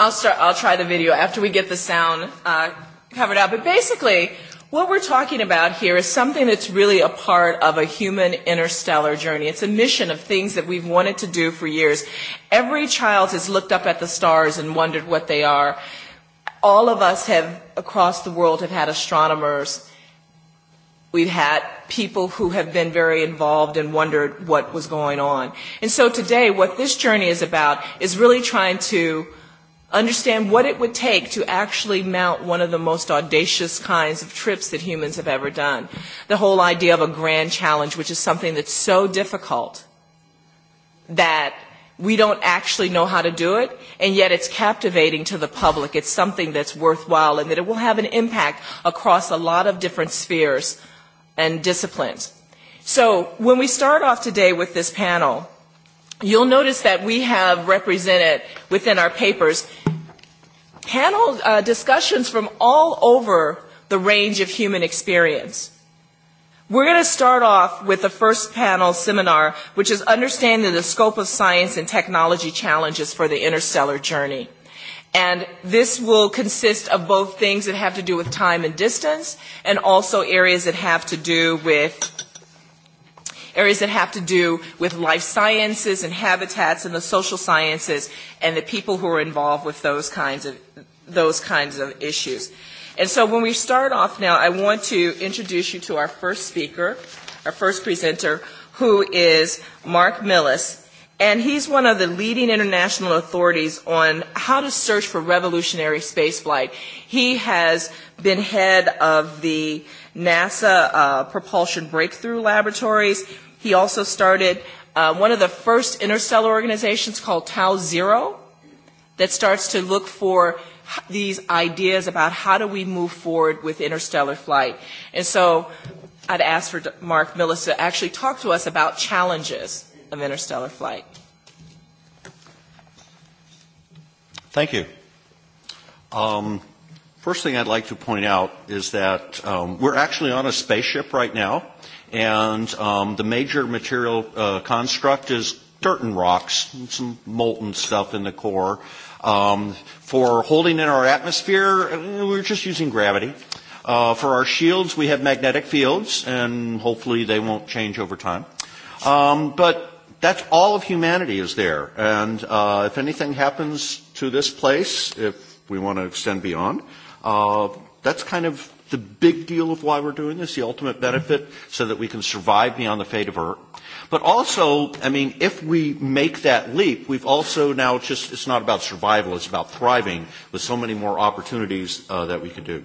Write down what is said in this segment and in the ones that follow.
I'll start. I'll try the video after we get the sound uh, covered up. But basically, what we're talking about here is something that's really a part of a human interstellar journey. It's a mission of things that we've wanted to do for years. Every child has looked up at the stars and wondered what they are. All of us have across the world have had astronomers. We've had people who have been very involved and wondered what was going on. And so today, what this journey is about is really trying to understand what it would take to actually mount one of the most audacious kinds of trips that humans have ever done. The whole idea of a grand challenge, which is something that's so difficult that we don't actually know how to do it, and yet it's captivating to the public. It's something that's worthwhile and that it will have an impact across a lot of different spheres and disciplines. So when we start off today with this panel, You'll notice that we have represented within our papers panel discussions from all over the range of human experience. We're going to start off with the first panel seminar, which is Understanding the Scope of Science and Technology Challenges for the Interstellar Journey. And this will consist of both things that have to do with time and distance, and also areas that have to do with areas that have to do with life sciences and habitats and the social sciences and the people who are involved with those kinds of those kinds of issues. And so when we start off now, I want to introduce you to our first speaker, our first presenter, who is Mark Millis. And he's one of the leading international authorities on how to search for revolutionary spaceflight. He has been head of the NASA Propulsion Breakthrough Laboratories. He also started one of the first interstellar organizations called Tau Zero that starts to look for these ideas about how do we move forward with interstellar flight. And so I'd ask for Mark Millis to actually talk to us about challenges of interstellar flight. Thank you. Um, first thing I'd like to point out is that we're actually on a spaceship right now and the major material construct is dirt and rocks, some molten stuff in the core. For holding in our atmosphere, we're just using gravity. For our shields, we have magnetic fields, and hopefully they won't change over time. But that's all of humanity is there. And if anything happens to this place, if we want to extend beyond, that's kind of the big deal of why we're doing this, the ultimate benefit, so that we can survive beyond the fate of Earth. But also, I mean, if we make that leap, we've also now just, it's not about survival, it's about thriving with so many more opportunities that we can do.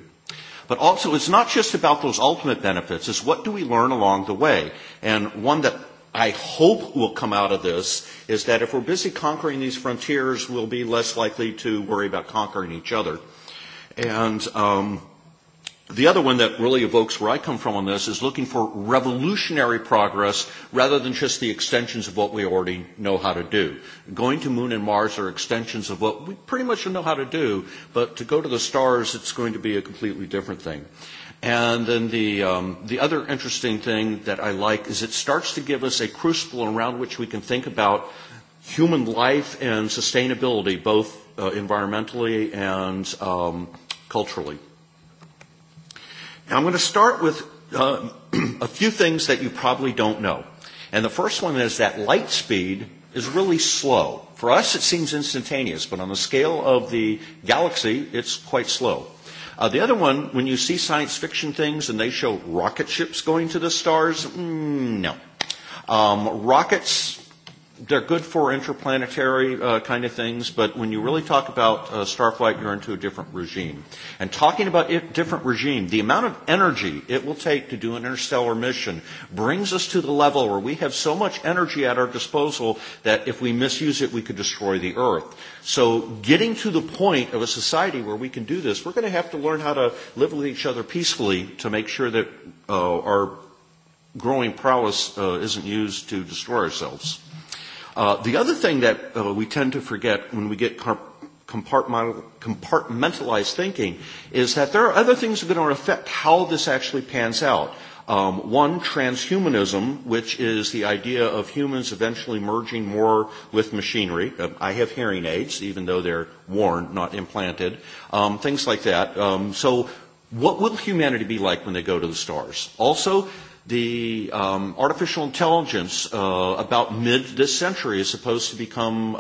But also, it's not just about those ultimate benefits, it's what do we learn along the way. And one that I hope will come out of this is that if we're busy conquering these frontiers, we'll be less likely to worry about conquering each other. And um, The other one that really evokes where I come from on this is looking for revolutionary progress rather than just the extensions of what we already know how to do. Going to Moon and Mars are extensions of what we pretty much know how to do, but to go to the stars, it's going to be a completely different thing. And then the, the other interesting thing that I like is it starts to give us a crucible around which we can think about human life and sustainability, both environmentally and culturally. Now I'm going to start with a few things that you probably don't know. And the first one is that light speed is really slow. For us, it seems instantaneous, but on the scale of the galaxy, it's quite slow. The other one, when you see science fiction things and they show rocket ships going to the stars, no. Rockets they're good for interplanetary kind of things, but when you really talk about Starflight, you're into a different regime. And talking about a different regime, the amount of energy it will take to do an interstellar mission brings us to the level where we have so much energy at our disposal that if we misuse it, we could destroy the Earth. So getting to the point of a society where we can do this, we're going to have to learn how to live with each other peacefully to make sure that our growing prowess isn't used to destroy ourselves. The other thing that we tend to forget when we get compartmentalized thinking is that there are other things that are going to affect how this actually pans out. One, transhumanism, which is the idea of humans eventually merging more with machinery. I have hearing aids, even though they're worn, not implanted. um Things like that. So what will humanity be like when they go to the stars? Also, the artificial intelligence about mid this century is supposed to become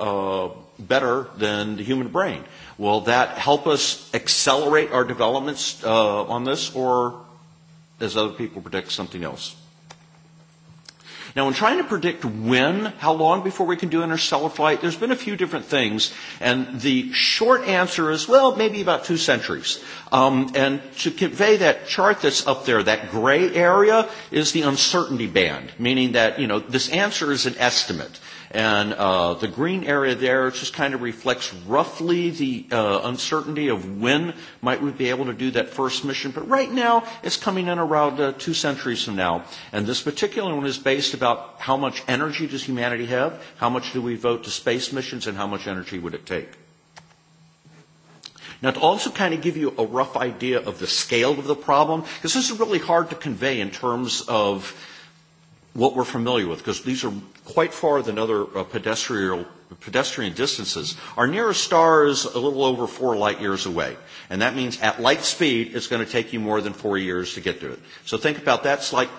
better than the human brain. Will that help us accelerate our developments on this, or, as other people predict, something else? Now, in trying to predict when, how long before we can do interstellar flight, there's been a few different things. And the short answer is, well, maybe about two centuries. Um, and to convey that chart that's up there, that gray area, is the uncertainty band, meaning that, you know, this answer is an estimate. And the green area there just kind of reflects roughly the uncertainty of when might we be able to do that first mission. But right now, it's coming in around two centuries from now. And this particular one is based about how much energy does humanity have, how much do we vote to space missions, and how much energy would it take. Now, to also kind of give you a rough idea of the scale of the problem, because this is really hard to convey in terms of what we're familiar with, because these are quite far than other pedestrian pedestrian distances. Our nearest star is a little over four light years away, and that means at light speed it's going to take you more than four years to get to it. So think about that. It's like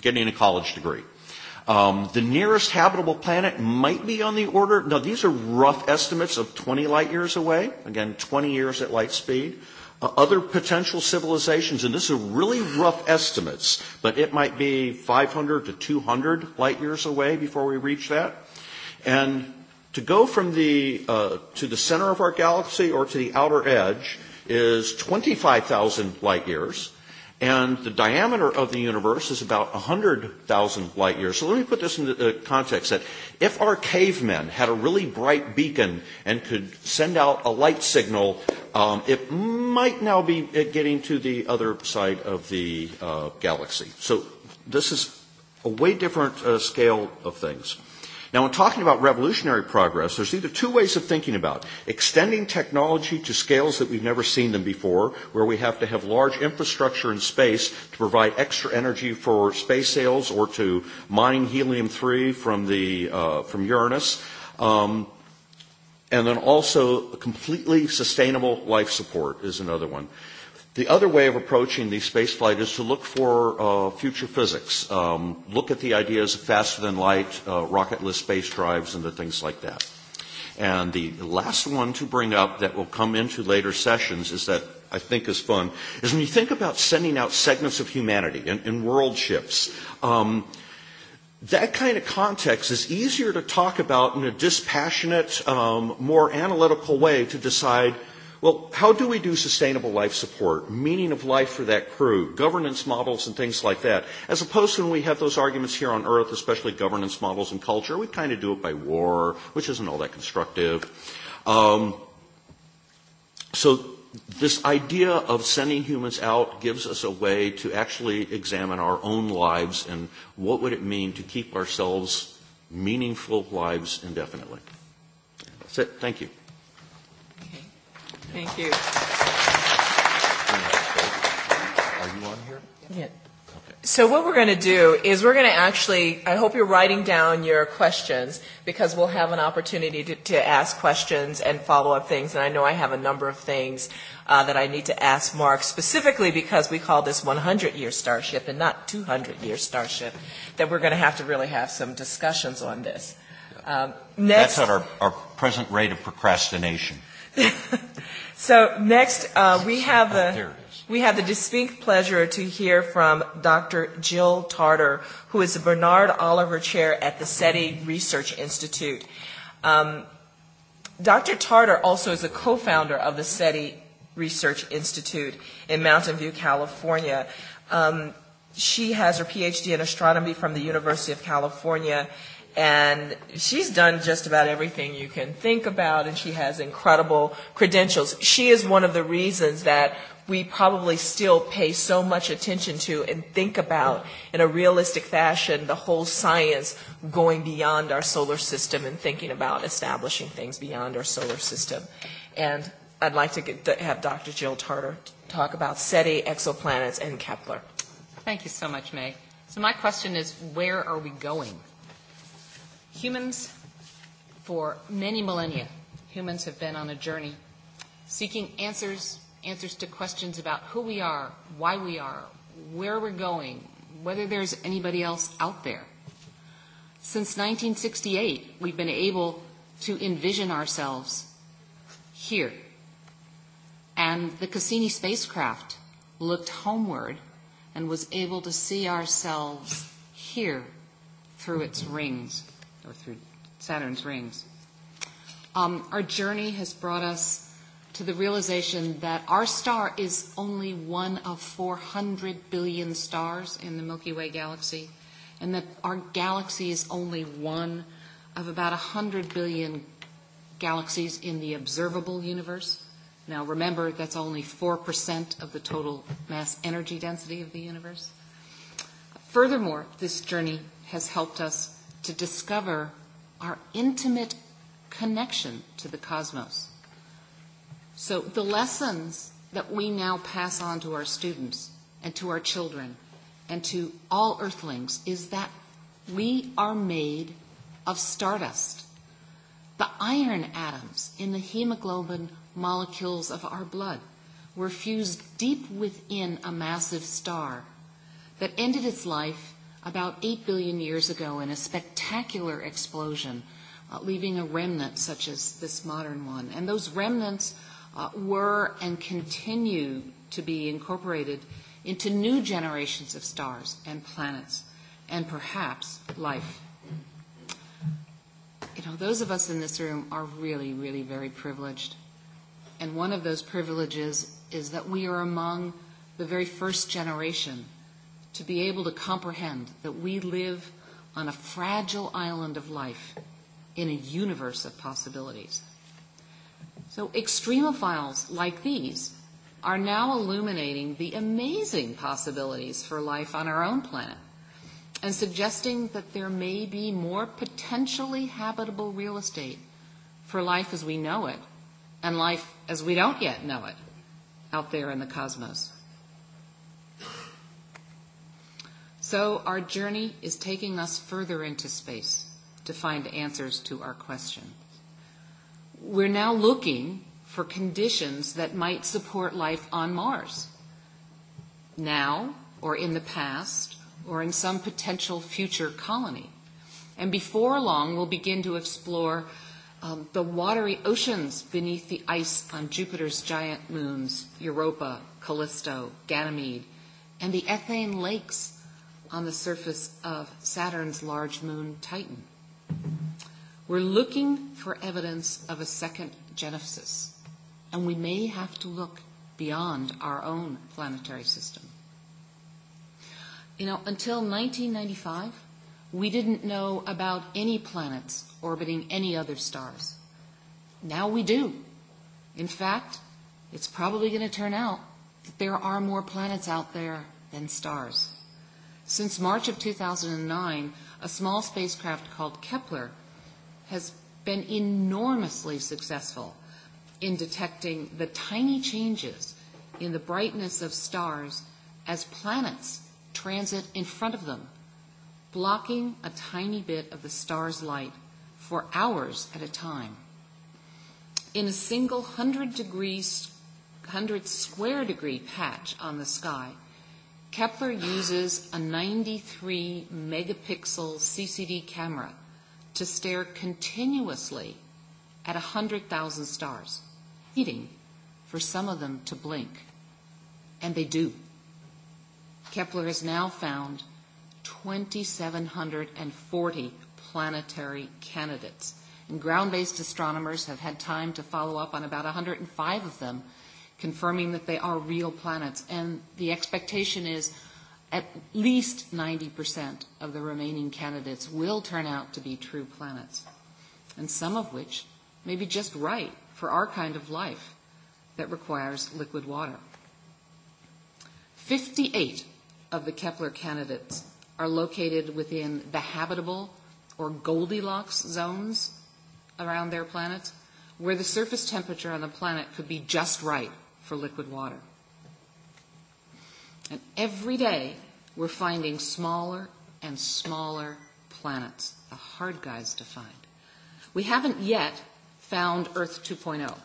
getting a college degree. Um, the nearest habitable planet might be on the order. Now, these are rough estimates of 20 light years away. Again, 20 years at light speed other potential civilizations, and this is really rough estimates, but it might be 500 to 200 light years away before we reach that. And to go from the to the center of our galaxy or to the outer edge is 25,000 light years, and the diameter of the universe is about 100,000 light years. So let me put this into context that if our cavemen had a really bright beacon and could send out a light signal It might now be getting to the other side of the galaxy. So this is a way different scale of things. Now, when talking about revolutionary progress, there's either two ways of thinking about extending technology to scales that we've never seen them before, where we have to have large infrastructure in space to provide extra energy for space sails or to mine helium-3 from Uranus. And then also completely sustainable life support is another one. The other way of approaching the spaceflight is to look for future physics. Look at the ideas of faster-than-light, rocketless space drives, and the things like that. And the last one to bring up that will come into later sessions is that I think is fun, is when you think about sending out segments of humanity in world ships, that kind of context is easier to talk about in a dispassionate, more analytical way to decide, well, how do we do sustainable life support, meaning of life for that crew, governance models and things like that, as opposed to when we have those arguments here on Earth, especially governance models and culture. We kind of do it by war, which isn't all that constructive. So this idea of sending humans out gives us a way to actually examine our own lives and what would it mean to keep ourselves meaningful lives indefinitely. That's it. Thank you. Thank you. Are you on here? Yeah. So what we're going to do is we're going to actually, I hope you're writing down your questions because we'll have an opportunity to, to ask questions and follow up things. And I know I have a number of things uh, that I need to ask Mark specifically because we call this 100 year starship and not 200 year starship that we're going to have to really have some discussions on this. Um, next. That's at our, our present rate of procrastination. so next uh, we have the. We have the distinct pleasure to hear from Dr. Jill Tarter, who is the Bernard Oliver Chair at the SETI Research Institute. Dr. Tarter also is a co-founder of the SETI Research Institute in Mountain View, California. She has her PhD in astronomy from the University of California and she's done just about everything you can think about, and she has incredible credentials. She is one of the reasons that we probably still pay so much attention to and think about in a realistic fashion the whole science going beyond our solar system and thinking about establishing things beyond our solar system. And I'd like to get, have Dr. Jill Tarter talk about SETI, exoplanets, and Kepler. Thank you so much, May. So my question is, where are we going? Humans, for many millennia, humans have been on a journey seeking answers, answers to questions about who we are, why we are, where we're going, whether there's anybody else out there. Since 1968, we've been able to envision ourselves here. And the Cassini spacecraft looked homeward and was able to see ourselves here through its rings or through Saturn's rings. Um, our journey has brought us to the realization that our star is only one of 400 billion stars in the Milky Way galaxy, and that our galaxy is only one of about 100 billion galaxies in the observable universe. Now, remember, that's only 4% of the total mass energy density of the universe. Furthermore, this journey has helped us to discover our intimate connection to the cosmos. So the lessons that we now pass on to our students and to our children and to all earthlings is that we are made of stardust. The iron atoms in the hemoglobin molecules of our blood were fused deep within a massive star that ended its life about 8 billion years ago in a spectacular explosion, leaving a remnant such as this modern one. And those remnants were and continue to be incorporated into new generations of stars and planets and perhaps life. You know, those of us in this room are really, really very privileged. And one of those privileges is that we are among the very first generation to be able to comprehend that we live on a fragile island of life in a universe of possibilities. So extremophiles like these are now illuminating the amazing possibilities for life on our own planet and suggesting that there may be more potentially habitable real estate for life as we know it and life as we don't yet know it out there in the cosmos. So our journey is taking us further into space to find answers to our questions. We're now looking for conditions that might support life on Mars, now or in the past or in some potential future colony. And before long, we'll begin to explore the watery oceans beneath the ice on Jupiter's giant moons, Europa, Callisto, Ganymede, and the ethane lakes on the surface of Saturn's large moon Titan. We're looking for evidence of a second Genesis, and we may have to look beyond our own planetary system. You know, until 1995, we didn't know about any planets orbiting any other stars. Now we do. In fact, it's probably going to turn out that there are more planets out there than stars. Since March of 2009, a small spacecraft called Kepler has been enormously successful in detecting the tiny changes in the brightness of stars as planets transit in front of them, blocking a tiny bit of the star's light for hours at a time. In a single 100 square degree patch on the sky, Kepler uses a 93 megapixel CCD camera to stare continuously at 100,000 stars, waiting for some of them to blink. And they do. Kepler has now found 2,740 planetary candidates, and ground-based astronomers have had time to follow up on about 105 of them confirming that they are real planets. And the expectation is at least 90% of the remaining candidates will turn out to be true planets, and some of which may be just right for our kind of life that requires liquid water. 58 of the Kepler candidates are located within the habitable or Goldilocks zones around their planets, where the surface temperature on the planet could be just right for liquid water. And every day we're finding smaller and smaller planets, the hard guys to find. We haven't yet found Earth 2.0,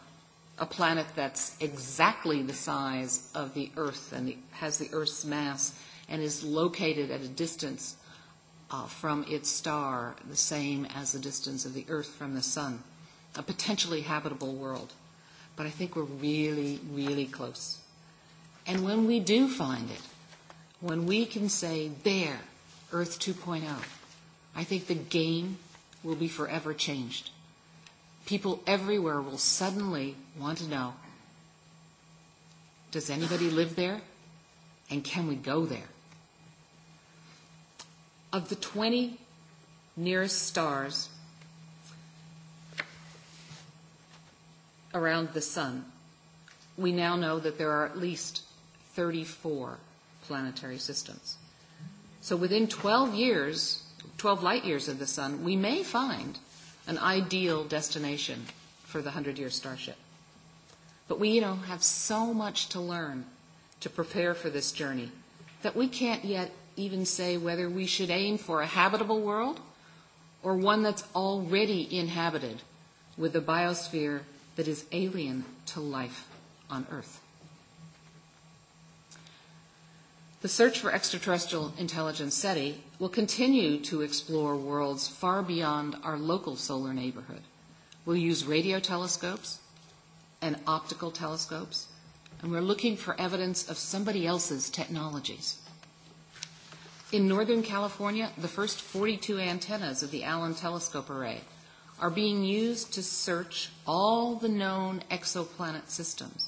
a planet that's exactly the size of the Earth and has the Earth's mass and is located at a distance from its star the same as the distance of the Earth from the Sun, a potentially habitable world but I think we're really, really close. And when we do find it, when we can say, there, Earth 2.0, I think the game will be forever changed. People everywhere will suddenly want to know, does anybody live there? And can we go there? Of the 20 nearest stars around the sun. We now know that there are at least 34 planetary systems. So within 12 years, 12 light years of the sun, we may find an ideal destination for the 100-year starship. But we, you know, have so much to learn to prepare for this journey that we can't yet even say whether we should aim for a habitable world or one that's already inhabited with a biosphere that is alien to life on Earth. The search for extraterrestrial intelligence SETI will continue to explore worlds far beyond our local solar neighborhood. We'll use radio telescopes and optical telescopes, and we're looking for evidence of somebody else's technologies. In Northern California, the first 42 antennas of the Allen Telescope Array are being used to search all the known exoplanet systems,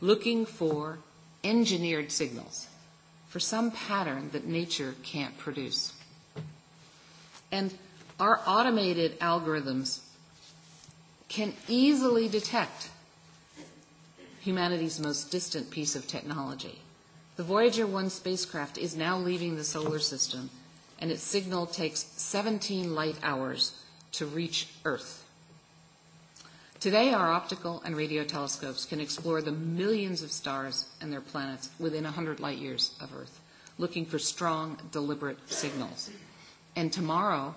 looking for engineered signals, for some pattern that nature can't produce. And our automated algorithms can easily detect humanity's most distant piece of technology. The Voyager 1 spacecraft is now leaving the solar system, and its signal takes 17 light hours to reach Earth. Today, our optical and radio telescopes can explore the millions of stars and their planets within 100 light years of Earth, looking for strong, deliberate signals. And tomorrow,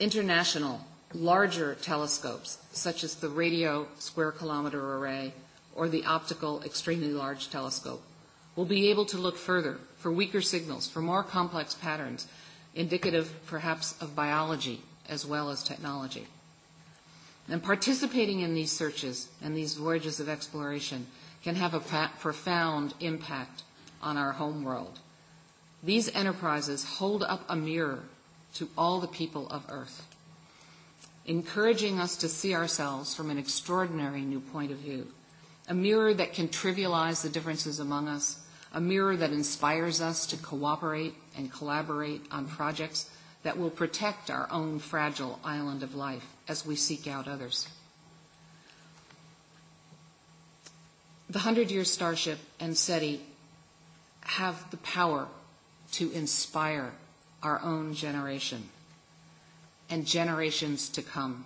international, larger telescopes, such as the Radio Square Kilometer Array or the Optical Extremely Large Telescope, will be able to look further for weaker signals, for more complex patterns, indicative perhaps of biology as well as technology. And participating in these searches and these voyages of exploration can have a profound impact on our home world. These enterprises hold up a mirror to all the people of Earth, encouraging us to see ourselves from an extraordinary new point of view, a mirror that can trivialize the differences among us, a mirror that inspires us to cooperate and collaborate on projects that will protect our own fragile island of life as we seek out others. The Hundred-Year Starship and SETI have the power to inspire our own generation and generations to come.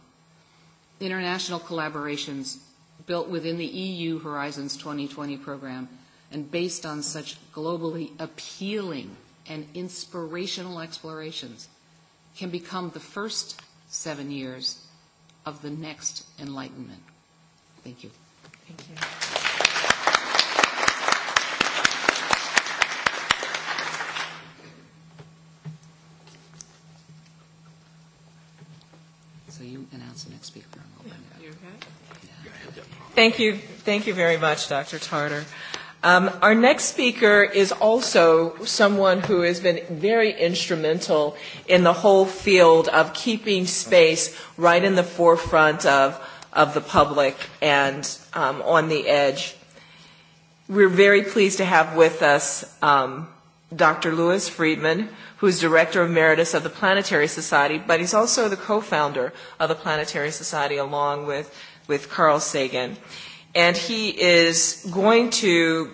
International collaborations built within the EU Horizons 2020 program and based on such globally appealing and inspirational explorations can become the first seven years of the next enlightenment. Thank you. Thank you. So you announce the next speaker. Thank you. Thank you very much, Dr. Tarter. Our next speaker is also someone who has been very instrumental in the whole field of keeping space right in the forefront of of the public and on the edge. We're very pleased to have with us Dr. Lewis Friedman, who is Director Emeritus of the Planetary Society, but he's also the co-founder of the Planetary Society along with with Carl Sagan and he is going to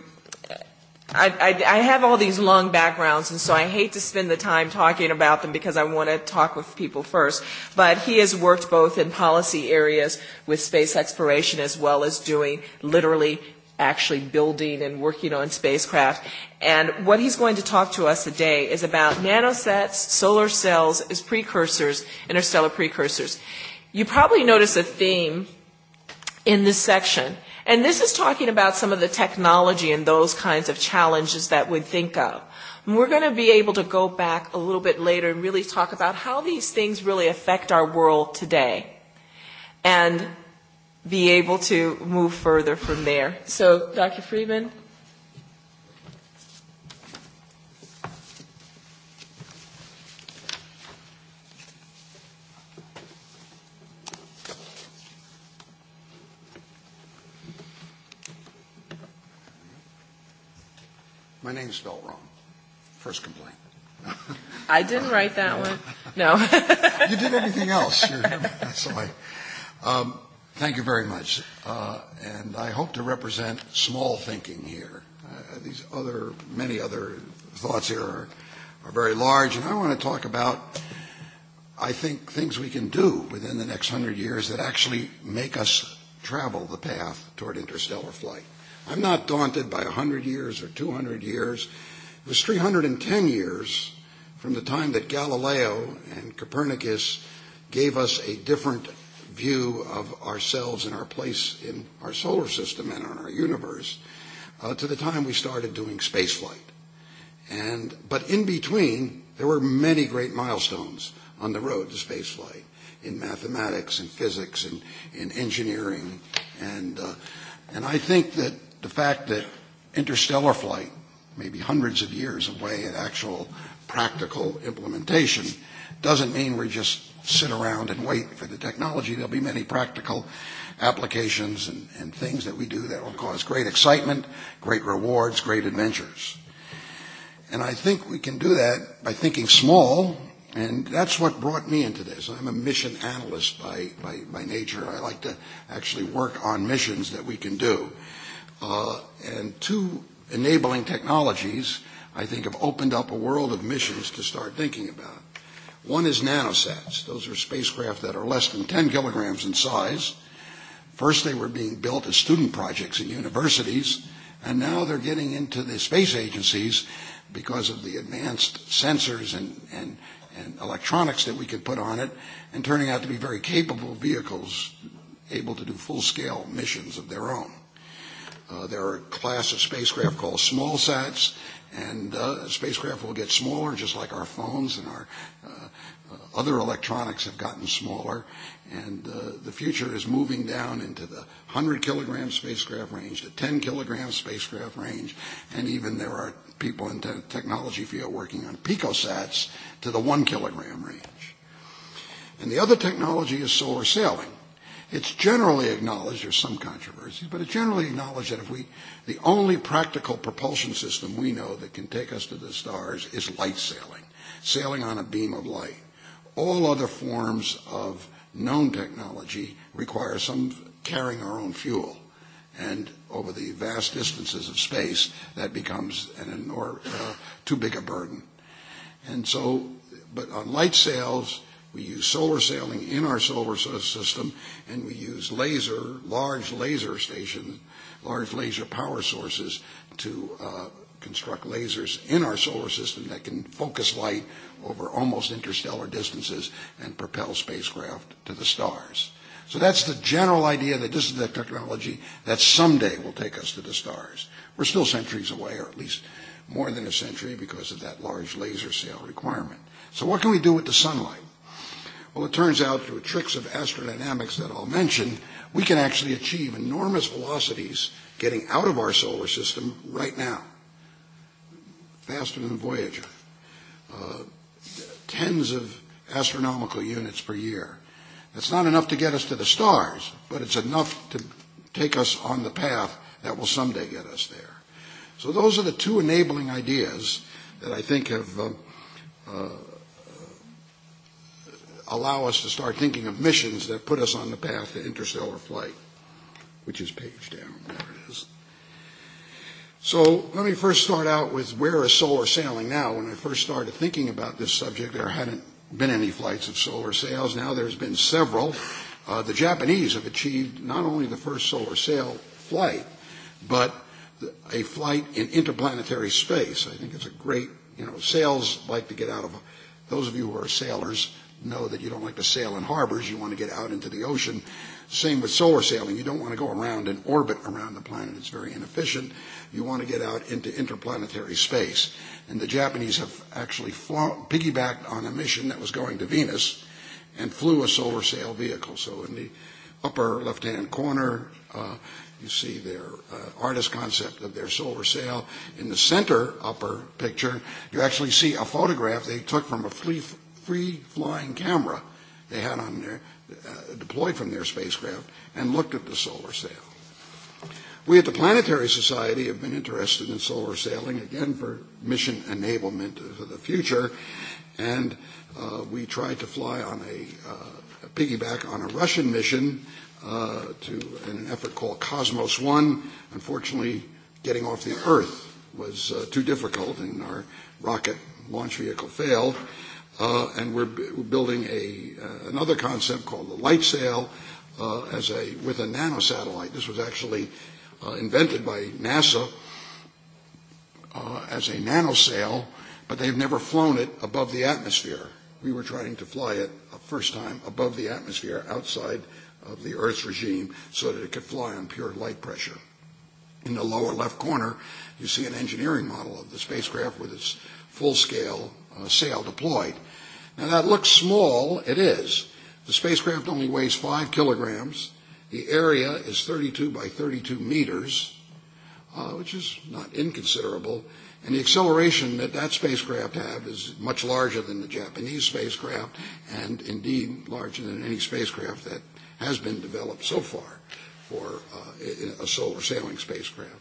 I, have all these long backgrounds, and so I hate to spend the time talking about them because I want to talk with people first. But he has worked both in policy areas with space exploration as well as doing literally actually building and working on spacecraft. And what he's going to talk to us today is about nanosets, solar cells as precursors, interstellar precursors. You probably notice a theme in this section – And this is talking about some of the technology and those kinds of challenges that we think of. We're going to be able to go back a little bit later and really talk about how these things really affect our world today and be able to move further from there. So, Dr. Friedman, My name's spelled wrong. First complaint. I didn't write that one. No. you did everything else. That's I, um, thank you very much. and I hope to represent small thinking here. these other, many other thoughts here are, are very large. And I want to talk about, I think, things we can do within the next hundred years that actually make us travel the path toward interstellar flight. I'm not daunted by 100 years or 200 years. It was 310 years from the time that Galileo and Copernicus gave us a different view of ourselves and our place in our solar system and in our universe to the time we started doing spaceflight. And, but in between, there were many great milestones on the road to spaceflight in mathematics and physics and in engineering. And, and I think that the fact that interstellar flight may be hundreds of years away in actual practical implementation doesn't mean we just sit around and wait for the technology. There'll be many practical applications and, and things that we do that will cause great excitement, great rewards, great adventures. And I think we can do that by thinking small, and that's what brought me into this. I'm a mission analyst by, by, by nature. I like to actually work on missions that we can do and two enabling technologies, I think, have opened up a world of missions to start thinking about. One is nanosats. Those are spacecraft that are less than 10 kilograms in size. First, they were being built as student projects in universities, and now they're getting into the space agencies because of the advanced sensors and, and, and electronics that we could put on it, and turning out to be very capable vehicles able to do full-scale missions of their own. There are a class of spacecraft called small sats, and spacecraft will get smaller, just like our phones and our other electronics have gotten smaller. And the future is moving down into the 100-kilogram spacecraft range, the 10-kilogram spacecraft range, and even there are people in the technology field working on picosats to the 1-kilogram range. And the other technology is solar sailing. It's generally acknowledged, there's some controversies, but it's generally acknowledged that if we, the only practical propulsion system we know that can take us to the stars is light sailing, sailing on a beam of light. All other forms of known technology require some carrying our own fuel. And over the vast distances of space, that becomes an or too big a burden. And so, but on light sails, We use solar sailing in our solar system, and we use laser, large laser stations, large laser power sources to construct lasers in our solar system that can focus light over almost interstellar distances and propel spacecraft to the stars. So that's the general idea that this is the technology that someday will take us to the stars. We're still centuries away, or at least more than a century, because of that large laser sail requirement. So what can we do with the sunlight? Well, it turns out through tricks of astrodynamics that I'll mention, we can actually achieve enormous velocities getting out of our solar system right now, faster than Voyager. Uh, tens of astronomical units per year. That's not enough to get us to the stars, but it's enough to take us on the path that will someday get us there. So those are the two enabling ideas that I think have uh, allow us to start thinking of missions that put us on the path to interstellar flight, which is page down. There it is. So let me first start out with where is solar sailing now? When I first started thinking about this subject, there hadn't been any flights of solar sails. Now there's been several. The Japanese have achieved not only the first solar sail flight, but a flight in interplanetary space. I think it's a great, you know, sails like to get out of, those of you who are sailors know that you don't like to sail in harbors. You want to get out into the ocean. Same with solar sailing. You don't want to go around in orbit around the planet. It's very inefficient. You want to get out into interplanetary space. And the Japanese have actually piggybacked on a mission that was going to Venus and flew a solar sail vehicle. So in the upper left-hand corner, you see their artist concept of their solar sail. In the center upper picture, you actually see a photograph they took from a free flying camera they had on there, deployed from their spacecraft, and looked at the solar sail. We at the Planetary Society have been interested in solar sailing, again, for mission enablement for the future, and we tried to fly on a piggyback on a Russian mission uh to an effort called Cosmos One. Unfortunately, getting off the Earth was too difficult, and our rocket launch vehicle failed and we're building another concept called the light sail with a nanosatellite. This was actually invented by NASA as a nanosail, but they've never flown it above the atmosphere. We were trying to fly it first time above the atmosphere, outside of the Earth's regime, so that it could fly on pure light pressure. In the lower left corner, you see an engineering model of the spacecraft with its full-scale sail deployed. Now that looks small, it is. The spacecraft only weighs 5 kilograms. The area is 32 by 32 meters, which is not inconsiderable. And the acceleration that that spacecraft have is much larger than the Japanese spacecraft and indeed larger than any spacecraft that has been developed so far for a solar sailing spacecraft.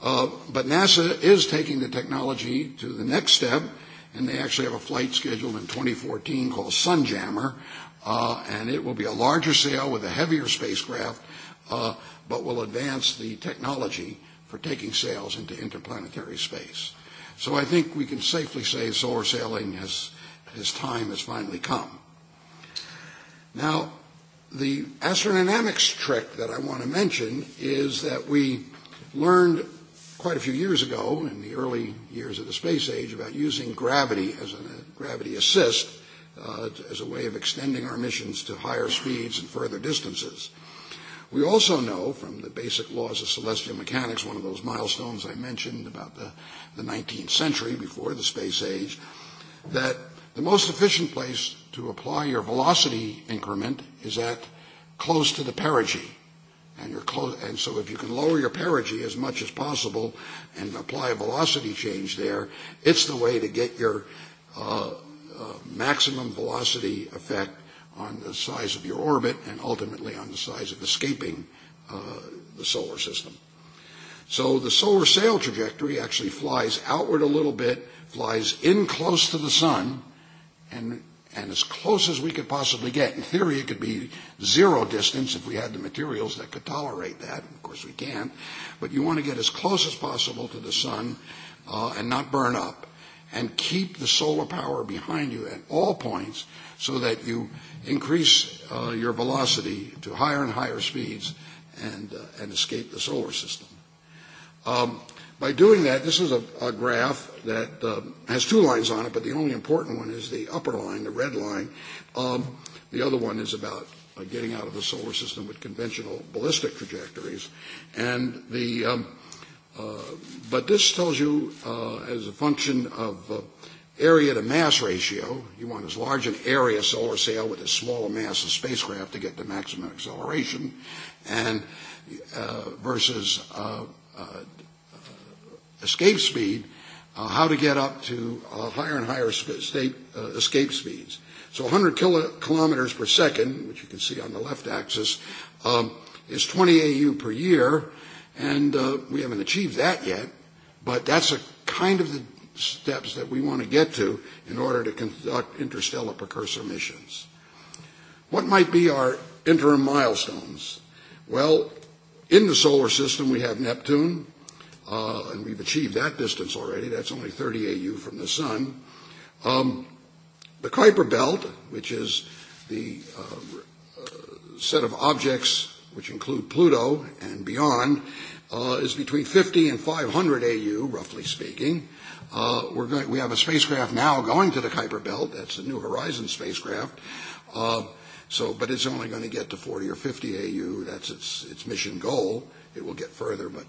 But NASA is taking the technology to the next step and they actually have a flight scheduled in 2014 called Sunjammer, and it will be a larger sail with a heavier spacecraft, but will advance the technology for taking sails into interplanetary space. So I think we can safely say solar sailing has, time has finally come. Now, the astrodynamics trick that I want to mention is that we learned quite a few years ago, in the early years of the space age, about using gravity as a gravity assist as a way of extending our missions to higher speeds and further distances. We also know from the basic laws of celestial mechanics, one of those milestones I mentioned about the, the 19th century before the space age, that the most efficient place to apply your velocity increment is at close to the perigee and you're close and so if you can lower your perigee as much as possible and apply a velocity change there it's the way to get your maximum velocity effect on the size of your orbit and ultimately on the size of escaping the solar system so the solar sail trajectory actually flies outward a little bit flies in close to the sun and and as close as we could possibly get. In theory, it could be zero distance if we had the materials that could tolerate that. Of course, we can't. But you want to get as close as possible to the sun and not burn up and keep the solar power behind you at all points so that you increase your velocity to higher and higher speeds and and escape the solar system. By doing that, this is a graph that has two lines on it, but the only important one is the upper line, the red line. The other one is about getting out of the solar system with conventional ballistic trajectories. And the, but this tells you as a function of area to mass ratio, you want as large an area solar sail with as small a mass of spacecraft to get the maximum acceleration, and versus escape speed how to get up to higher and higher escape speeds. So 100 kilometers per second, which you can see on the left axis, is 20 AU per year, and we haven't achieved that yet, but that's a kind of the steps that we want to get to in order to conduct interstellar precursor missions. What might be our interim milestones? Well, in the solar system we have Neptune, and we've achieved that distance already. That's only 30 AU from the sun. The Kuiper Belt, which is the set of objects which include Pluto and beyond, is between 50 and 500 AU, roughly speaking. We're going, we have a spacecraft now going to the Kuiper Belt. That's the New Horizons spacecraft. So, but it's only going to get to 40 or 50 AU. That's its its mission goal. It will get further, but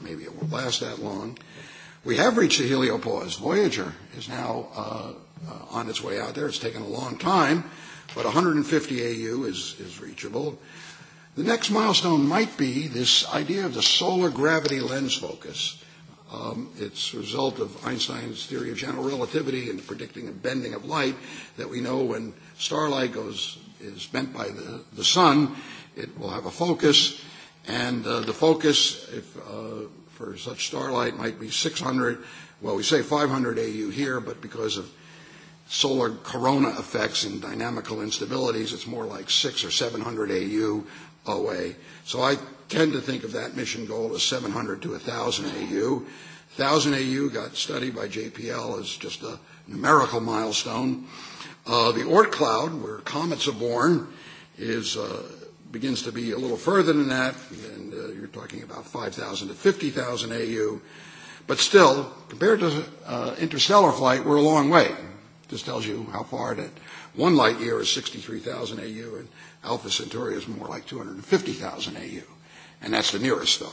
maybe it won't last that long. We have reached the heliopause. Voyager is now on its way out there. It's taken a long time, but 150 AU is, is reachable. The next milestone might be this idea of the solar gravity lens focus. Um, it's a result of Einstein's theory of general relativity and predicting a bending of light that we know when starlight goes is bent by the, the sun, it will have a focus And the focus for such starlight might be 600, well, we say 500 AU here, but because of solar corona effects and dynamical instabilities, it's more like 600 or 700 AU away. So I tend to think of that mission goal as 700 to 1,000 AU. 1,000 AU got studied by JPL as just a numerical milestone. The Oort cloud, where comets are born, is begins to be a little further than that, and you're talking about 5,000 to 50,000 AU. But still, compared to interstellar flight, we're a long way. This tells you how far that one light year is 63,000 AU, and Alpha Centauri is more like 250,000 AU, and that's the nearest star.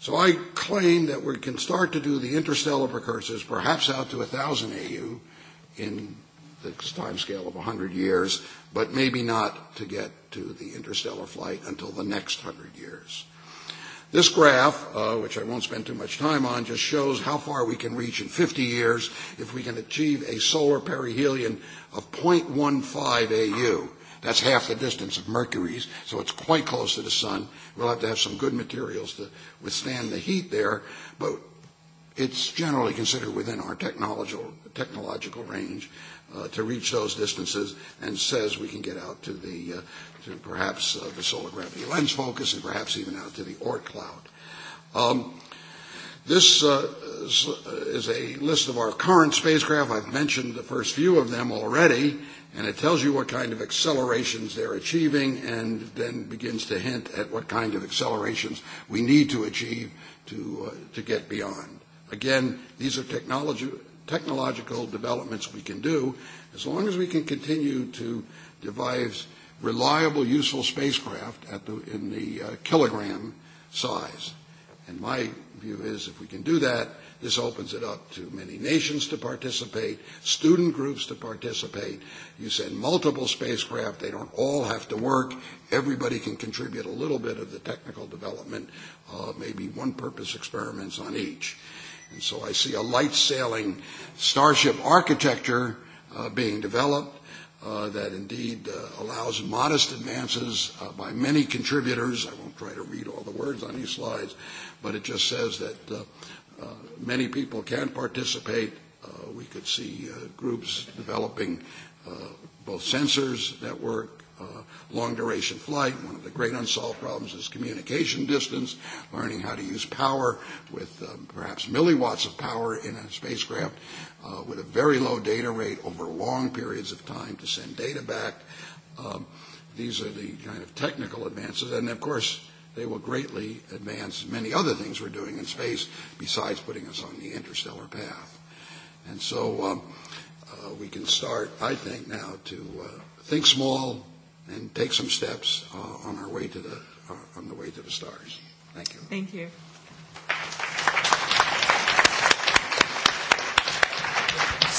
So I claim that we can start to do the interstellar precursors, perhaps out to 1,000 AU in the timescale of 100 years, but maybe not to get to the interstellar flight until the next hundred years. This graph, which I won't spend too much time on, just shows how far we can reach in 50 years if we can achieve a solar perihelion of 0.15 AU. That's half the distance of Mercury's, so it's quite close to the sun. We'll have to have some good materials to withstand the heat there, but it's generally considered within our technological technological range to reach those distances and says we can get out to the to perhaps the solar gravity lens focus and perhaps even out to the Oort cloud. This is a list of our current spacecraft. I've mentioned the first few of them already, and it tells you what kind of accelerations they're achieving and then begins to hint at what kind of accelerations we need to achieve to to get beyond. Again, these are technology technological developments we can do as long as we can continue to devise reliable, useful spacecraft at the, in the kilogram size. And my view is if we can do that, this opens it up to many nations to participate, student groups to participate. You send multiple spacecraft. They don't all have to work. Everybody can contribute a little bit of the technical development, maybe one-purpose experiments on each. And so I see a light-sailing Starship architecture being developed that indeed allows modest advances by many contributors. I won't try to read all the words on these slides, but it just says that many people can participate. We could see groups developing both sensors that work, long-duration flight. One of the great unsolved problems is communication distance, learning how to use power with perhaps milliwatts of power in a spacecraft with a very low data rate over long periods of time to send data back. These are the kind of technical advances. And, of course, they will greatly advance many other things we're doing in space besides putting us on the interstellar path. And so we can start, I think, now to think small and take some steps on our way to the on the way to the stars. Thank you. Thank you.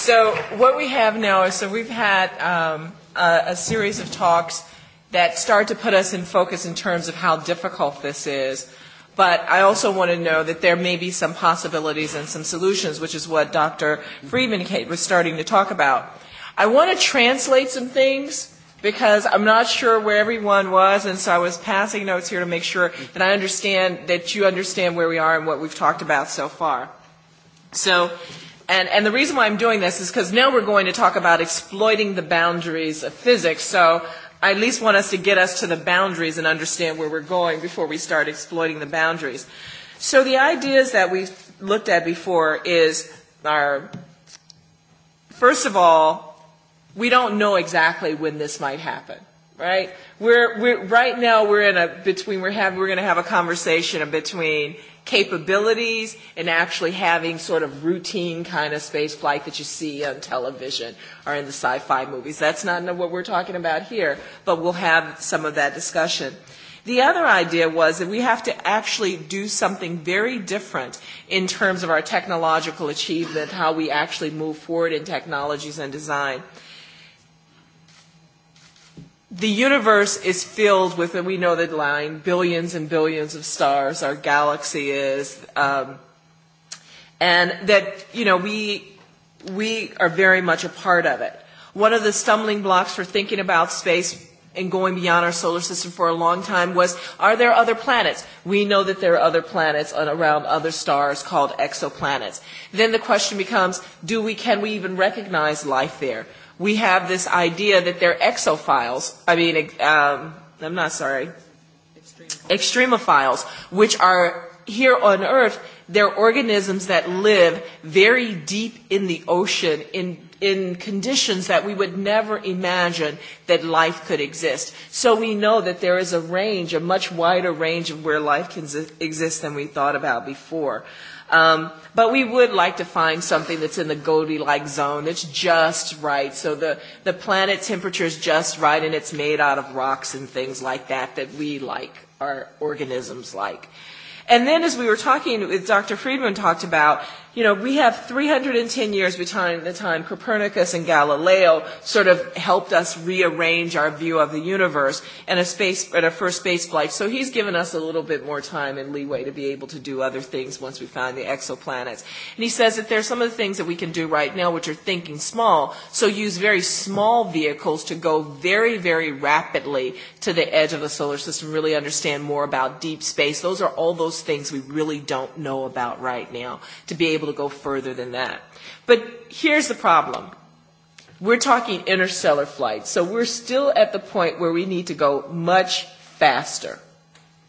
So what we have now is so we've had um, a, a series of talks that start to put us in focus in terms of how difficult this is. But I also want to know that there may be some possibilities and some solutions, which is what Dr. Friedman was starting to talk about. I want to translate some things because I'm not sure where everyone was, and so I was passing notes here to make sure that I understand that you understand where we are and what we've talked about so far. So And, and the reason why I'm doing this is because now we're going to talk about exploiting the boundaries of physics. So I at least want us to get us to the boundaries and understand where we're going before we start exploiting the boundaries. So the ideas that we looked at before is our, first of all, we don't know exactly when this might happen, right? We're, we're right now we're in a between we're we're going to have a conversation between capabilities and actually having sort of routine kind of space flight that you see on television or in the sci-fi movies. That's not what we're talking about here, but we'll have some of that discussion. The other idea was that we have to actually do something very different in terms of our technological achievement, how we actually move forward in technologies and design the universe is filled with, and we know that line, billions and billions of stars, our galaxy is, um, and that, you know, we, we are very much a part of it. One of the stumbling blocks for thinking about space and going beyond our solar system for a long time was, are there other planets? We know that there are other planets around other stars called exoplanets. Then the question becomes, do we, can we even recognize life there? we have this idea that they're exophiles. I mean, um, I'm not sorry. Extremophiles, which are here on Earth, they're organisms that live very deep in the ocean in in conditions that we would never imagine that life could exist. So we know that there is a range, a much wider range of where life can exist than we thought about before. But we would like to find something that's in the Goldilocks zone, that's just right. So the the planet temperature is just right, and it's made out of rocks and things like that that we like, our organisms like. And then, as we were talking, Dr. Friedman talked about you know, we have 310 years between the time Copernicus and Galileo sort of helped us rearrange our view of the universe and a space, and a first space flight. So he's given us a little bit more time and leeway to be able to do other things once we find the exoplanets. And he says that there are some of the things that we can do right now which are thinking small, so use very small vehicles to go very, very rapidly to the edge of the solar system, really understand more about deep space. Those are all those things we really don't know about right now to be able to go further than that. But here's the problem. We're talking interstellar flight, so we're still at the point where we need to go much faster.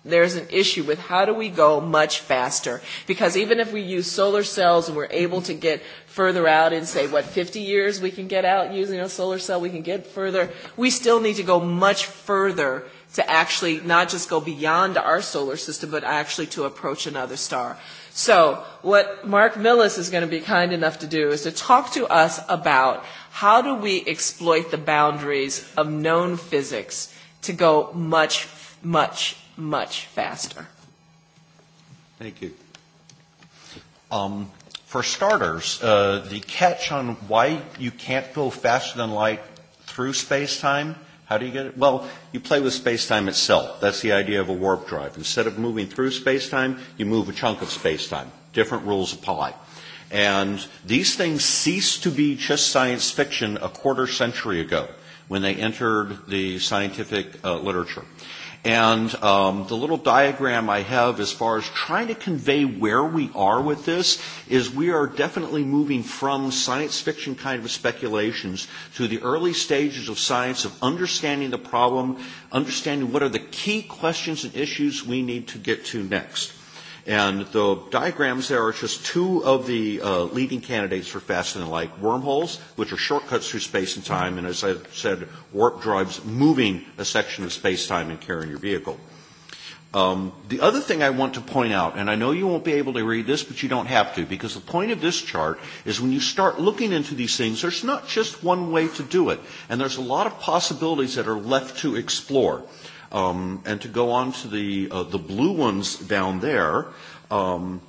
There's an issue with how do we go much faster? Because even if we use solar cells and we're able to get further out in, say, what, 50 years we can get out using a solar cell, we can get further, we still need to go much further to actually not just go beyond our solar system, but actually to approach another star. So what Mark Millis is going to be kind enough to do is to talk to us about how do we exploit the boundaries of known physics to go much, much, much faster. Thank you. Um, for starters, uh, the catch on why you can't go faster than light through space-time How do you get it? Well, you play with space-time itself. That's the idea of a warp drive. Instead of moving through space-time, you move a chunk of space-time. Different rules apply. And these things ceased to be just science fiction a quarter century ago when they entered the scientific literature. And the little diagram I have as far as trying to convey where we are with this is we are definitely moving from science fiction kind of speculations to the early stages of science of understanding the problem, understanding what are the key questions and issues we need to get to next. And the diagrams there are just two of the leading candidates for fast and light wormholes, which are shortcuts through space and time, and as I said, warp drives moving a section of space time and carrying your vehicle. The other thing I want to point out, and I know you won't be able to read this, but you don't have to, because the point of this chart is when you start looking into these things, there's not just one way to do it, and there's a lot of possibilities that are left to explore and to go on to the, the blue ones down there, um,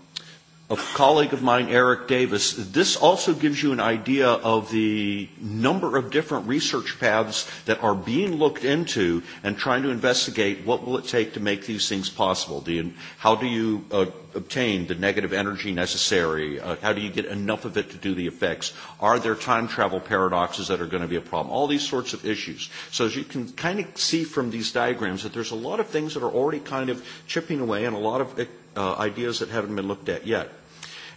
a colleague of mine, Eric Davis, this also gives you an idea of the number of different research paths that are being looked into and trying to investigate what will it take to make these things possible. How do you obtain the negative energy necessary? How do you get enough of it to do the effects? Are there time travel paradoxes that are going to be a problem? All these sorts of issues. So as you can kind of see from these diagrams that there's a lot of things that are already kind of chipping away and a lot of ideas that haven't been looked at yet.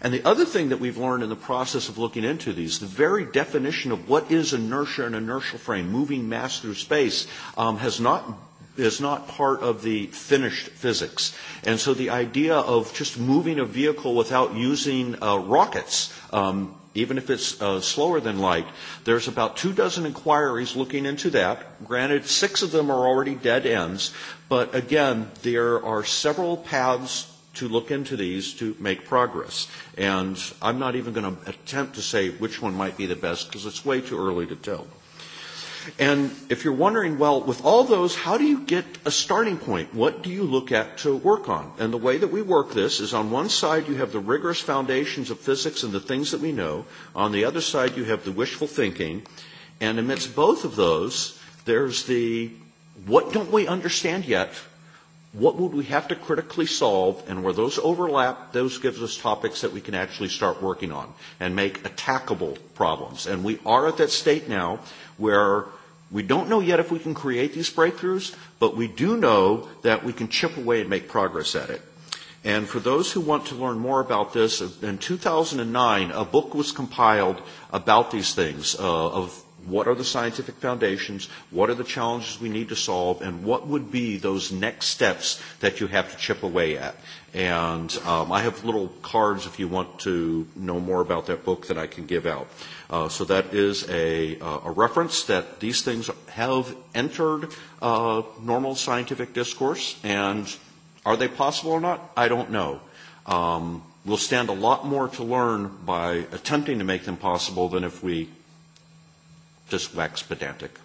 And the other thing that we've learned in the process of looking into these, the very definition of what is inertia and inertial frame, moving mass through space, has not is not part of the finished physics. And so the idea of just moving a vehicle without using rockets, even if it's slower than light, there's about two dozen inquiries looking into that. Granted, six of them are already dead ends, but again, there are several paths to look into these to make progress. And I'm not even going to attempt to say which one might be the best because it's way too early to tell. And if you're wondering, well, with all those, how do you get a starting point? What do you look at to work on? And the way that we work this is on one side you have the rigorous foundations of physics and the things that we know. On the other side you have the wishful thinking. And amidst both of those, there's the what don't we understand yet what would we have to critically solve, and where those overlap, those gives us topics that we can actually start working on and make attackable problems. And we are at that state now where we don't know yet if we can create these breakthroughs, but we do know that we can chip away and make progress at it. And for those who want to learn more about this, in 2009, a book was compiled about these things of What are the scientific foundations? What are the challenges we need to solve? And what would be those next steps that you have to chip away at? And I have little cards if you want to know more about that book that I can give out. So that is a reference that these things have entered normal scientific discourse. And are they possible or not? I don't know. We'll stand a lot more to learn by attempting to make them possible than if we just wax pedantic.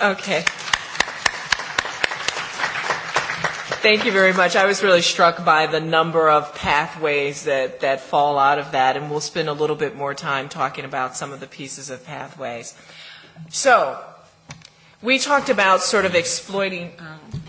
Okay. Thank you very much. I was really struck by the number of pathways that, that fall out of that, and we'll spend a little bit more time talking about some of the pieces of pathways. So, we talked about sort of exploiting. Um,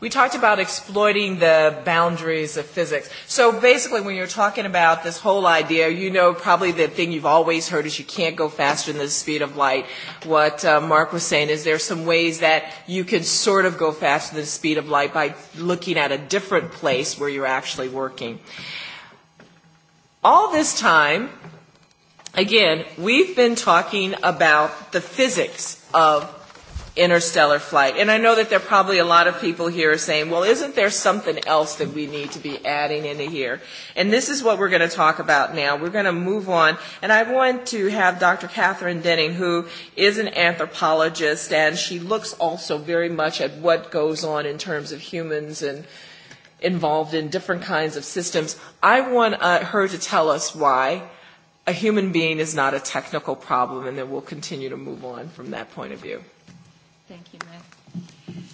We talked about exploiting the boundaries of physics. So basically when you're talking about this whole idea, you know probably the thing you've always heard is you can't go faster than the speed of light. What Mark was saying is there are some ways that you can sort of go faster than the speed of light by looking at a different place where you're actually working. All this time, again, we've been talking about the physics of interstellar flight. And I know that there are probably a lot of people here saying, well, isn't there something else that we need to be adding into here? And this is what we're going to talk about now. We're going to move on. And I want to have Dr. Catherine Denning, who is an anthropologist, and she looks also very much at what goes on in terms of humans and involved in different kinds of systems. I want her to tell us why a human being is not a technical problem, and then we'll continue to move on from that point of view. Thank you, Matt.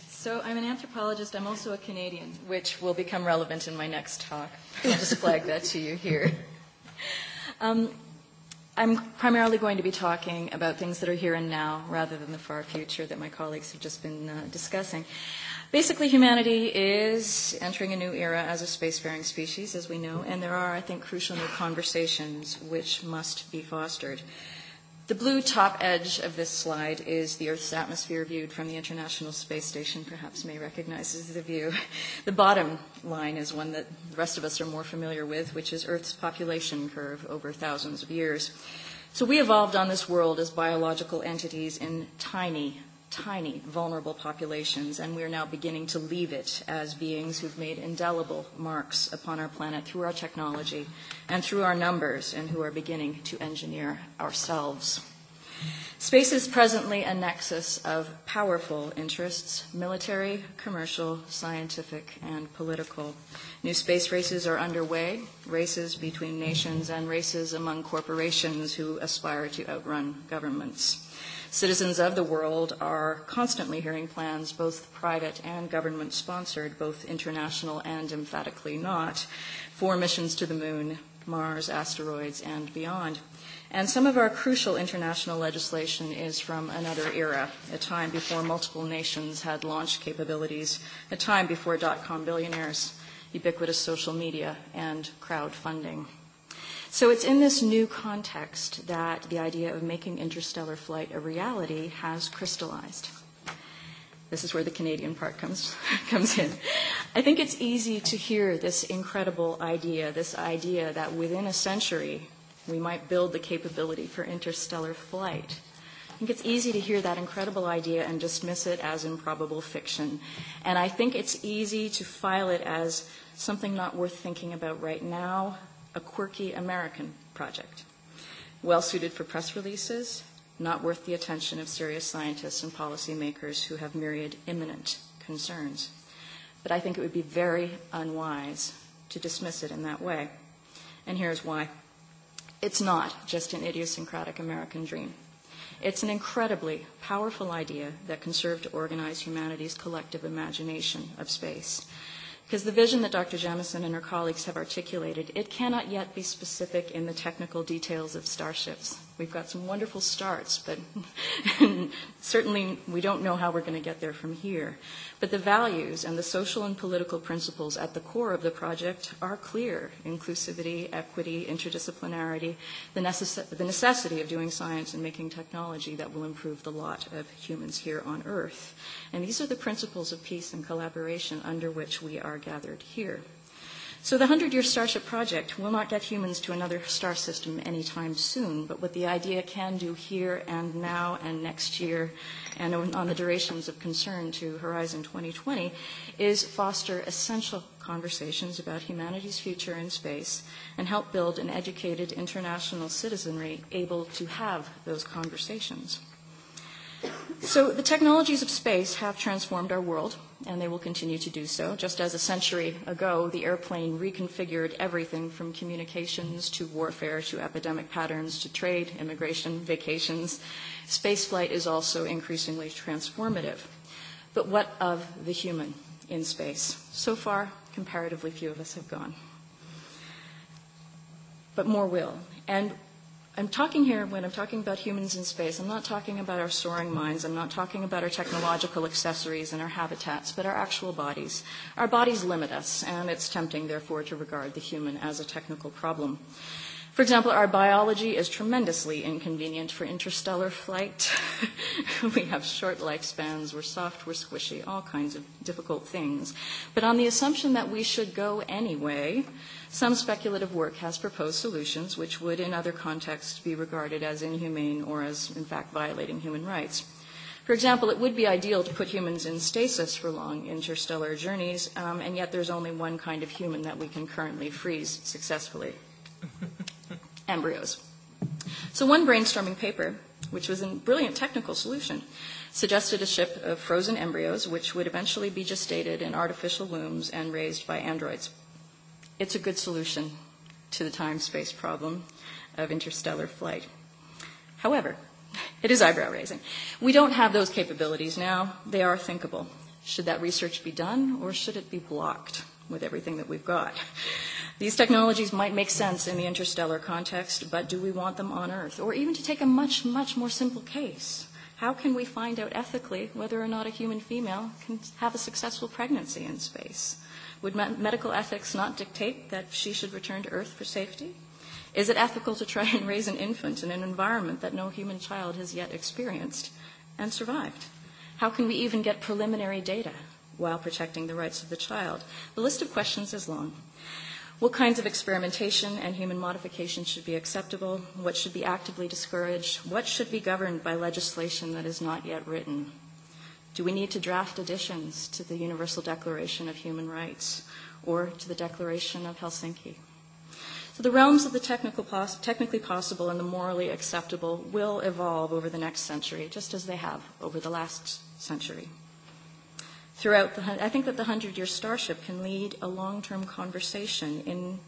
So I'm an anthropologist. I'm also a Canadian, which will become relevant in my next talk. I'll just flag that to you here. Um, I'm primarily going to be talking about things that are here and now rather than the far future that my colleagues have just been discussing. Basically, humanity is entering a new era as a spacefaring species, as we know, and there are, I think, crucial new conversations which must be fostered. The blue top edge of this slide is the Earth's atmosphere viewed from the International Space Station, perhaps may recognize the view. The bottom line is one that the rest of us are more familiar with, which is Earth's population curve over thousands of years. So we evolved on this world as biological entities in tiny tiny, vulnerable populations, and we are now beginning to leave it as beings who've made indelible marks upon our planet through our technology and through our numbers, and who are beginning to engineer ourselves. Space is presently a nexus of powerful interests, military, commercial, scientific, and political. New space races are underway, races between nations and races among corporations who aspire to outrun governments. Citizens of the world are constantly hearing plans, both private and government-sponsored, both international and emphatically not, for missions to the moon, Mars, asteroids, and beyond. And some of our crucial international legislation is from another era, a time before multiple nations had launch capabilities, a time before dot-com billionaires, ubiquitous social media, and crowdfunding. So it's in this new context that the idea of making interstellar flight a reality has crystallized. This is where the Canadian part comes comes in. I think it's easy to hear this incredible idea, this idea that within a century we might build the capability for interstellar flight. I think it's easy to hear that incredible idea and dismiss it as improbable fiction. And I think it's easy to file it as something not worth thinking about right now, a quirky American project, well suited for press releases, not worth the attention of serious scientists and policymakers who have myriad imminent concerns. But I think it would be very unwise to dismiss it in that way. And here's why. It's not just an idiosyncratic American dream. It's an incredibly powerful idea that can serve to organize humanity's collective imagination of space because the vision that Dr. Jamison and her colleagues have articulated, it cannot yet be specific in the technical details of starships. We've got some wonderful starts, but certainly we don't know how we're going to get there from here. But the values and the social and political principles at the core of the project are clear. Inclusivity, equity, interdisciplinarity, the necessity of doing science and making technology that will improve the lot of humans here on Earth. And these are the principles of peace and collaboration under which we are gathered here. So the 100-year Starship project will not get humans to another star system anytime soon, but what the idea can do here and now and next year and on the durations of concern to Horizon 2020 is foster essential conversations about humanity's future in space and help build an educated international citizenry able to have those conversations. So the technologies of space have transformed our world and they will continue to do so. Just as a century ago, the airplane reconfigured everything from communications to warfare to epidemic patterns to trade, immigration, vacations. Spaceflight is also increasingly transformative. But what of the human in space? So far, comparatively few of us have gone. But more will. And I'm talking here, when I'm talking about humans in space, I'm not talking about our soaring minds, I'm not talking about our technological accessories and our habitats, but our actual bodies. Our bodies limit us, and it's tempting, therefore, to regard the human as a technical problem. For example, our biology is tremendously inconvenient for interstellar flight. we have short lifespans, we're soft, we're squishy, all kinds of difficult things. But on the assumption that we should go anyway, Some speculative work has proposed solutions which would, in other contexts, be regarded as inhumane or as, in fact, violating human rights. For example, it would be ideal to put humans in stasis for long interstellar journeys, and yet there's only one kind of human that we can currently freeze successfully embryos. So one brainstorming paper, which was a brilliant technical solution, suggested a ship of frozen embryos which would eventually be gestated in artificial wombs and raised by androids. It's a good solution to the time-space problem of interstellar flight. However, it is eyebrow-raising. We don't have those capabilities now. They are thinkable. Should that research be done, or should it be blocked with everything that we've got? These technologies might make sense in the interstellar context, but do we want them on Earth? Or even to take a much, much more simple case, how can we find out ethically whether or not a human female can have a successful pregnancy in space? Would medical ethics not dictate that she should return to Earth for safety? Is it ethical to try and raise an infant in an environment that no human child has yet experienced and survived? How can we even get preliminary data while protecting the rights of the child? The list of questions is long. What kinds of experimentation and human modification should be acceptable? What should be actively discouraged? What should be governed by legislation that is not yet written? Do we need to draft additions to the Universal Declaration of Human Rights or to the Declaration of Helsinki? So the realms of the technically possible and the morally acceptable will evolve over the next century, just as they have over the last century. Throughout the, I think that the Hundred-Year Starship can lead a long-term conversation in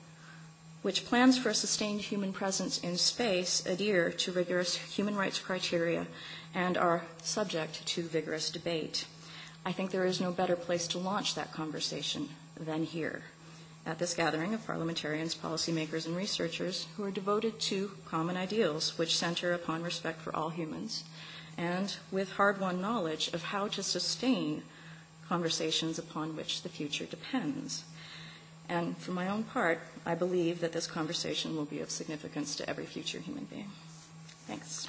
which plans for a sustained human presence in space adhere to rigorous human rights criteria and are subject to vigorous debate. I think there is no better place to launch that conversation than here, at this gathering of parliamentarians, policymakers, and researchers who are devoted to common ideals which center upon respect for all humans and with hard-won knowledge of how to sustain conversations upon which the future depends. And for my own part, I believe that this conversation will be of significance to every future human being. Thanks.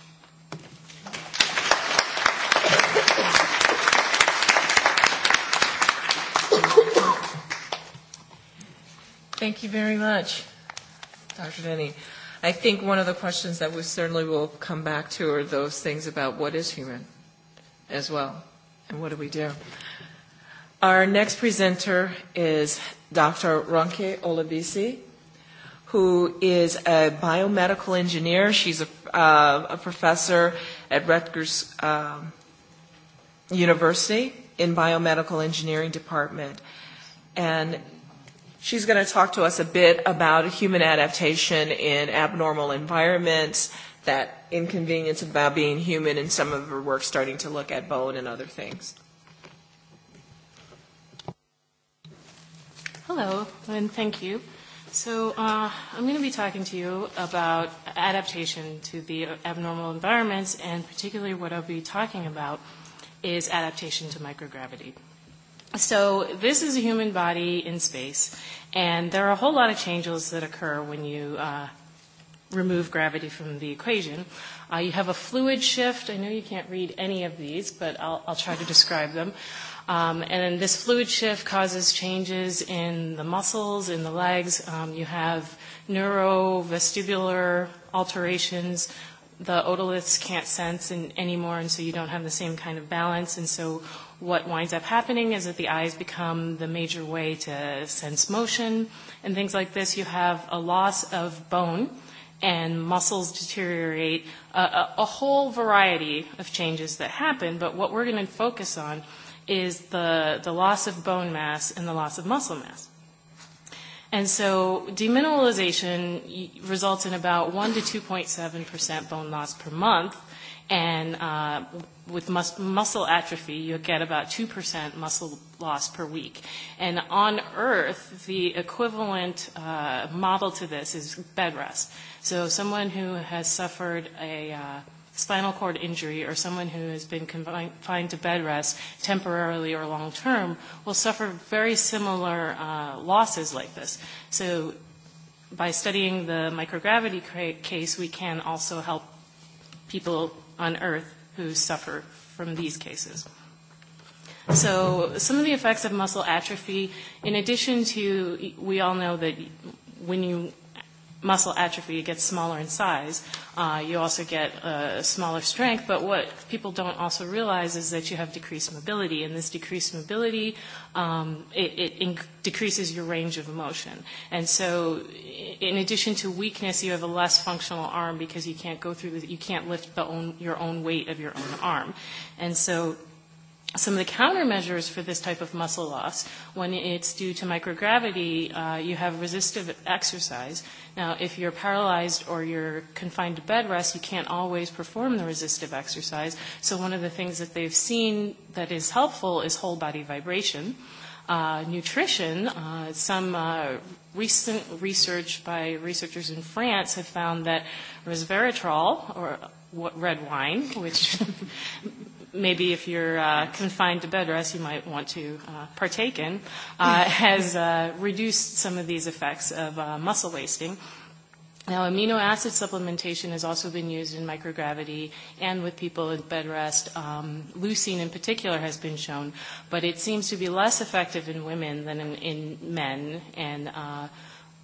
Thank you very much, Dr. Denny. I think one of the questions that we certainly will come back to are those things about what is human as well, and what do we do. Our next presenter is Dr. Ronke Olabisi, who is a biomedical engineer. She's a professor at Rutgers University in biomedical engineering department. And She's going to talk to us a bit about human adaptation in abnormal environments, that inconvenience about being human, and some of her work starting to look at bone and other things. Hello, and thank you. So I'm going to be talking to you about adaptation to the abnormal environments, and particularly what I'll be talking about is adaptation to microgravity. So this is a human body in space, and there are a whole lot of changes that occur when you uh remove gravity from the equation. You have a fluid shift. I know you can't read any of these, but I'll I'll try to describe them. Um And this fluid shift causes changes in the muscles, in the legs. Um You have neurovestibular alterations the otoliths can't sense anymore, and so you don't have the same kind of balance. And so what winds up happening is that the eyes become the major way to sense motion and things like this. You have a loss of bone and muscles deteriorate, a whole variety of changes that happen. But what we're going to focus on is the the loss of bone mass and the loss of muscle mass. And so demineralization results in about 1 to 2.7% bone loss per month and with muscle atrophy, you get about 2% muscle loss per week. And on Earth, the equivalent model to this is bed rest. So someone who has suffered a spinal cord injury or someone who has been confined to bed rest temporarily or long term will suffer very similar losses like this. So by studying the microgravity case, we can also help people on Earth who suffer from these cases. So some of the effects of muscle atrophy, in addition to, we all know that when you muscle atrophy gets smaller in size. You also get a smaller strength, but what people don't also realize is that you have decreased mobility, and this decreased mobility, um, it decreases your range of motion. And so in addition to weakness, you have a less functional arm because you can't go through, you can't lift own your own weight of your own arm. And so some of the countermeasures for this type of muscle loss, when it's due to microgravity, you have resistive exercise. Now, if you're paralyzed or you're confined to bed rest, you can't always perform the resistive exercise. So one of the things that they've seen that is helpful is whole body vibration. Nutrition, some recent research by researchers in France have found that resveratrol, or red wine, which maybe if you're confined to bed rest, you might want to partake in, has reduced some of these effects of muscle wasting. Now, amino acid supplementation has also been used in microgravity and with people in bed rest. Um, leucine in particular has been shown, but it seems to be less effective in women than in, in men. And uh,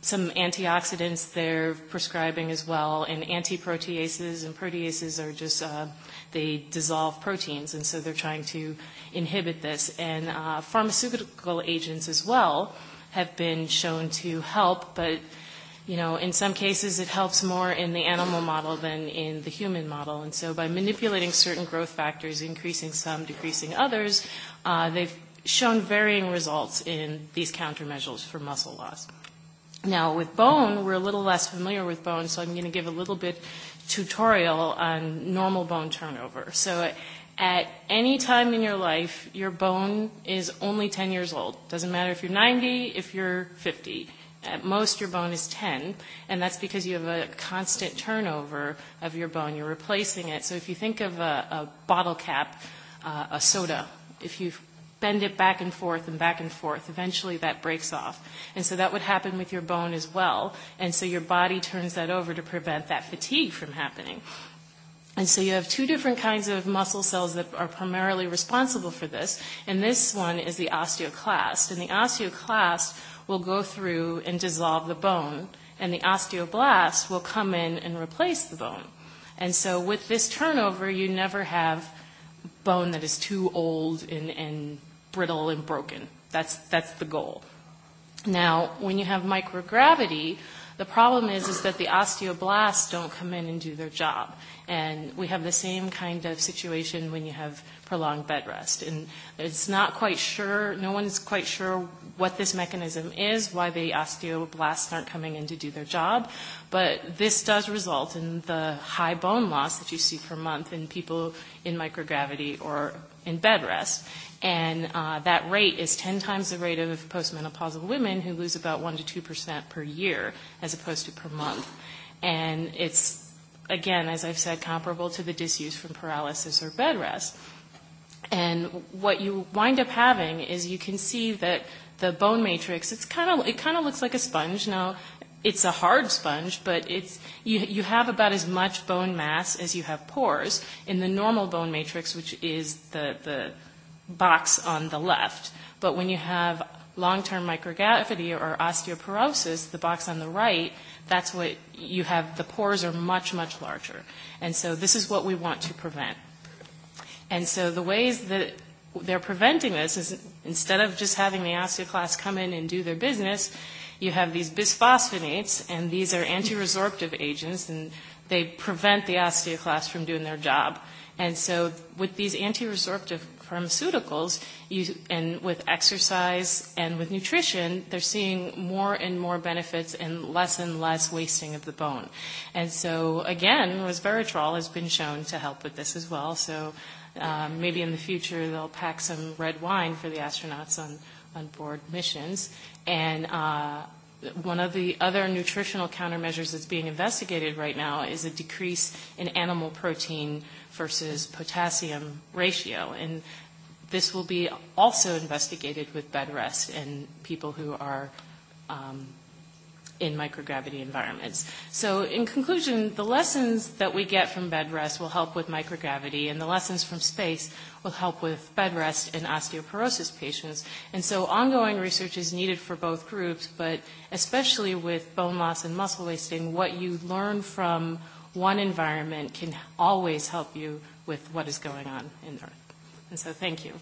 some antioxidants they're prescribing as well, and antiproteases and proteases are just uh, they dissolve proteins, and so they're trying to inhibit this. And pharmaceutical agents as well have been shown to help, but you know, in some cases it helps more in the animal model than in the human model. And so by manipulating certain growth factors, increasing some, decreasing others, they've shown varying results in these countermeasures for muscle loss. Now, with bone, we're a little less familiar with bone, so I'm going to give a little bit tutorial on normal bone turnover. So at any time in your life, your bone is only 10 years old. Doesn't matter if you're 90, if you're 50. At most, your bone is 10, and that's because you have a constant turnover of your bone. You're replacing it. So if you think of a bottle cap, a soda, if you bend it back and forth and back and forth. Eventually that breaks off. And so that would happen with your bone as well. And so your body turns that over to prevent that fatigue from happening. And so you have two different kinds of muscle cells that are primarily responsible for this. And this one is the osteoclast. And the osteoclast will go through and dissolve the bone. And the osteoblast will come in and replace the bone. And so with this turnover, you never have bone that is too old and, and brittle and broken. That's, that's the goal. Now, when you have microgravity, the problem is, is that the osteoblasts don't come in and do their job. And we have the same kind of situation when you have prolonged bed rest. And it's not quite sure, no one's quite sure what this mechanism is, why the osteoblasts aren't coming in to do their job. But this does result in the high bone loss that you see per month in people in microgravity or in bed rest. And that rate is 10 times the rate of postmenopausal women who lose about 1 to 2% per year as opposed to per month. And it's, again, as I've said, comparable to the disuse from paralysis or bed rest. And what you wind up having is you can see that the bone matrix, it's kind of, it kind of looks like a sponge. Now, it's a hard sponge, but it's, you, you have about as much bone mass as you have pores in the normal bone matrix, which is the, the box on the left. But when you have long-term microgravity or osteoporosis, the box on the right, that's what you have, the pores are much, much larger. And so this is what we want to prevent. And so the ways that they're preventing this is instead of just having the osteoclasts come in and do their business, you have these bisphosphonates, and these are anti-resorptive agents, and they prevent the osteoclasts from doing their job. And so with these anti-resorptive pharmaceuticals and with exercise and with nutrition, they're seeing more and more benefits and less and less wasting of the bone. And so, again, resveratrol has been shown to help with this as well. So maybe in the future they'll pack some red wine for the astronauts on, on board missions. And uh, one of the other nutritional countermeasures that's being investigated right now is a decrease in animal protein versus potassium ratio. And this will be also investigated with bed rest in people who are in microgravity environments. So in conclusion, the lessons that we get from bed rest will help with microgravity, and the lessons from space will help with bed rest in osteoporosis patients. And so ongoing research is needed for both groups, but especially with bone loss and muscle wasting, what you learn from one environment can always help you with what is going on in the earth. And so thank you.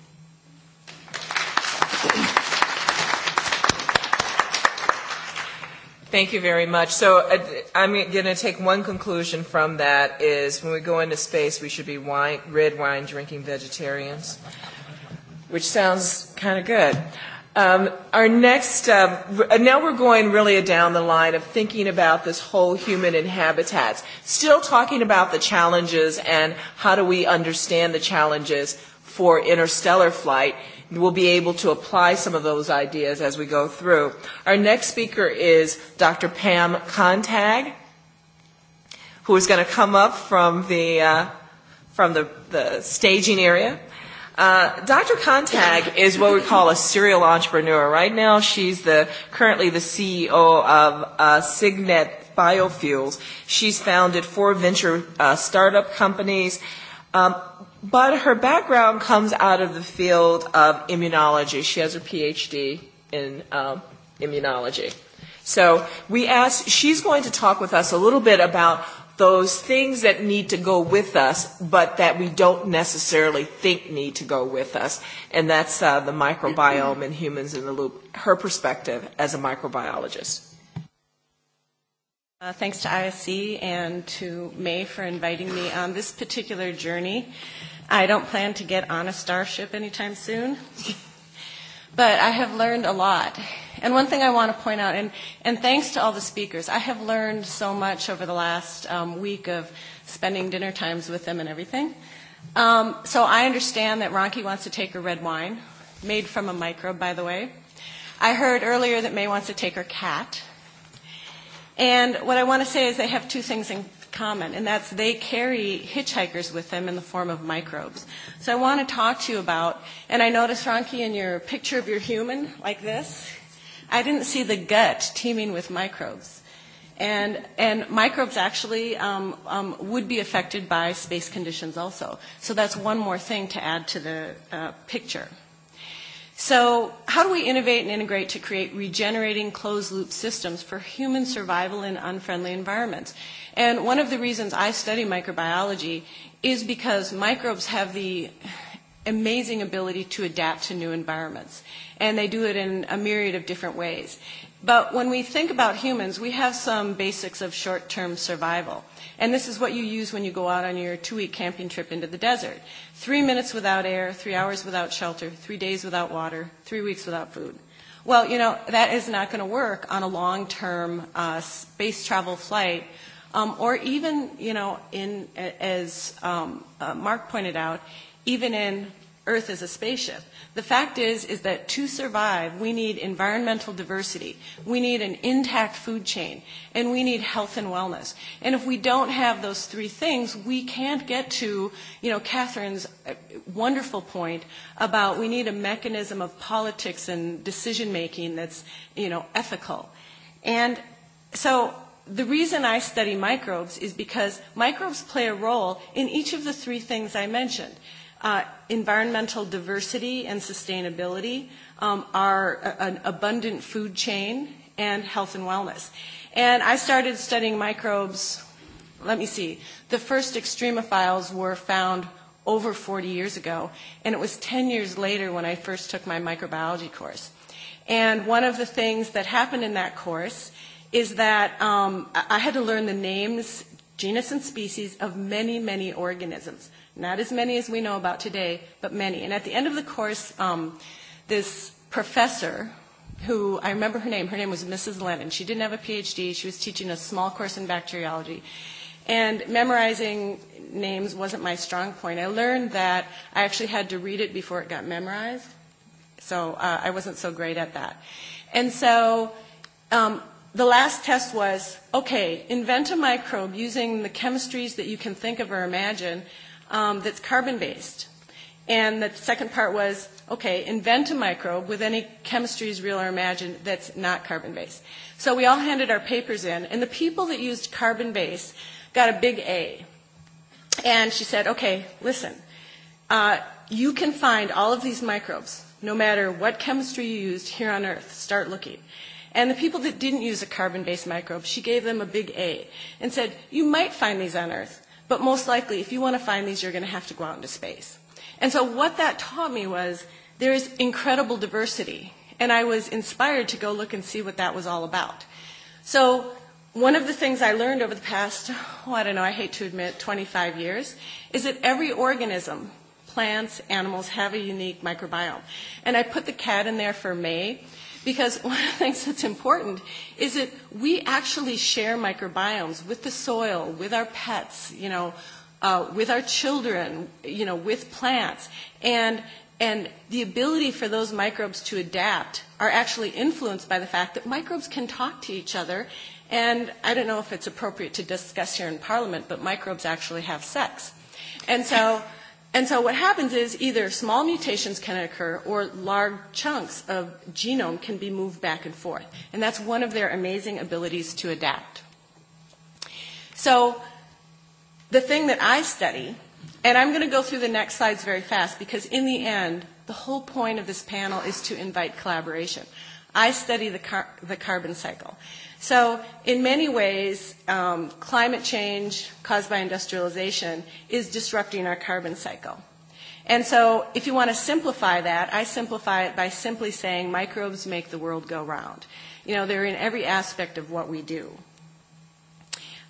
Thank you very much. So I'm going to take one conclusion from that is when we go into space, we should be wine, red wine drinking vegetarians, which sounds kind of good. Our next, now we're going really down the line of thinking about this whole human and habitats, still talking about the challenges and how do we understand the challenges for interstellar flight. We'll be able to apply some of those ideas as we go through. Our next speaker is Dr. Pam Contag, who is going to come up from the from the staging area. Dr. Contag is what we call a serial entrepreneur. Right now, she's the currently the CEO of Signet Biofuels. She's founded four venture startup companies, Um but her background comes out of the field of immunology. She has a PhD in immunology. So we asked, she's going to talk with us a little bit about those things that need to go with us, but that we don't necessarily think need to go with us. And that's the microbiome and humans in the loop, her perspective as a microbiologist. Thanks to ISC and to May for inviting me on this particular journey. I don't plan to get on a starship anytime soon but I have learned a lot. And one thing I want to point out, and, and thanks to all the speakers, I have learned so much over the last um, week of spending dinner times with them and everything. Um, so I understand that Ronki wants to take her red wine, made from a microbe, by the way. I heard earlier that May wants to take her cat. And what I want to say is they have two things in common, and that's they carry hitchhikers with them in the form of microbes. So I want to talk to you about, and I noticed, Ronki, in your picture of your human like this, I didn't see the gut teeming with microbes. And, and microbes actually um, would be affected by space conditions also. So that's one more thing to add to the picture. So how do we innovate and integrate to create regenerating closed-loop systems for human survival in unfriendly environments? And one of the reasons I study microbiology is because microbes have the amazing ability to adapt to new environments. And they do it in a myriad of different ways. But when we think about humans, we have some basics of short-term survival. And this is what you use when you go out on your two-week camping trip into the desert. Three minutes without air, three hours without shelter, three days without water, three weeks without food. Well, you know, that is not going to work on a long-term space travel flight or even, you know, in as Mark pointed out, even in Earth as a spaceship. The fact is, is that to survive, we need environmental diversity, we need an intact food chain, and we need health and wellness. And if we don't have those three things, we can't get to, you know, Catherine's wonderful point about we need a mechanism of politics and decision making that's, you know, ethical. And so the reason I study microbes is because microbes play a role in each of the three things I mentioned. Environmental diversity and sustainability, our an abundant food chain, and health and wellness. And I started studying microbes, let me see, the first extremophiles were found over 40 years ago, and it was 10 years later when I first took my microbiology course. And one of the things that happened in that course is that I had to learn the names, genus, and species of many, many organisms. Not as many as we know about today, but many. And at the end of the course, this professor, who I remember her name, her name was Mrs. Lennon. She didn't have a PhD. She was teaching a small course in bacteriology. And memorizing names wasn't my strong point. I learned that I actually had to read it before it got memorized. So I wasn't so great at that. And so um the last test was, okay, invent a microbe using the chemistries that you can think of or imagine that's carbon-based. And the second part was, okay, invent a microbe with any chemistries, real or imagined, that's not carbon-based. So we all handed our papers in, and the people that used carbon-based got a big A. And she said, okay, listen, you can find all of these microbes, no matter what chemistry you used here on Earth. Start looking. And the people that didn't use a carbon-based microbe, she gave them a big A and said, you might find these on Earth, but most likely if you want to find these, you're going to have to go out into space. And so what that taught me was there is incredible diversity, and I was inspired to go look and see what that was all about. So one of the things I learned over the past, oh, I don't know, I hate to admit, 25 years, is that every organism, plants, animals, have a unique microbiome. And I put the cat in there for May Because one of the things that's important is that we actually share microbiomes with the soil, with our pets, you know, with our children, you know, with plants. And and the ability for those microbes to adapt are actually influenced by the fact that microbes can talk to each other. And I don't know if it's appropriate to discuss here in Parliament, but microbes actually have sex. And so And so what happens is either small mutations can occur or large chunks of genome can be moved back and forth. And that's one of their amazing abilities to adapt. So the thing that I study, and I'm going to go through the next slides very fast because in the end, the whole point of this panel is to invite collaboration. I study the, car the carbon cycle. So in many ways, um, climate change caused by industrialization is disrupting our carbon cycle. And so if you want to simplify that, I simplify it by simply saying microbes make the world go round. You know, they're in every aspect of what we do.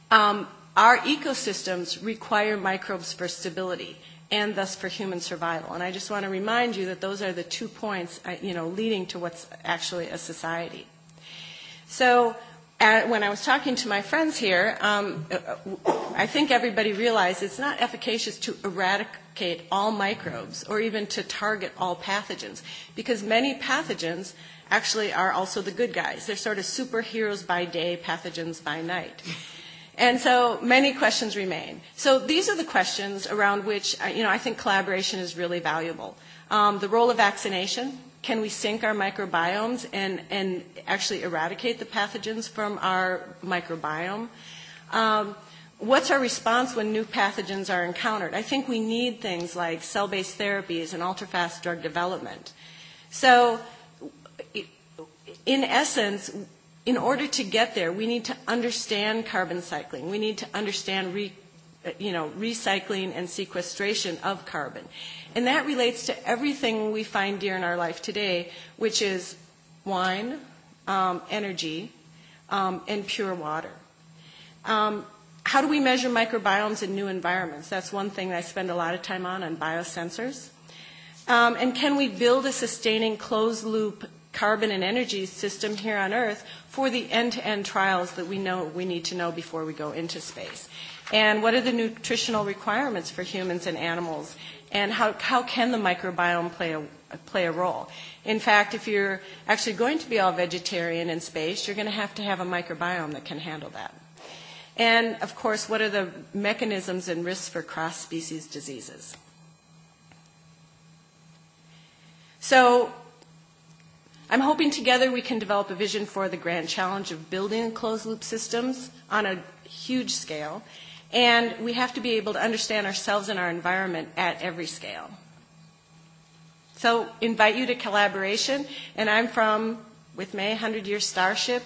Um, our ecosystems require microbes for stability and thus for human survival. And I just want to remind you that those are the two points, you know, leading to what's actually a society. So when I was talking to my friends here, um, I think everybody realized it's not efficacious to eradicate all microbes or even to target all pathogens because many pathogens actually are also the good guys. They're sort of superheroes by day, pathogens by night. And so many questions remain. So these are the questions around which, you know, I think collaboration is really valuable. Um, the role of vaccination, can we sync our microbiomes and, and actually eradicate the pathogens from our microbiome? Um, what's our response when new pathogens are encountered? I think we need things like cell-based therapies and ultra-fast drug development. So in essence, in order to get there, we need to understand carbon cycling. We need to understand you know, recycling and sequestration of carbon. And that relates to everything we find dear in our life today, which is wine, energy, and pure water. How do we measure microbiomes in new environments? That's one thing I spend a lot of time on, on biosensors. And can we build a sustaining closed-loop carbon and energy system here on Earth for the end-to-end trials that we know we need to know before we go into space? And what are the nutritional requirements for humans and animals and how how can the microbiome play a play a role? In fact, if you're actually going to be all vegetarian in space, you're going to have to have a microbiome that can handle that. And, of course, what are the mechanisms and risks for cross-species diseases? So I'm hoping together we can develop a vision for the grand challenge of building closed-loop systems on a huge scale and we have to be able to understand ourselves and our environment at every scale. So invite you to collaboration, and I'm from, with May, 100-year Starship,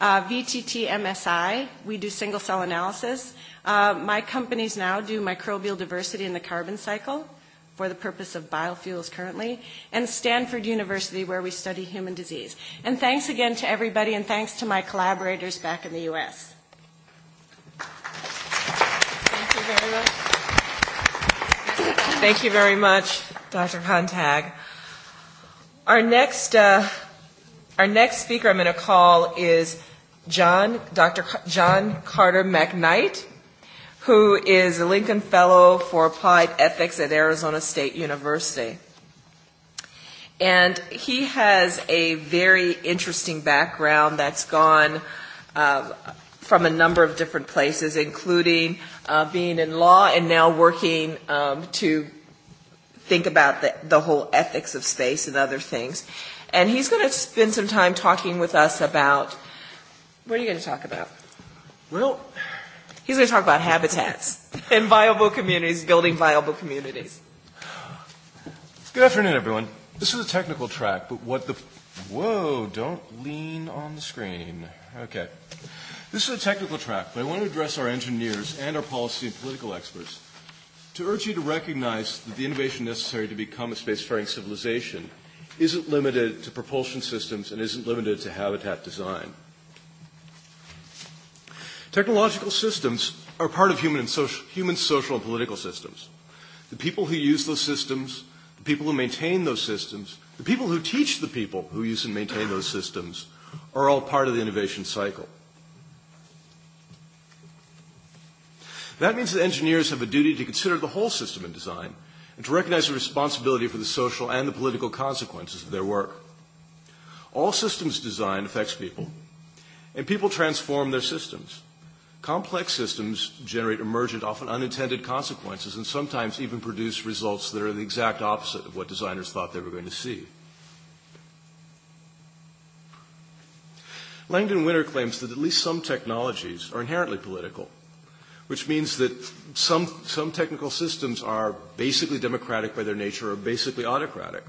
VTT MSI. We do single-cell analysis. My companies now do microbial diversity in the carbon cycle for the purpose of biofuels currently, and Stanford University, where we study human disease. And thanks again to everybody, and thanks to my collaborators back in the U.S. Thank you very much, Dr. Contag. Our next, our next speaker I'm going to call is John, Dr. John Carter McKnight, who is a Lincoln Fellow for Applied Ethics at Arizona State University. And he has a very interesting background that's gone from a number of different places, including being in law and now working to think about the the whole ethics of space and other things. And he's going to spend some time talking with us about what are you going to talk about? Well, he's going to talk about habitats and viable communities, building viable communities. Good afternoon, everyone. This is a technical track, but what the whoa, don't lean on the screen. Okay. This is a technical track, but I want to address our engineers and our policy and political experts to urge you to recognize that the innovation necessary to become a spacefaring civilization isn't limited to propulsion systems and isn't limited to habitat design. Technological systems are part of human, and social, human social and political systems. The people who use those systems, the people who maintain those systems, the people who teach the people who use and maintain those systems are all part of the innovation cycle. That means that engineers have a duty to consider the whole system in design and to recognize the responsibility for the social and the political consequences of their work. All systems design affects people, and people transform their systems. Complex systems generate emergent, often unintended consequences, and sometimes even produce results that are the exact opposite of what designers thought they were going to see. Langdon Winter claims that at least some technologies are inherently political, which means that some some technical systems are basically democratic by their nature or basically autocratic,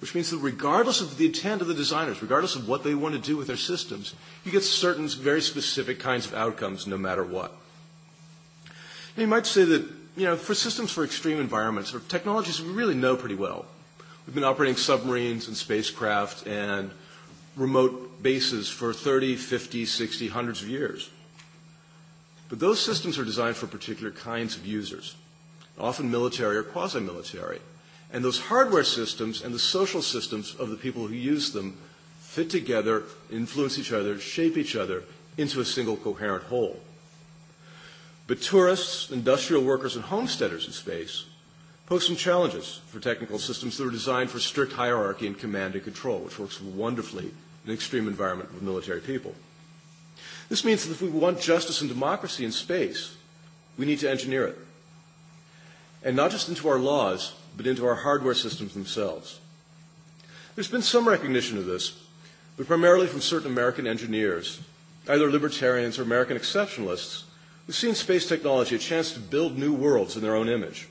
which means that regardless of the intent of the designers, regardless of what they want to do with their systems, you get certain very specific kinds of outcomes no matter what. Now you might say that, you know, for systems for extreme environments or technologies we really know pretty well. We've been operating submarines and spacecraft and remote bases for 30, 50, 60, hundreds of years. But those systems are designed for particular kinds of users, often military or quasi-military. And those hardware systems and the social systems of the people who use them fit together, influence each other, shape each other into a single coherent whole. But tourists, industrial workers, and homesteaders in space pose some challenges for technical systems that are designed for strict hierarchy and command and control, which works wonderfully in an extreme environment with military people. This means that if we want justice and democracy in space, we need to engineer it. And not just into our laws, but into our hardware systems themselves. There's been some recognition of this, but primarily from certain American engineers, either libertarians or American exceptionalists, who've seen space technology a chance to build new worlds in their own image.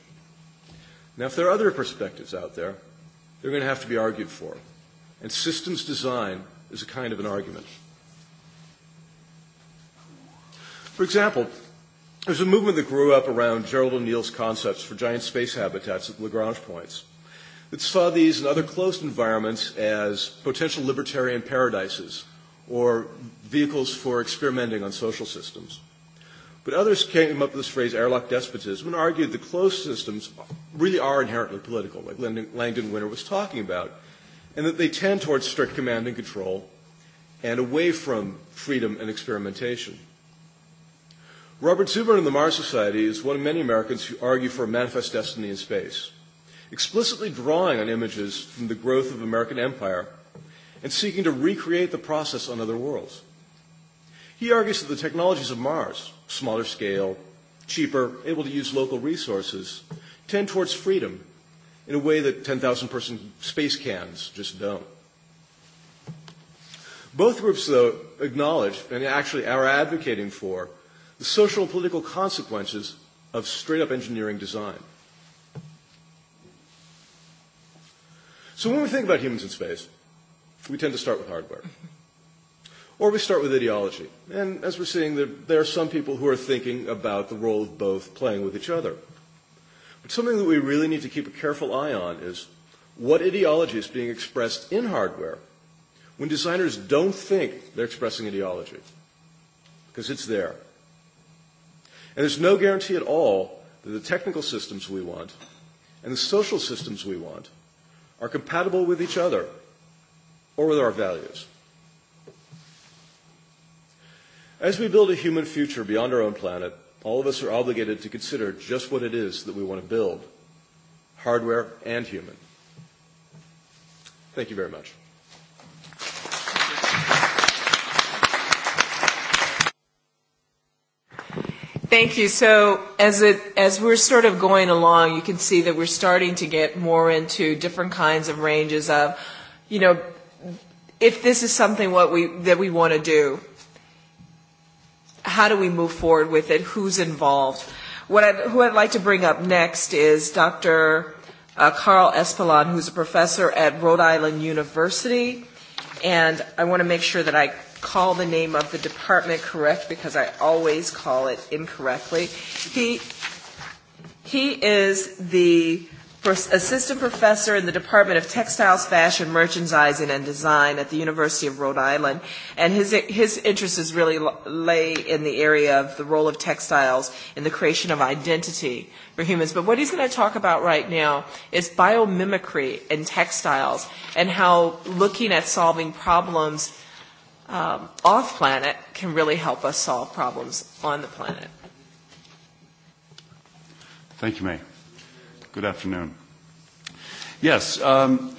Now, if there are other perspectives out there, they're going to have to be argued for. And systems design is a kind of an argument. For example, there's a movement that grew up around Gerald O'Neill's concepts for giant space habitats at Lagrange points that saw these and other closed environments as potential libertarian paradises or vehicles for experimenting on social systems. But others came up with this phrase airlock despotism and argued that closed systems really are inherently political, like Langdon Winter was talking about, and that they tend towards strict command and control and away from freedom and experimentation. Robert Zubrin of the Mars Society is one of many Americans who argue for a manifest destiny in space, explicitly drawing on images from the growth of American empire and seeking to recreate the process on other worlds. He argues that the technologies of Mars, smaller scale, cheaper, able to use local resources, tend towards freedom in a way that 10,000 person space cans just don't. Both groups, though, acknowledge and actually are advocating for the social and political consequences of straight-up engineering design. So when we think about humans in space, we tend to start with hardware. Or we start with ideology. And as we're seeing, there are some people who are thinking about the role of both playing with each other. But something that we really need to keep a careful eye on is what ideology is being expressed in hardware when designers don't think they're expressing ideology. Because it's there. And there's no guarantee at all that the technical systems we want and the social systems we want are compatible with each other or with our values. As we build a human future beyond our own planet, all of us are obligated to consider just what it is that we want to build, hardware and human. Thank you very much. Thank you. So as it as we're sort of going along, you can see that we're starting to get more into different kinds of ranges of, you know, if this is something what we that we want to do, how do we move forward with it? Who's involved? What I'd, who I'd like to bring up next is Dr. Carl Espelon, who's a professor at Rhode Island University, and I want to make sure that I call the name of the department correct because I always call it incorrectly. He he is the assistant professor in the Department of Textiles, Fashion, Merchandising, and Design at the University of Rhode Island. And his, his interest is really lay in the area of the role of textiles in the creation of identity for humans. But what he's going to talk about right now is biomimicry in textiles and how looking at solving problems off planet can really help us solve problems on the planet. Thank you, May. Good afternoon. Yes, um,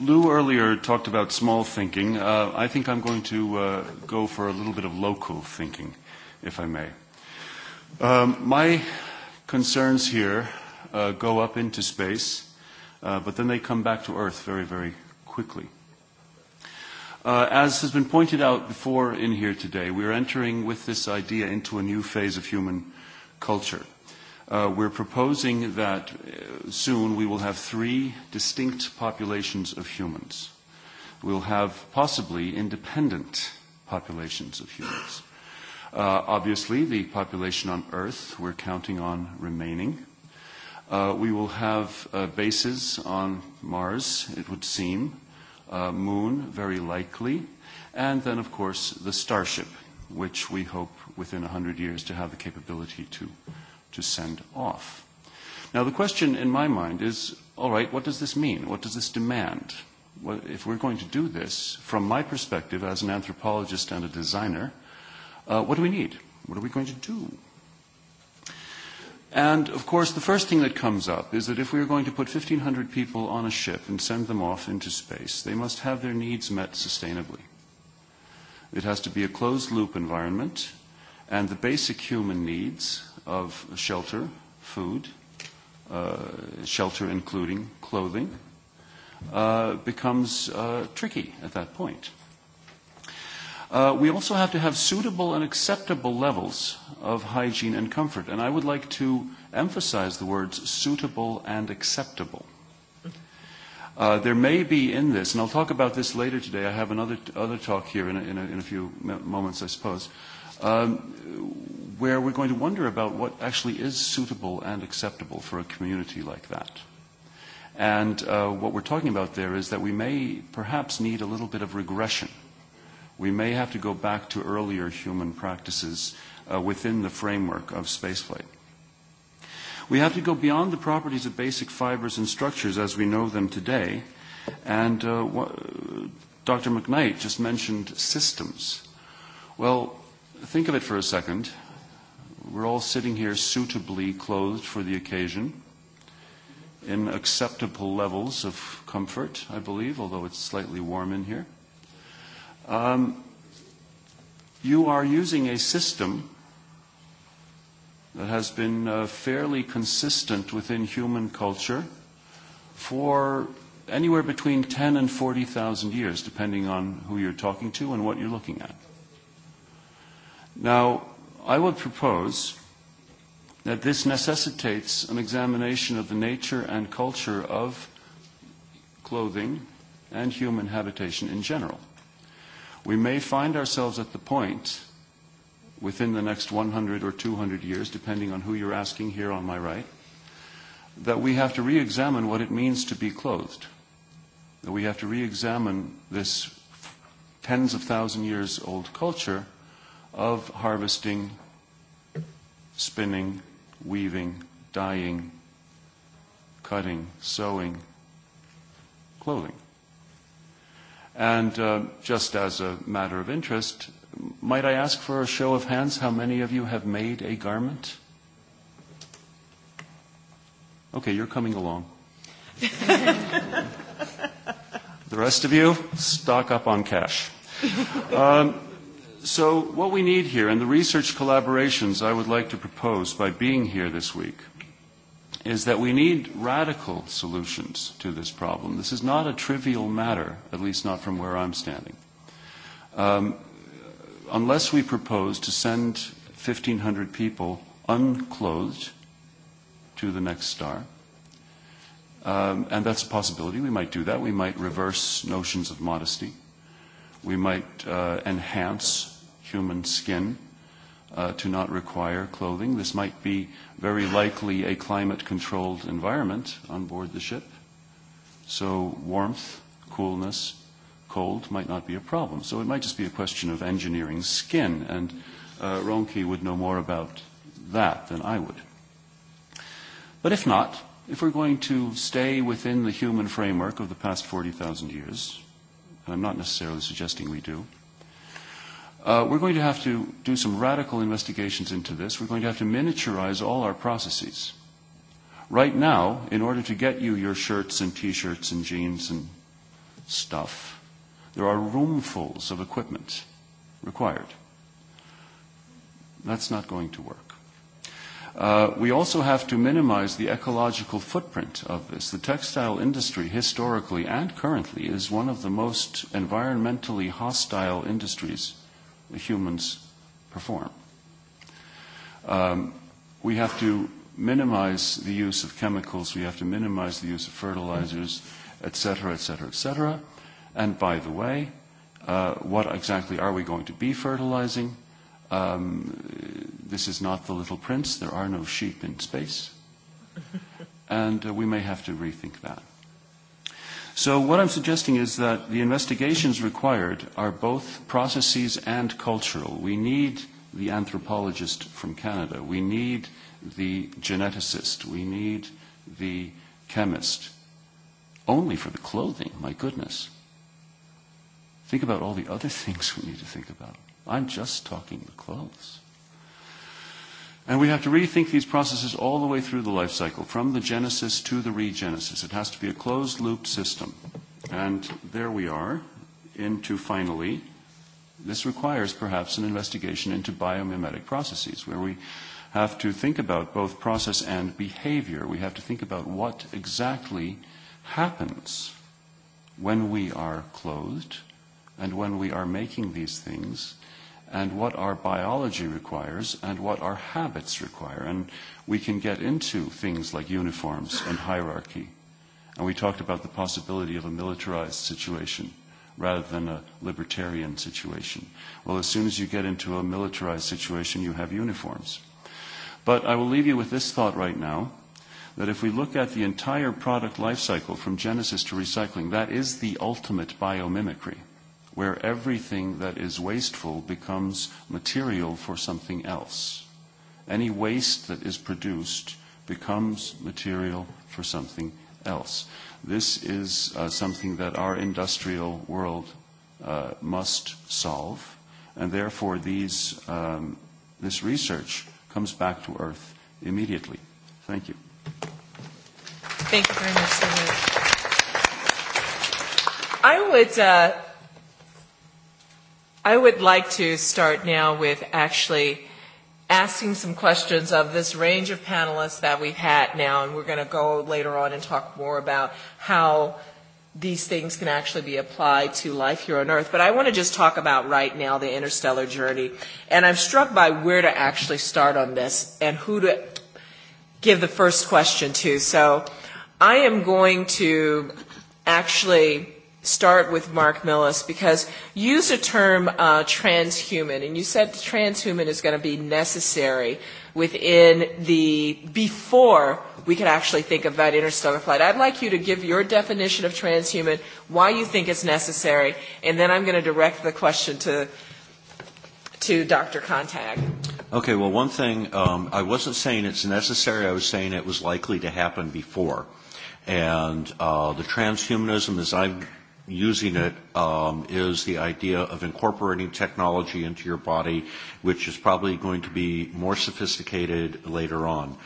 Lou earlier talked about small thinking. I think I'm going to uh, go for a little bit of local thinking, if I may. Um, my concerns here uh, go up into space, uh, but then they come back to Earth very, very quickly. As has been pointed out before in here today, we are entering with this idea into a new phase of human culture. We're proposing that soon we will have three distinct populations of humans. We'll have possibly independent populations of humans. Obviously, the population on Earth we're counting on remaining. We will have bases on Mars, it would seem moon, very likely, and then, of course, the Starship, which we hope within 100 years to have the capability to to send off. Now, the question in my mind is, all right, what does this mean? What does this demand? If we're going to do this, from my perspective as an anthropologist and a designer, what do we need? What are we going to do? And, of course, the first thing that comes up is that if we are going to put 1,500 people on a ship and send them off into space, they must have their needs met sustainably. It has to be a closed-loop environment, and the basic human needs of shelter, food, shelter including clothing, becomes tricky at that point. We also have to have suitable and acceptable levels of hygiene and comfort, and I would like to emphasize the words suitable and acceptable. There may be in this, and I'll talk about this later today. I have another other talk here in a few moments, I suppose, where we're going to wonder about what actually is suitable and acceptable for a community like that. And what we're talking about there is that we may perhaps need a little bit of regression we may have to go back to earlier human practices within the framework of spaceflight. We have to go beyond the properties of basic fibers and structures as we know them today. And Dr. McKnight just mentioned systems. Well, think of it for a second. We're all sitting here suitably clothed for the occasion in acceptable levels of comfort, I believe, although it's slightly warm in here you are using a system that has been fairly consistent within human culture for anywhere between 10 and 40,000 years, depending on who you're talking to and what you're looking at. Now, I would propose that this necessitates an examination of the nature and culture of clothing and human habitation in general. We may find ourselves at the point within the next 100 or 200 years, depending on who you're asking here on my right, that we have to re-examine what it means to be clothed, that we have to re-examine this tens of thousand years old culture of harvesting, spinning, weaving, dyeing, cutting, sewing, clothing. And just as a matter of interest, might I ask for a show of hands how many of you have made a garment? Okay, you're coming along. The rest of you, stock up on cash. So what we need here, and the research collaborations I would like to propose by being here this week, is that we need radical solutions to this problem. This is not a trivial matter, at least not from where I'm standing. Um Unless we propose to send 1,500 people unclothed to the next star, um and that's a possibility. We might do that. We might reverse notions of modesty. We might enhance human skin to not require clothing. This might be very likely a climate-controlled environment on board the ship, so warmth, coolness, cold might not be a problem. So it might just be a question of engineering skin, and Ronke would know more about that than I would. But if not, if we're going to stay within the human framework of the past 40,000 years, and I'm not necessarily suggesting we do, We're going to have to do some radical investigations into this. We're going to have to miniaturize all our processes. Right now, in order to get you your shirts and T-shirts and jeans and stuff, there are roomfuls of equipment required. That's not going to work. We also have to minimize the ecological footprint of this. The textile industry, historically and currently, is one of the most environmentally hostile industries humans perform. We have to minimize the use of chemicals, we have to minimize the use of fertilizers, etc., etc., etc. And by the way, what exactly are we going to be fertilizing? This is not the Little Prince. There are no sheep in space. And we may have to rethink that. So what I'm suggesting is that the investigations required are both processes and cultural. We need the anthropologist from Canada. We need the geneticist. We need the chemist. Only for the clothing, my goodness. Think about all the other things we need to think about. I'm just talking the clothes. And we have to rethink these processes all the way through the life cycle, from the genesis to the regenesis. It has to be a closed-loop system. And there we are, into finally, this requires perhaps an investigation into biomimetic processes, where we have to think about both process and behavior. We have to think about what exactly happens when we are clothed and when we are making these things and what our biology requires and what our habits require. And we can get into things like uniforms and hierarchy. And we talked about the possibility of a militarized situation rather than a libertarian situation. Well, as soon as you get into a militarized situation, you have uniforms. But I will leave you with this thought right now, that if we look at the entire product life cycle from genesis to recycling, that is the ultimate biomimicry where everything that is wasteful becomes material for something else. Any waste that is produced becomes material for something else. This is something that our industrial world must solve, and therefore these this research comes back to Earth immediately. Thank you. Thank you very much. I would I would like to start now with actually asking some questions of this range of panelists that we've had now, and we're going to go later on and talk more about how these things can actually be applied to life here on Earth. But I want to just talk about right now the interstellar journey. And I'm struck by where to actually start on this and who to give the first question to. So I am going to actually start with Mark Millis because you used the term transhuman, and you said transhuman is going to be necessary within the before we could actually think of that interstellar flight. I'd like you to give your definition of transhuman, why you think it's necessary, and then I'm going to direct the question to to Dr. Contag. Okay, well, one thing, um, I wasn't saying it's necessary. I was saying it was likely to happen before. And uh, the transhumanism, as I've using it is the idea of incorporating technology into your body, which is probably going to be more sophisticated later on.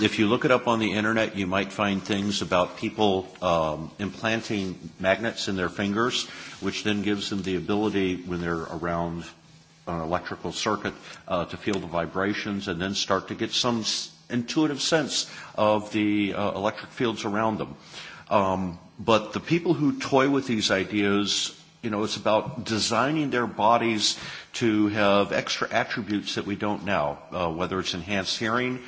If you look it up on the internet, you might find things about people implanting magnets in their fingers, which then gives them the ability, when they're around an electrical circuit, to feel the vibrations and then start to get some intuitive sense of the electric fields around them. But the people who toy with these ideas, you know, it's about designing their bodies to have extra attributes that we don't now, whether it's enhanced hearing,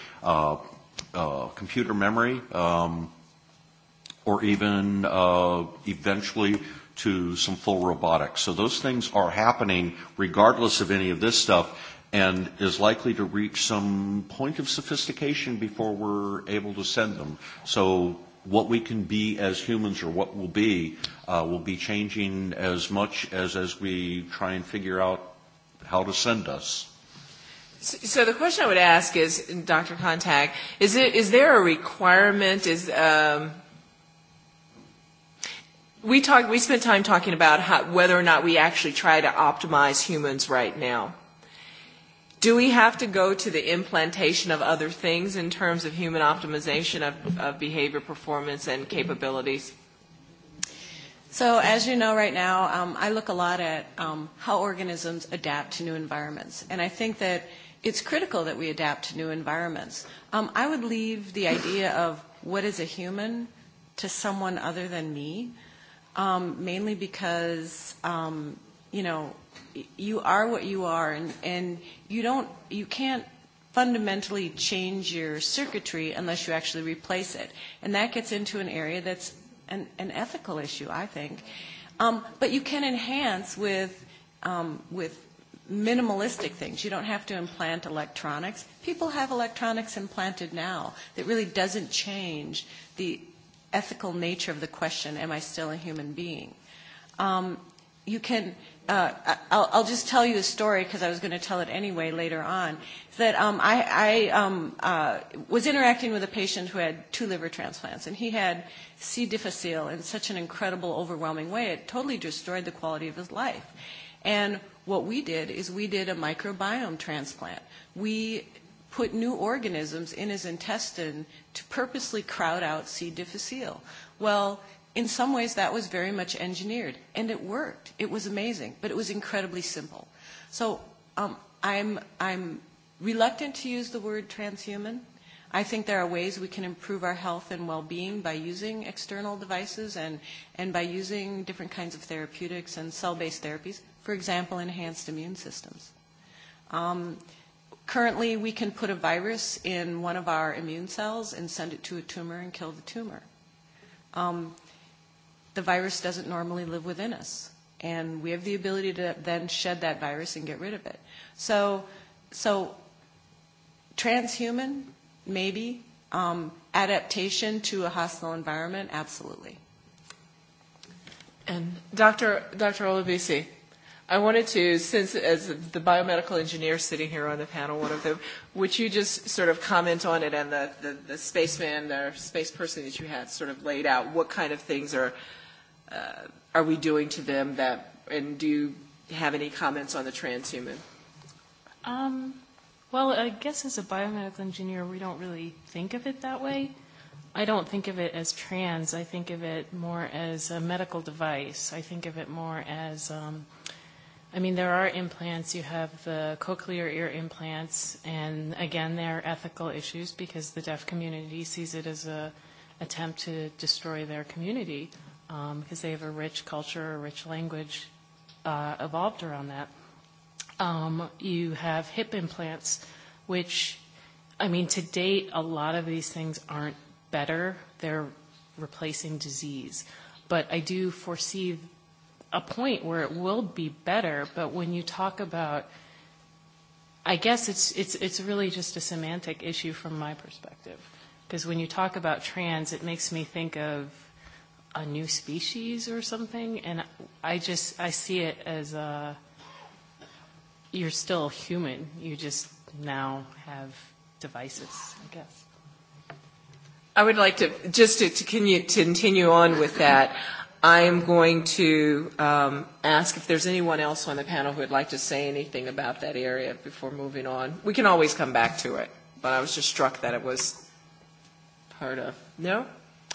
computer memory, or even eventually to some full robotics. So those things are happening regardless of any of this stuff and is likely to reach some point of sophistication before we're able to send them. So what we can be as humans or what we'll be will be changing as much as as we try and figure out how to send us. So the question I would ask is, Dr. Contact, is it is there a requirement? Is um, we talk we spent time talking about how, whether or not we actually try to optimize humans right now. Do we have to go to the implantation of other things in terms of human optimization of, of behavior performance and capabilities? So as you know right now, um, I look a lot at um, how organisms adapt to new environments. And I think that it's critical that we adapt to new environments. Um, I would leave the idea of what is a human to someone other than me, um, mainly because, um, you know, you are what you are, and you don't, you can't fundamentally change your circuitry unless you actually replace it, and that gets into an area that's an an ethical issue, I think. But you can enhance with with minimalistic things. You don't have to implant electronics. People have electronics implanted now. That really doesn't change the ethical nature of the question, am I still a human being? You can I'll just tell you a story because I was going to tell it anyway later on. That I was interacting with a patient who had two liver transplants, and he had C. difficile in such an incredible, overwhelming way. It totally destroyed the quality of his life. And what we did is we did a microbiome transplant. We put new organisms in his intestine to purposely crowd out C. difficile. Well, in some ways that was very much engineered and it worked it was amazing but it was incredibly simple so i'm i'm reluctant to use the word transhuman i think there are ways we can improve our health and well-being by using external devices and and by using different kinds of therapeutics and cell-based therapies for example enhanced immune systems um currently we can put a virus in one of our immune cells and send it to a tumor and kill the tumor um the virus doesn't normally live within us. And we have the ability to then shed that virus and get rid of it. So, so transhuman, maybe. Um, adaptation to a hostile environment, absolutely. And Dr. Dr. Olabisi, I wanted to, since as the biomedical engineer sitting here on the panel, one of them, would you just sort of comment on it and the, the, the spaceman, the space person that you had sort of laid out, what kind of things are are we doing to them that, and do you have any comments on the transhuman? Um, well, I guess as a biomedical engineer, we don't really think of it that way. I don't think of it as trans. I think of it more as a medical device. I think of it more as, um, I mean, there are implants. You have the cochlear ear implants, and again, there are ethical issues because the deaf community sees it as a attempt to destroy their community because they have a rich culture, a rich language evolved around that. Um, you have hip implants, which, I mean, to date, a lot of these things aren't better. They're replacing disease. But I do foresee a point where it will be better. But when you talk about, I guess it's, it's, it's really just a semantic issue from my perspective. Because when you talk about trans, it makes me think of a new species or something and i just i see it as a you're still human you just now have devices i guess i would like to just to to continue on with that i am going to um ask if there's anyone else on the panel who would like to say anything about that area before moving on we can always come back to it but i was just struck that it was part of no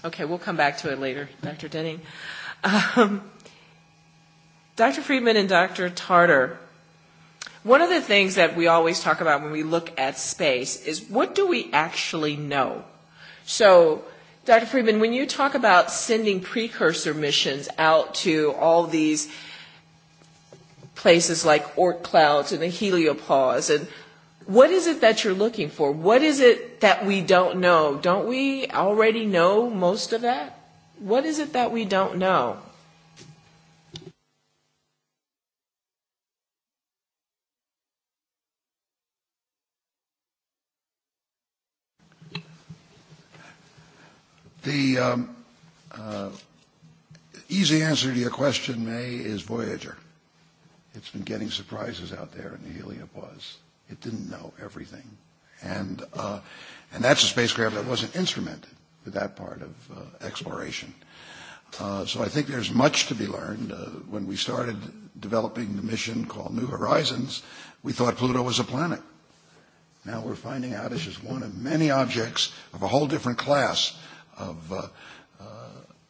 Okay, we'll come back to it later, Dr. Denning. Dr. Friedman and Dr. Tarter, one of the things that we always talk about when we look at space is what do we actually know? So, Dr. Friedman, when you talk about sending precursor missions out to all these places like Oort clouds and the heliopause and what is it that you're looking for? What is it that we don't know? Don't we already know most of that? What is it that we don't know? The um, easy answer to your question, May, is Voyager. It's been getting surprises out there in the heliopause. It didn't know everything. And, uh, and that's a spacecraft that wasn't instrumented with that part of exploration. Uh, so I think there's much to be learned. when we started developing the mission called New Horizons, we thought Pluto was a planet. Now we're finding out it's just one of many objects of a whole different class of uh,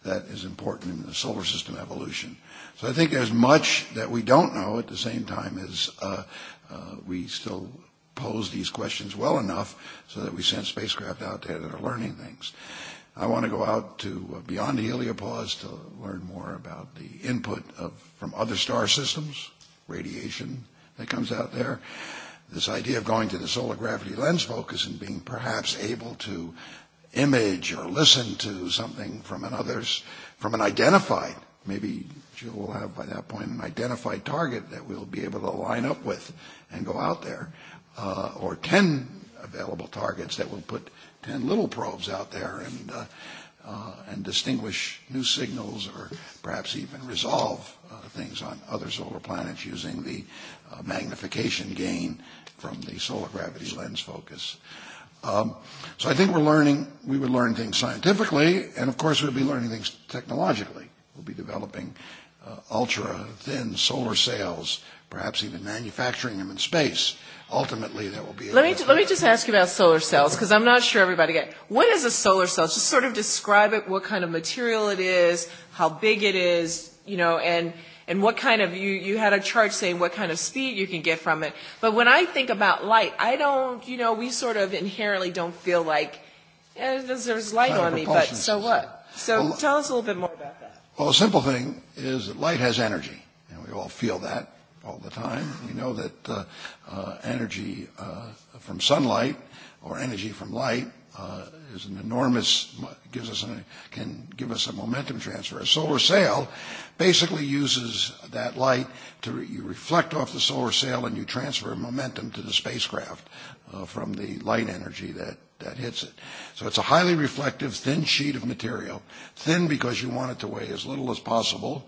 that is important in the solar system evolution. So I think there's much that we don't know at the same time as uh, we still pose these questions well enough so that we send spacecraft out there that are learning things. I want to go out to beyond heliopause to learn more about the input of from other star systems, radiation that comes out there. This idea of going to the solar gravity lens focus and being perhaps able to image or listen to something from another's, from an identified, maybe you will have by that point an identified target that we'll be able to line up with and go out there, or 10 available targets that will put 10 little probes out there and and distinguish new signals or perhaps even resolve things on other solar planets using the magnification gain from the solar gravity lens focus. So I think we're learning, we would learn things scientifically, and of course we'll be learning things technologically. We'll be developing ultra-thin solar cells, perhaps even manufacturing them in space. Ultimately, that will be. Let me let me just ask you about solar cells because I'm not sure everybody get what is a solar cell. Just sort of describe it, what kind of material it is, how big it is, you know, and and what kind of you you had a chart saying what kind of speed you can get from it. But when I think about light, I don't, you know, we sort of inherently don't feel like there's light on me, but so what? So tell us a little bit more about that. Well, the simple thing is that light has energy, and we all feel that all the time. We know that energy from sunlight or energy from light is an enormous gives us can give us a momentum transfer. A solar sail basically uses that light to you reflect off the solar sail and you transfer momentum to the spacecraft from the light energy that that hits it. So it's a highly reflective, thin sheet of material. Thin because you want it to weigh as little as possible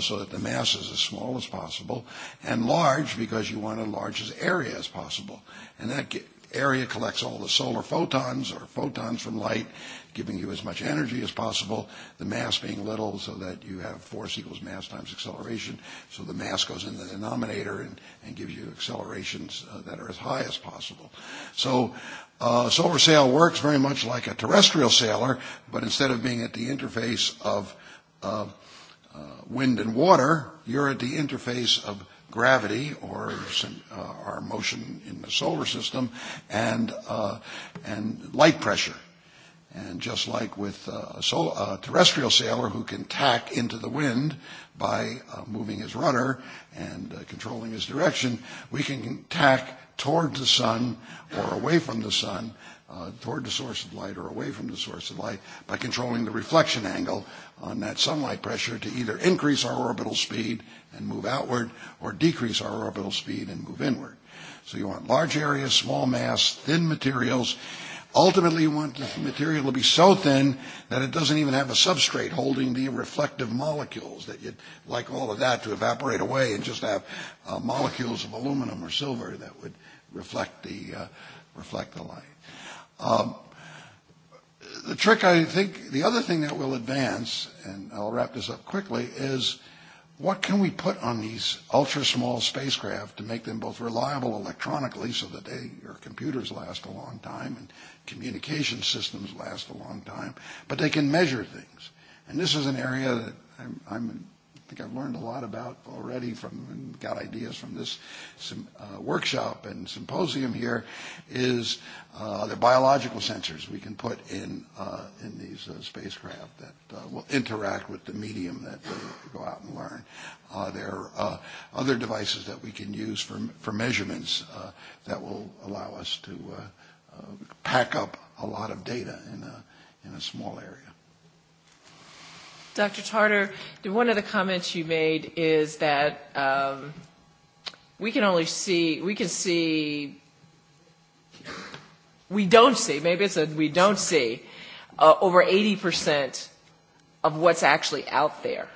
so that the mass is as small as possible, and large because you want as large as area as possible. And that area collects all the solar photons or photons from light giving you as much energy as possible, the mass being little so that you have force equals mass times acceleration. So the mass goes in the denominator and, and gives you accelerations that are as high as possible. So uh, solar sail works very much like a terrestrial sailor, but instead of being at the interface of uh, wind and water, you're at the interface of gravity or our motion in the solar system and and light pressure And just like with a terrestrial sailor who can tack into the wind by moving his rudder and controlling his direction, we can tack toward the sun or away from the sun, toward the source of light or away from the source of light by controlling the reflection angle on that sunlight pressure to either increase our orbital speed and move outward or decrease our orbital speed and move inward. So you want large areas, small mass, thin materials Ultimately, you want the material to be so thin that it doesn't even have a substrate holding the reflective molecules, that you'd like all of that to evaporate away and just have molecules of aluminum or silver that would reflect the reflect the light. The trick, I think, the other thing that will advance, and I'll wrap this up quickly, is what can we put on these ultra-small spacecraft to make them both reliable electronically so that they, your computers last a long time and communication systems last a long time, but they can measure things. And this is an area that I'm, I'm I think I've learned a lot about already from and got ideas from this workshop and symposium here is uh, the biological sensors we can put in uh, in these spacecraft that will interact with the medium that they go out and learn. Uh, there are other devices that we can use for, for measurements uh, that will allow us to uh, pack up a lot of data in a, in a small area. Dr. Tarter, one of the comments you made is that we can only see, we can see, we don't see, maybe it's a we don't see, over 80% of what's actually out there.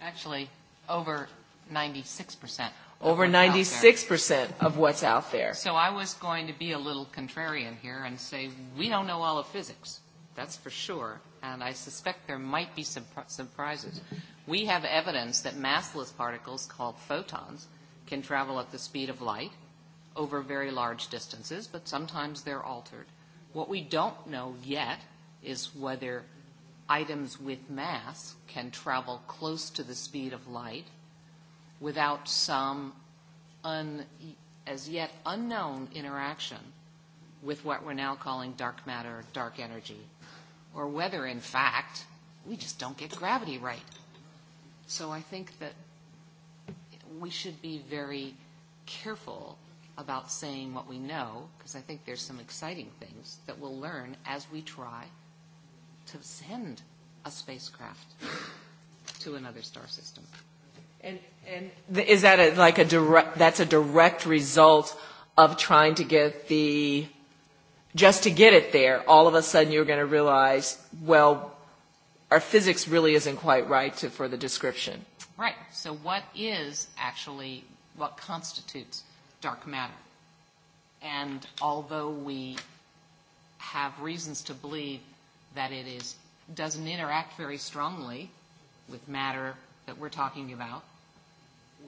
Actually, over 96% over 96% of what's out there. So I was going to be a little contrarian here and say we don't know all of physics. That's for sure. And I suspect there might be some surprises. We have evidence that massless particles called photons can travel at the speed of light over very large distances, but sometimes they're altered. What we don't know yet is whether items with mass can travel close to the speed of light without some as yet unknown interaction with what we're now calling dark matter, dark energy, or whether, in fact, we just don't get gravity right. So I think that we should be very careful about saying what we know, because I think there's some exciting things that we'll learn as we try to send a spacecraft to another star system. And is that like a direct, that's a direct result of trying to get the, just to get it there, all of a sudden you're going to realize, well, our physics really isn't quite right to, for the description. Right. So what is actually, what constitutes dark matter? And although we have reasons to believe that it is, doesn't interact very strongly with matter that we're talking about,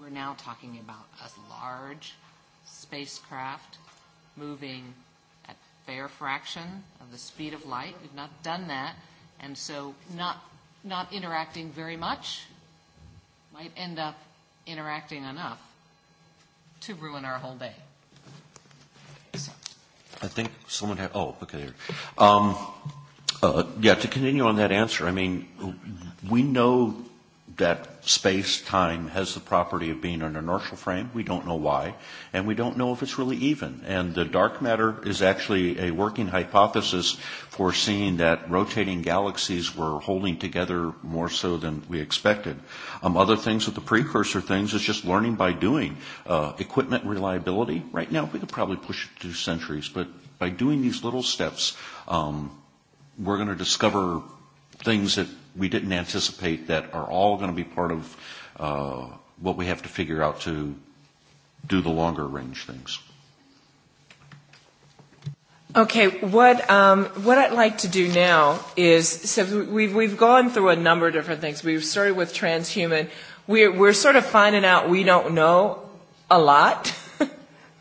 we're now talking about a large spacecraft moving at fair fraction of the speed of light. We've not done that, and so not not interacting very much might end up interacting enough to ruin our whole day. I think someone had, oh, okay. Um, yeah, to continue on that answer, I mean, we know that space-time has the property of being an inertial frame. We don't know why, and we don't know if it's really even. And the dark matter is actually a working hypothesis for seeing that rotating galaxies were holding together more so than we expected. Um, other things with the precursor things is just learning by doing. equipment reliability, right now we could probably push it to centuries, but by doing these little steps, um, we're going to discover things that we didn't anticipate that are all going to be part of uh, what we have to figure out to do the longer range things. Okay, what um, what I'd like to do now is so we've we've gone through a number of different things. We've started with transhuman. We're we're sort of finding out we don't know a lot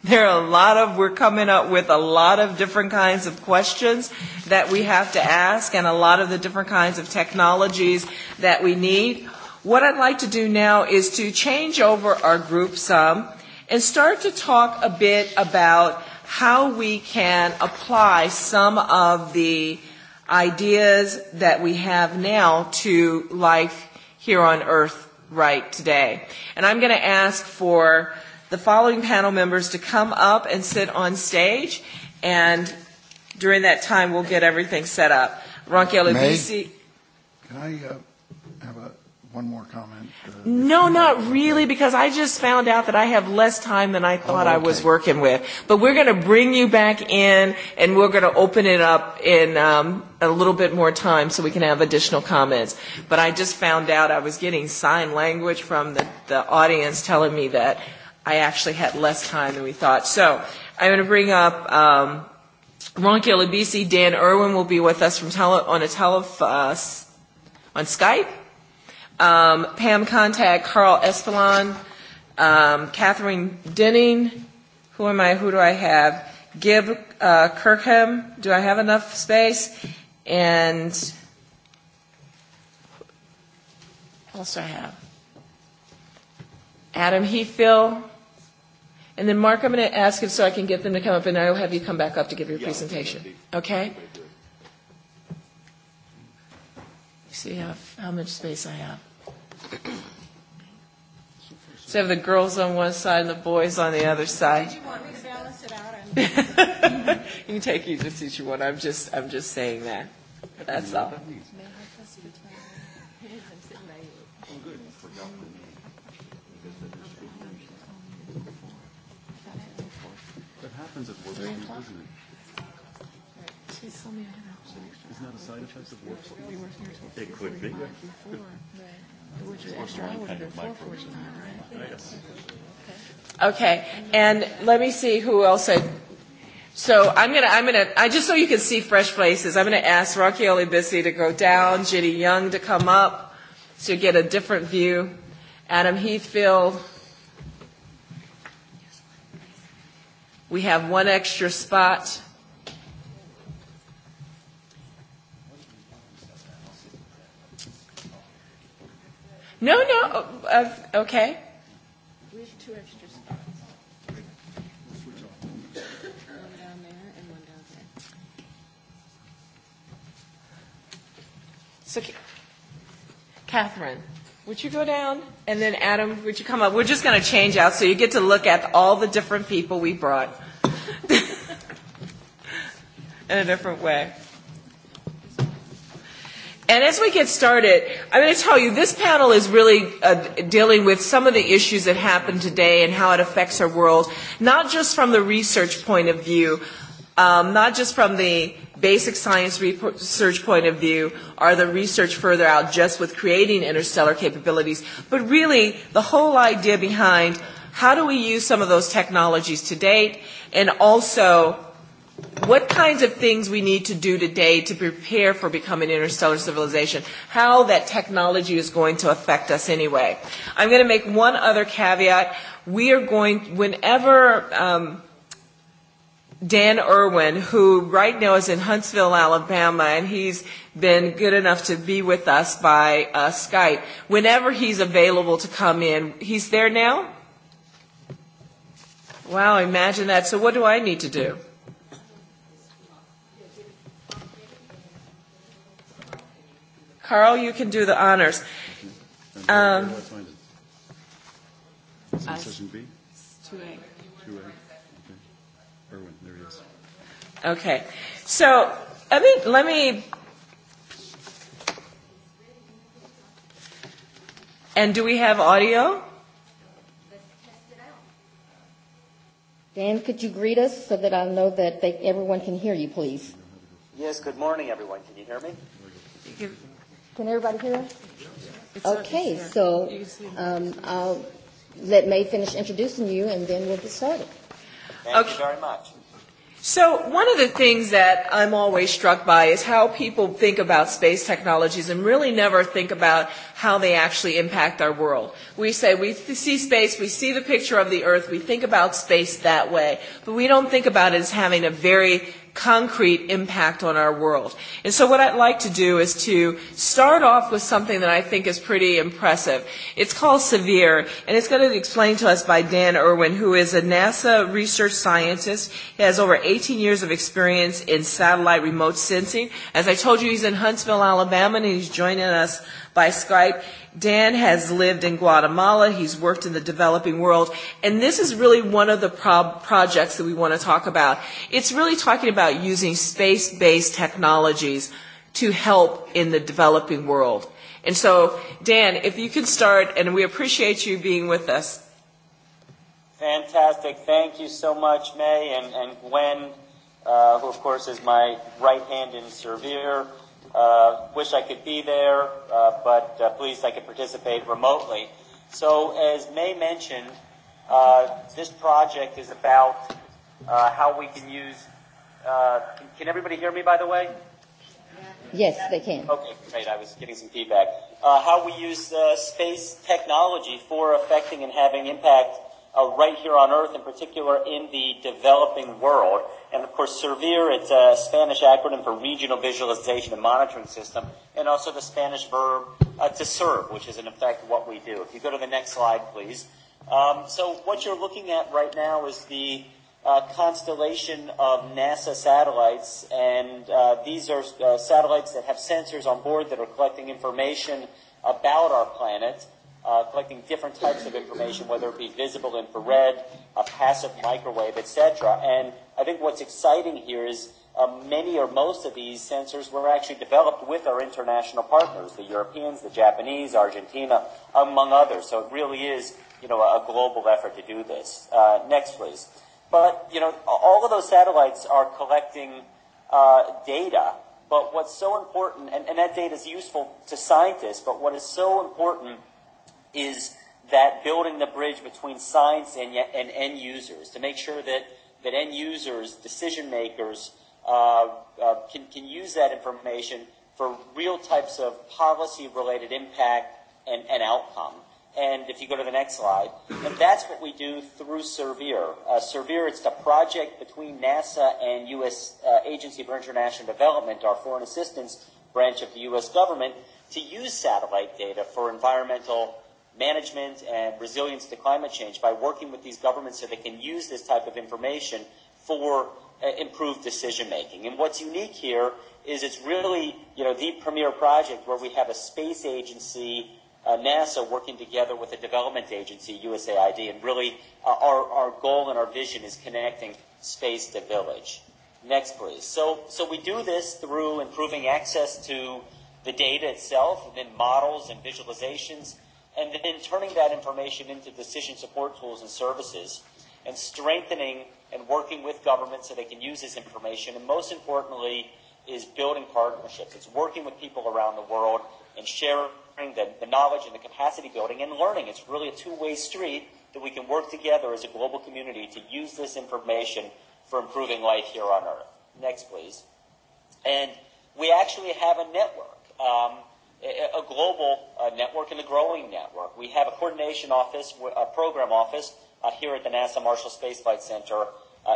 There are a lot of, we're coming up with a lot of different kinds of questions that we have to ask and a lot of the different kinds of technologies that we need. What I'd like to do now is to change over our group some and start to talk a bit about how we can apply some of the ideas that we have now to life here on Earth right today. And I'm going to ask for the following panel members to come up and sit on stage, and during that time, we'll get everything set up. Ronkele Bisi, Can I have one more comment? No, not really, because I just found out that I have less time than I thought I was working with. But we're going to bring you back in, and we're going to open it up in a little bit more time so we can have additional comments. But I just found out I was getting sign language from the audience telling me that I actually had less time than we thought. So I'm going to bring up um, Ron Kilabisi. Dan Irwin will be with us from tele on a tele uh, on Skype. Um, Pam Contact, Carl Espelon, um, Catherine Denning. Who am I? Who do I have? Gib uh, Kirkham. Do I have enough space? And what else do I have? Adam Heathfield. And then, Mark, I'm going to ask if so I can get them to come up, and I will have you come back up to give your presentation. Okay? See how, how much space I have. So I have the girls on one side and the boys on the other side. you want me to balance it out? You can take each, each one. I'm just, I'm just saying that. That's all. happens at warp speed usually? Isn't not a side effect of warp speed. It could be. Okay, and let me see who else I. So I'm gonna, I'm gonna, I just so you can see fresh places, I'm gonna ask Rocky Olibisi to go down, Jenny Young to come up, to get a different view. Adam Heathfield, We have one extra spot. No, no, okay. We have two extra spots. One down there and one down there. So, Catherine, would you go down? And then Adam, would you come up? We're just going to change out so you get to look at all the different people we brought in a different way. And as we get started, I'm going to tell you this panel is really dealing with some of the issues that happen today and how it affects our world, not just from the research point of view, not just from the basic science research point of view, or the research further out just with creating interstellar capabilities, but really the whole idea behind How do we use some of those technologies to date? And also, what kinds of things we need to do today to prepare for becoming an interstellar civilization, how that technology is going to affect us anyway. I'm going to make one other caveat. We are going, whenever um, Dan Irwin, who right now is in Huntsville, Alabama, and he's been good enough to be with us by uh, Skype, whenever he's available to come in, he's there now? Wow, imagine that. So what do I need to do? Carl, you can do the honors. Um, okay. So I mean, let me. And do we have audio? Dan, could you greet us so that I know that they, everyone can hear you, please? Yes, good morning, everyone. Can you hear me? Can everybody hear us? Okay, so um, I'll let May finish introducing you, and then we'll get started. Thank you very much. So one of the things that I'm always struck by is how people think about space technologies and really never think about how they actually impact our world. We say we see space, we see the picture of the Earth, we think about space that way, but we don't think about it as having a very concrete impact on our world. And so what I'd like to do is to start off with something that I think is pretty impressive. It's called SEVERE, and it's going to be explained to us by Dan Irwin, who is a NASA research scientist. He has over 18 years of experience in satellite remote sensing. As I told you, he's in Huntsville, Alabama, and he's joining us by Skype. Dan has lived in Guatemala. He's worked in the developing world. And this is really one of the projects that we want to talk about. It's really talking about using space-based technologies to help in the developing world. And so, Dan, if you could start, and we appreciate you being with us. Fantastic. Thank you so much, May and, and Gwen, who, of course, is my right hand in Servier. Uh, wish I could be there, uh, but uh, please I could participate remotely. So as May mentioned, uh, this project is about uh, how we can use, uh, can, can everybody hear me by the way? Yes, they can. Okay, great. I was getting some feedback. Uh, how we use uh, space technology for affecting and having impact uh, right here on Earth, in particular in the developing world. And of course, SERVIR, it's a Spanish acronym for Regional Visualization and Monitoring System, and also the Spanish verb to serve, which is in effect what we do. If you go to the next slide, please. Um, so what you're looking at right now is the constellation of NASA satellites, and these are satellites that have sensors on board that are collecting information about our planet, collecting different types of information, whether it be visible infrared, a passive microwave, etc. And I think what's exciting here is many or most of these sensors were actually developed with our international partners, the Europeans, the Japanese, Argentina, among others. So it really is, you know, a global effort to do this. Next, please. But, you know, all of those satellites are collecting data. But what's so important, and that data is useful to scientists, but what is so important is that building the bridge between science and end users to make sure that that end users, decision makers, uh, uh, can, can use that information for real types of policy-related impact and, and outcome. And if you go to the next slide, and that's what we do through Servier. Uh, Servier, it's the project between NASA and U.S. Uh, Agency for International Development, our foreign assistance branch of the U.S. government, to use satellite data for environmental management and resilience to climate change by working with these governments so they can use this type of information for improved decision making. And what's unique here is it's really, you know, the premier project where we have a space agency, NASA, working together with a development agency, USAID, and really our, our goal and our vision is connecting space to village. Next, please. So, so we do this through improving access to the data itself, and then models and visualizations, and then turning that information into decision support tools and services and strengthening and working with governments so they can use this information. And most importantly is building partnerships. It's working with people around the world and sharing the, the knowledge and the capacity building and learning. It's really a two-way street that we can work together as a global community to use this information for improving life here on Earth. Next, please. And we actually have a network. Um, a global network and a growing network. We have a coordination office, a program office here at the NASA Marshall Space Flight Center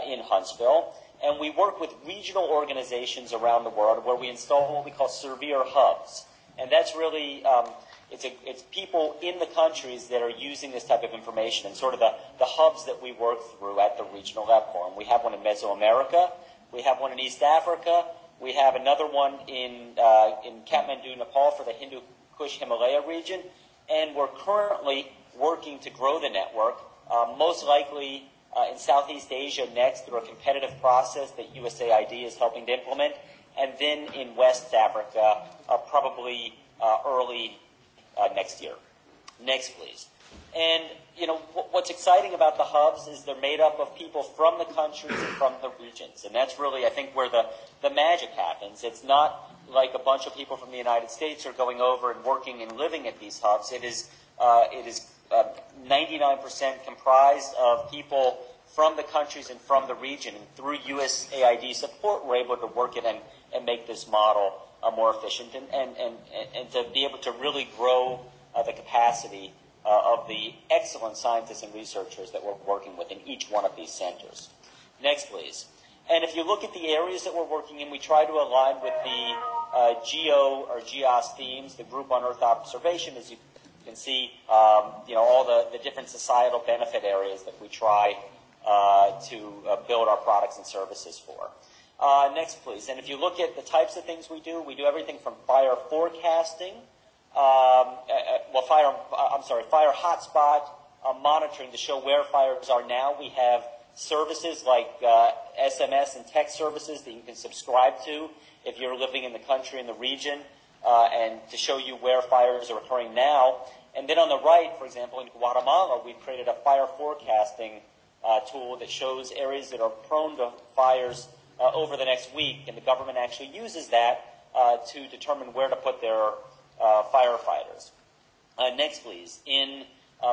in Huntsville, and we work with regional organizations around the world where we install what we call severe hubs. And that's really, it's it's people in the countries that are using this type of information and sort of the the hubs that we work through at the regional level. And we have one in Mesoamerica, we have one in East Africa, We have another one in uh, in Kathmandu, Nepal, for the Hindu Kush Himalaya region, and we're currently working to grow the network. Uh, most likely uh, in Southeast Asia next through a competitive process that USAID is helping to implement, and then in West Africa uh, probably uh, early uh, next year. Next, please. And you know, what's exciting about the hubs is they're made up of people from the countries and from the regions. And that's really, I think, where the, the magic happens. It's not like a bunch of people from the United States are going over and working and living at these hubs. It is, uh, it is 99% comprised of people from the countries and from the region. And through USAID support, we're able to work it and, and make this model more efficient and, and, and, and to be able to really grow the capacity of the excellent scientists and researchers that we're working with in each one of these centers. Next, please. And if you look at the areas that we're working in, we try to align with the GEO or GEOS themes, the Group on Earth Observation, as you can see, you know, all the, the different societal benefit areas that we try uh, to build our products and services for. Uh, next, please. And if you look at the types of things we do, we do everything from fire forecasting, well, fire, I'm sorry, fire hotspot monitoring to show where fires are now. We have services like SMS and text services that you can subscribe to if you're living in the country, in the region, and to show you where fires are occurring now. And then on the right, for example, in Guatemala, we've created a fire forecasting tool that shows areas that are prone to fires over the next week, and the government actually uses that to determine where to put their uh firefighters. Next, please. In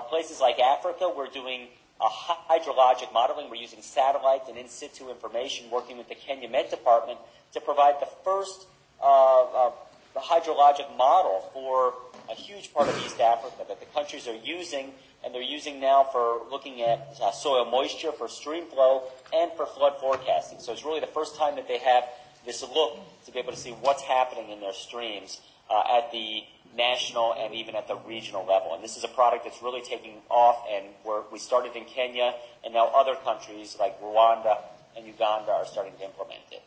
places like Africa, we're doing a hydrologic modeling. We're using satellites and in situ information, working with the Kenya Met Department to provide the first uh hydrologic model for a huge part of East Africa that the countries are using, and they're using now for looking at soil moisture, for stream flow, and for flood forecasting. So it's really the first time that they have this look to be able to see what's happening in their streams at the national and even at the regional level. And this is a product that's really taking off, and we're, we started in Kenya, and now other countries like Rwanda and Uganda are starting to implement it.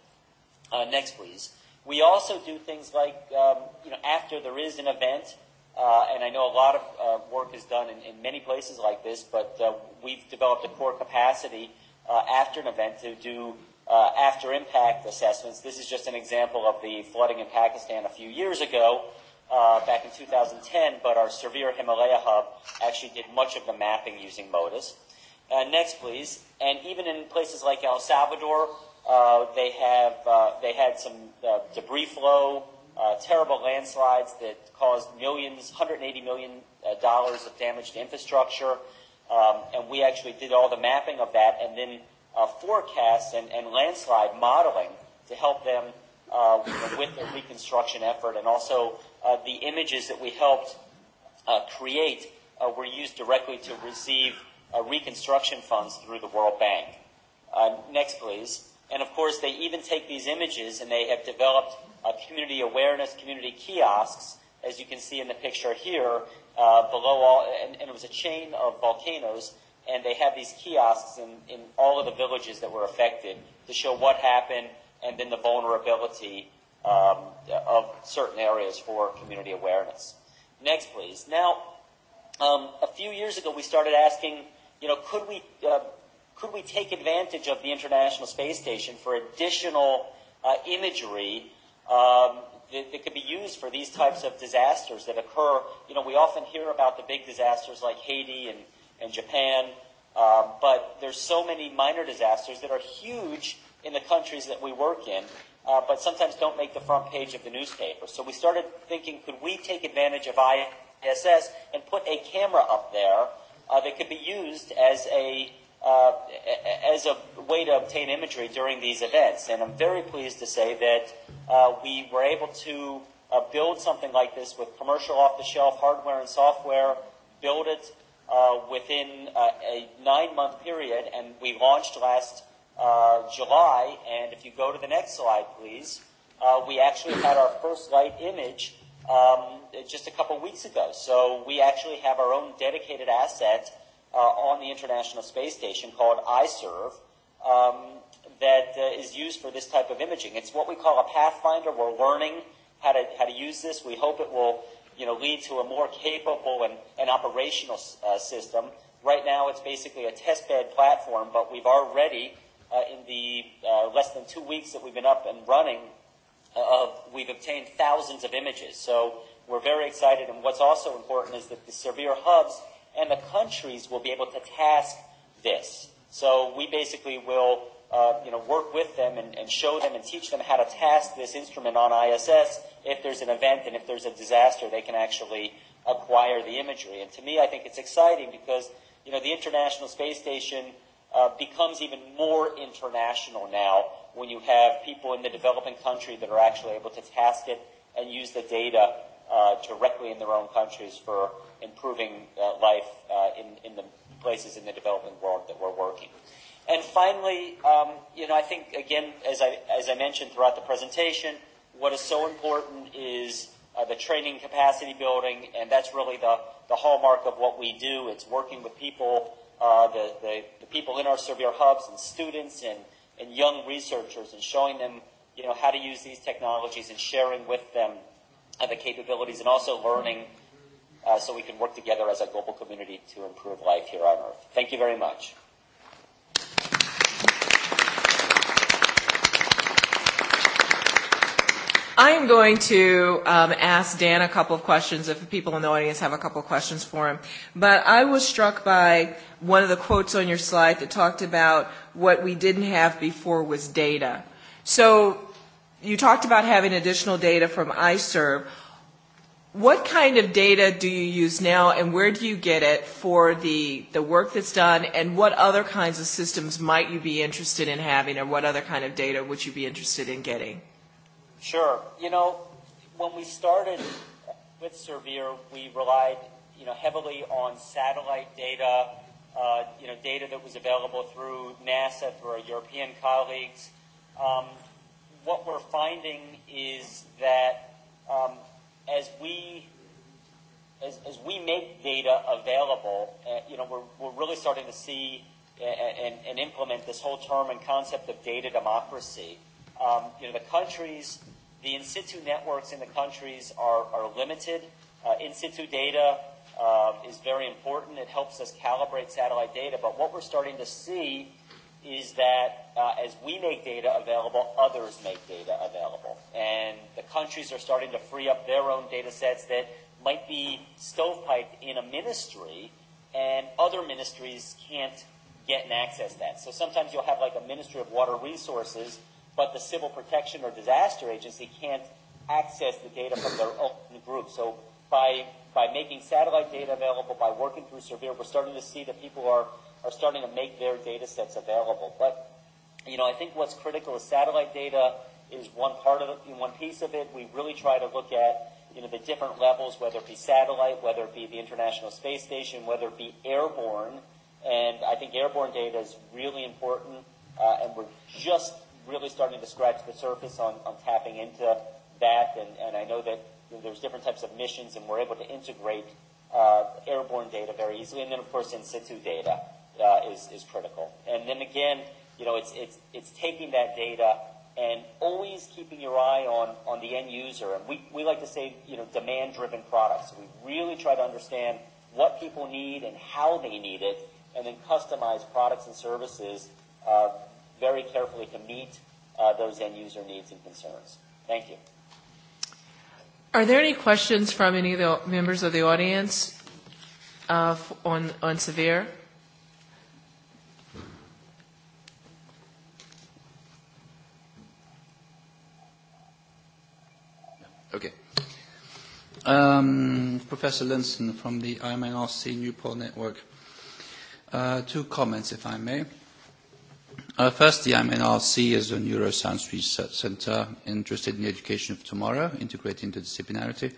Uh, next, please. We also do things like, um, you know, after there is an event, uh, and I know a lot of uh, work is done in, in many places like this, but uh, we've developed a core capacity uh, after an event to do after impact assessments. This is just an example of the flooding in Pakistan a few years ago, back in 2010, but our Severe Himalaya Hub actually did much of the mapping using MODIS. Next, please. And even in places like El Salvador, they have they had some debris flow, terrible landslides that caused millions, 180 million dollars of damage to infrastructure, and we actually did all the mapping of that and then forecasts and, and landslide modeling to help them uh, with their reconstruction effort. And also the images that we helped uh, create were used directly to receive reconstruction funds through the World Bank. next, please. And of course, they even take these images and they have developed community awareness, community kiosks, as you can see in the picture here, below all, and it was a chain of volcanoes and they have these kiosks in, in all of the villages that were affected to show what happened and then the vulnerability um, of certain areas for community awareness. Next, please. Now, um, a few years ago, we started asking, you know, could we uh, could we take advantage of the International Space Station for additional uh, imagery um, that, that could be used for these types of disasters that occur? You know, we often hear about the big disasters like Haiti and In Japan. Uh, but there's so many minor disasters that are huge in the countries that we work in, uh, but sometimes don't make the front page of the newspaper. So we started thinking, could we take advantage of ISS and put a camera up there uh, that could be used as a uh, as a way to obtain imagery during these events. And I'm very pleased to say that uh, we were able to uh, build something like this with commercial off-the-shelf hardware and software, build it within a nine-month period, and we launched last July, and if you go to the next slide, please, we actually had our first light image um, just a couple weeks ago. So we actually have our own dedicated asset uh, on the International Space Station called iServe um, that uh, is used for this type of imaging. It's what we call a pathfinder. We're learning how to, how to use this. We hope it will you know, lead to a more capable and, and operational system. Right now, it's basically a testbed platform, but we've already, in the less than two weeks that we've been up and running, we've obtained thousands of images. So we're very excited. And what's also important is that the severe hubs and the countries will be able to task this. So we basically will, you know, work with them and, and show them and teach them how to task this instrument on ISS if there's an event and if there's a disaster, they can actually acquire the imagery. And to me, I think it's exciting because, you know, the International Space Station uh, becomes even more international now when you have people in the developing country that are actually able to task it and use the data uh, directly in their own countries for improving uh, life uh, in, in the places in the developing world that we're working. And finally, um, you know, I think, again, as I, as I mentioned throughout the presentation, what is so important is the training capacity building, and that's really the, the hallmark of what we do. It's working with people, uh, the, the, the people in our Severe hubs and students and, and young researchers and showing them, you know, how to use these technologies and sharing with them the capabilities and also learning uh, so we can work together as a global community to improve life here on Earth. Thank you very much. I am going to um, ask Dan a couple of questions if people in the audience have a couple of questions for him. But I was struck by one of the quotes on your slide that talked about what we didn't have before was data. So you talked about having additional data from iServe. What kind of data do you use now and where do you get it for the, the work that's done and what other kinds of systems might you be interested in having or what other kind of data would you be interested in getting? Sure. You know, when we started with Servier, we relied, you know, heavily on satellite data, uh, you know, data that was available through NASA, through our European colleagues. Um, what we're finding is that um, as we as, as we make data available, uh, you know, we're, we're really starting to see and, and implement this whole term and concept of data democracy Um, you know, the countries, the in situ networks in the countries are, are limited. Uh, in situ data uh, is very important. It helps us calibrate satellite data. But what we're starting to see is that uh, as we make data available, others make data available. And the countries are starting to free up their own data sets that might be stovepiped in a ministry, and other ministries can't get and access that. So sometimes you'll have like a ministry of water resources but the Civil Protection or Disaster Agency can't access the data from their own group. So by by making satellite data available, by working through Severe, we're starting to see that people are are starting to make their data sets available. But you know, I think what's critical is satellite data is one part of it, one piece of it. We really try to look at you know the different levels, whether it be satellite, whether it be the International Space Station, whether it be airborne, and I think airborne data is really important, uh, and we're just really starting to scratch the surface on, on tapping into that. And, and I know that there's different types of missions, and we're able to integrate uh, airborne data very easily. And then, of course, in situ data uh, is, is critical. And then again, you know, it's, it's, it's taking that data and always keeping your eye on, on the end user. And we, we like to say, you know, demand-driven products. We really try to understand what people need and how they need it, and then customize products and services uh, very carefully to meet those end user needs and concerns. Thank you. Are there any questions from any of the members of the audience on on Severe? Okay. Um, Professor Linson from the IMNRC Newport Network. two comments, if I may. First, the MNRC is a Neuroscience Research Center interested in the education of tomorrow, integrating interdisciplinarity.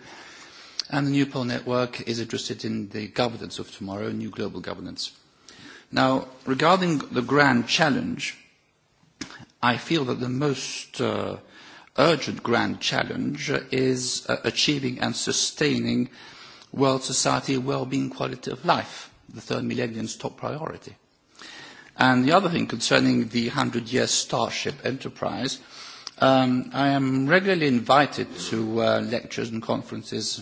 And the Newpol Network is interested in the governance of tomorrow, new global governance. Now, regarding the grand challenge, I feel that the most urgent grand challenge is achieving and sustaining world society well-being quality of life, the third millennium's top priority. And the other thing concerning the 100 year Starship enterprise, I am regularly invited to lectures and conferences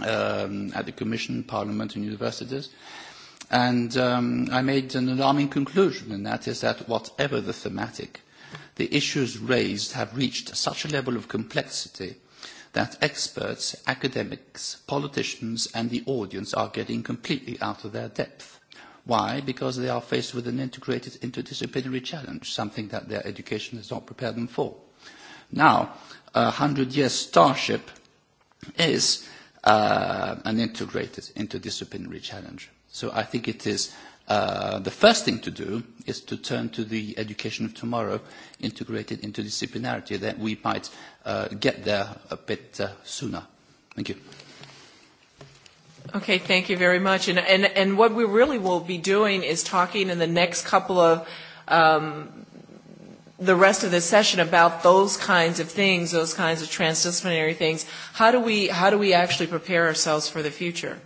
at the Commission, Parliament and universities. And I made an alarming conclusion, and that is that whatever the thematic, the issues raised have reached such a level of complexity that experts, academics, politicians and the audience are getting completely out of their depth Why? Because they are faced with an integrated interdisciplinary challenge, something that their education has not prepared them for. Now, a hundred-year starship is an integrated interdisciplinary challenge. So I think it is the first thing to do is to turn to the education of tomorrow, integrated interdisciplinarity, that we might get there a bit sooner. Thank you. Okay, thank you very much. And, and, and what we really will be doing is talking in the next couple of um, the rest of the session about those kinds of things, those kinds of transdisciplinary things. How do we how do we actually prepare ourselves for the future?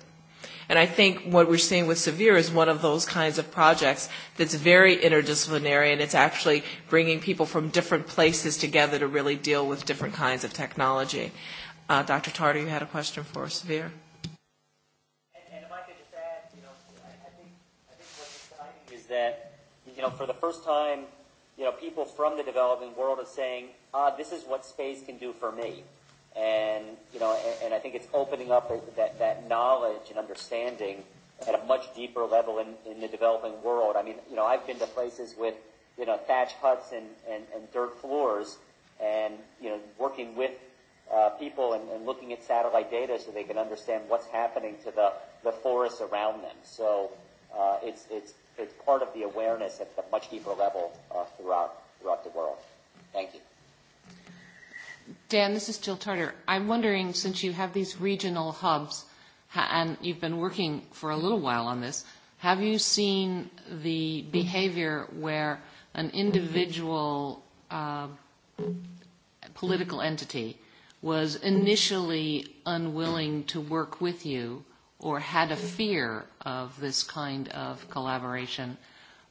And I think what we're seeing with Severe is one of those kinds of projects that's very interdisciplinary and it's actually bringing people from different places together to really deal with different kinds of technology. Uh, Dr. Tarter, you had a question for Severe. that, you know, for the first time, you know, people from the developing world are saying, ah, this is what space can do for me. And, you know, and, I think it's opening up that, that knowledge and understanding at a much deeper level in, in the developing world. I mean, you know, I've been to places with, you know, thatch huts and, and, and dirt floors and, you know, working with uh, people and, and looking at satellite data so they can understand what's happening to the, the forests around them. So uh, it's, it's is part of the awareness at a much deeper level throughout throughout the world. Thank you. Dan, this is Jill Tarter. I'm wondering, since you have these regional hubs, and you've been working for a little while on this, have you seen the behavior where an individual political entity was initially unwilling to work with you or had a fear of this kind of collaboration,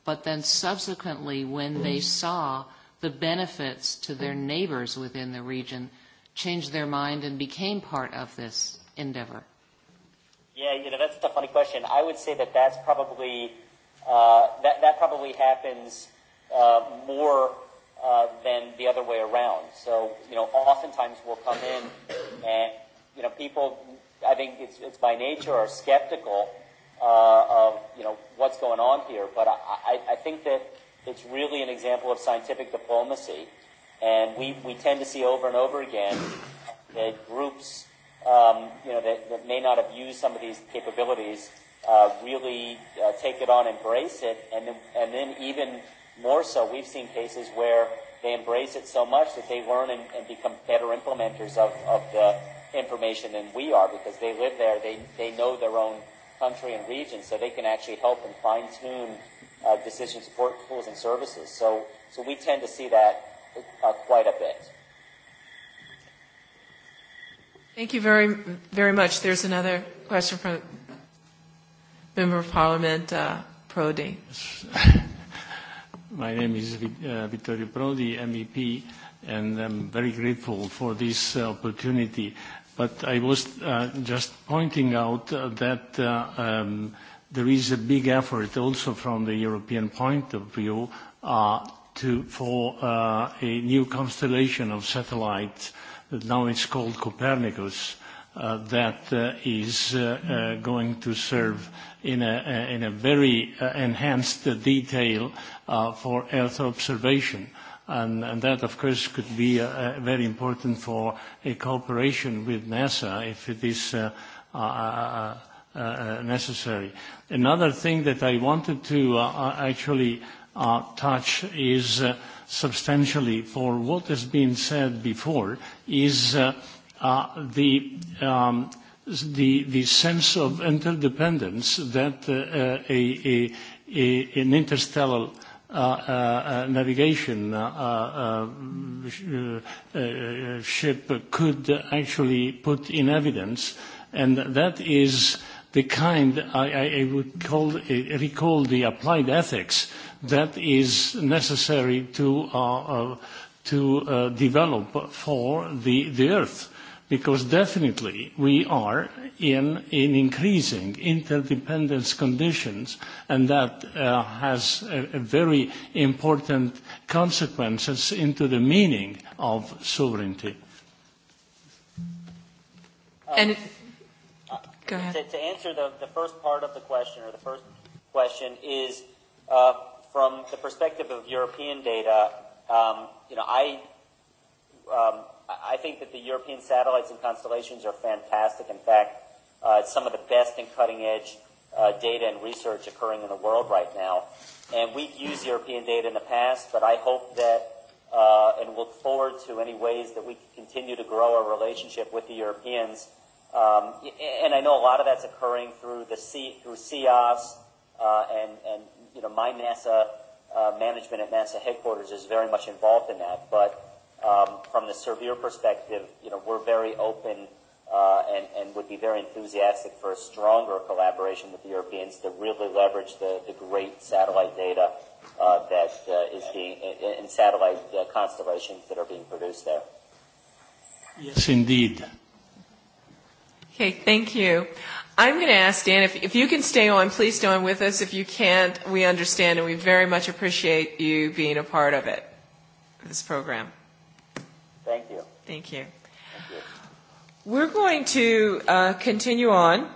but then subsequently when they saw the benefits to their neighbors within the region, changed their mind and became part of this endeavor? Yeah, you know, that's a funny question. I would say that that's probably, uh, that, that probably happens uh, more uh, than the other way around. So, you know, oftentimes we'll come in and, you know, people I think it's, it's by nature are skeptical uh, of you know what's going on here. But I, I, I think that it's really an example of scientific diplomacy, and we, we tend to see over and over again that groups um, you know that, that may not have used some of these capabilities uh, really uh, take it on, embrace it, and then, and then even more so, we've seen cases where they embrace it so much that they learn and, and become better implementers of, of the information than we are because they live there. They, they know their own country and region, so they can actually help and fine tune uh, decision support tools and services. So, so we tend to see that uh, quite a bit. Thank you very, very much. There's another question from Member of Parliament uh, Prodi. My name is uh, Vittorio Prodi, MEP, and I'm very grateful for this opportunity. But I was just pointing out that there is a big effort also from the European point of view to for a new constellation of satellites that now it's called Copernicus that is going to serve in a very enhanced detail for Earth observation. And that, of course, could be very important for a cooperation with NASA if it is necessary. Another thing that I wanted to actually touch is substantially for what has been said before is the the sense of interdependence that an interstellar navigation ship could actually put in evidence. And that is the kind I would recall the applied ethics that is necessary to develop for the Earth because definitely we are in increasing interdependence conditions and that has very important consequences into the meaning of sovereignty. To answer the first part of the question or the first question is from the perspective of European data, you know, I I think that the European satellites and constellations are fantastic. In fact, uh, it's some of the best and cutting edge uh, data and research occurring in the world right now. And we've used European data in the past, but I hope that uh, and look forward to any ways that we can continue to grow our relationship with the Europeans. Um, and I know a lot of that's occurring through the C, through CEOS uh, and, and you know my NASA uh, management at NASA headquarters is very much involved in that. But um, from the Servier perspective, you know, we're very open uh, and, and would be very enthusiastic for a stronger collaboration with the Europeans to really leverage the, the great satellite data uh, that is being in satellite constellations that are being produced there. Yes, indeed. Okay, thank you. I'm going to ask Dan if, if you can stay on, please stay on with us. If you can't, we understand and we very much appreciate you being a part of it, this program. Thank you. Thank you. We're going to uh continue on.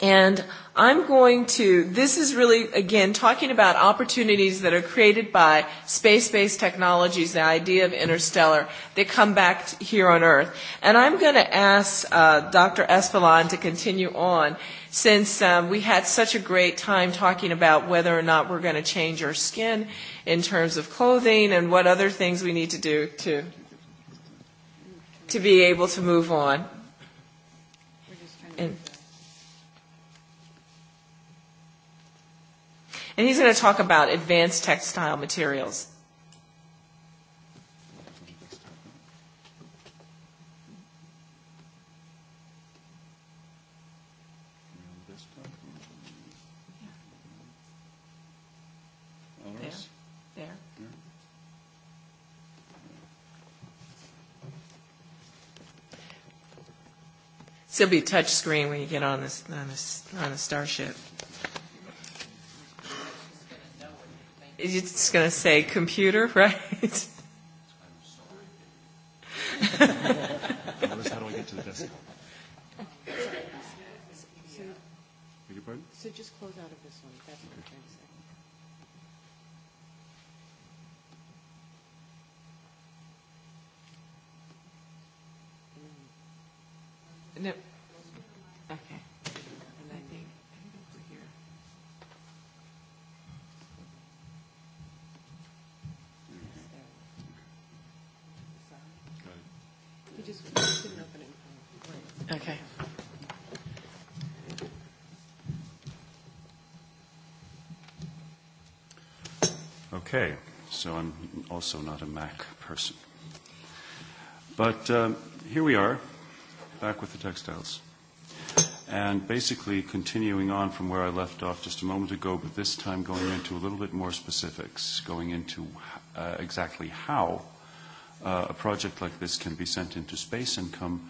And I'm going to, this is really, again, talking about opportunities that are created by space-based technologies, the idea of interstellar, that come back here on Earth. And I'm going to ask Dr. Espelon to continue on, since um we had such a great time talking about whether or not we're going to change our skin in terms of clothing and what other things we need to do to to be able to move on. And, he's going to talk about advanced textile materials. So it'll be touch screen when you get on this on this on the starship. It's going to say computer, right? I'm sorry. how do I get to the desktop? So just close out of this one. That's okay. No. Okay. And I think, I over here. You just didn't open it. Okay. Okay, so I'm also not a Mac person. But um, here we are back with the textiles. And basically continuing on from where I left off just a moment ago, but this time going into a little bit more specifics, going into exactly how a project like this can be sent into space and come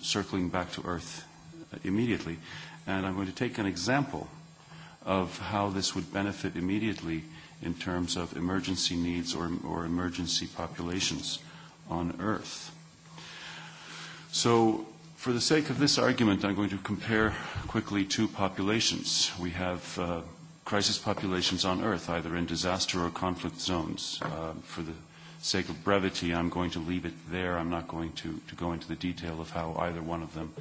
circling back to Earth immediately. And I'm going to take an example of how this would benefit immediately in terms of emergency needs or emergency populations on Earth. So for the sake of this argument, I'm going to compare quickly two populations. We have crisis populations on Earth, either in disaster or conflict zones. For the sake of brevity, I'm going to leave it there. I'm not going to go into the detail of how either one of them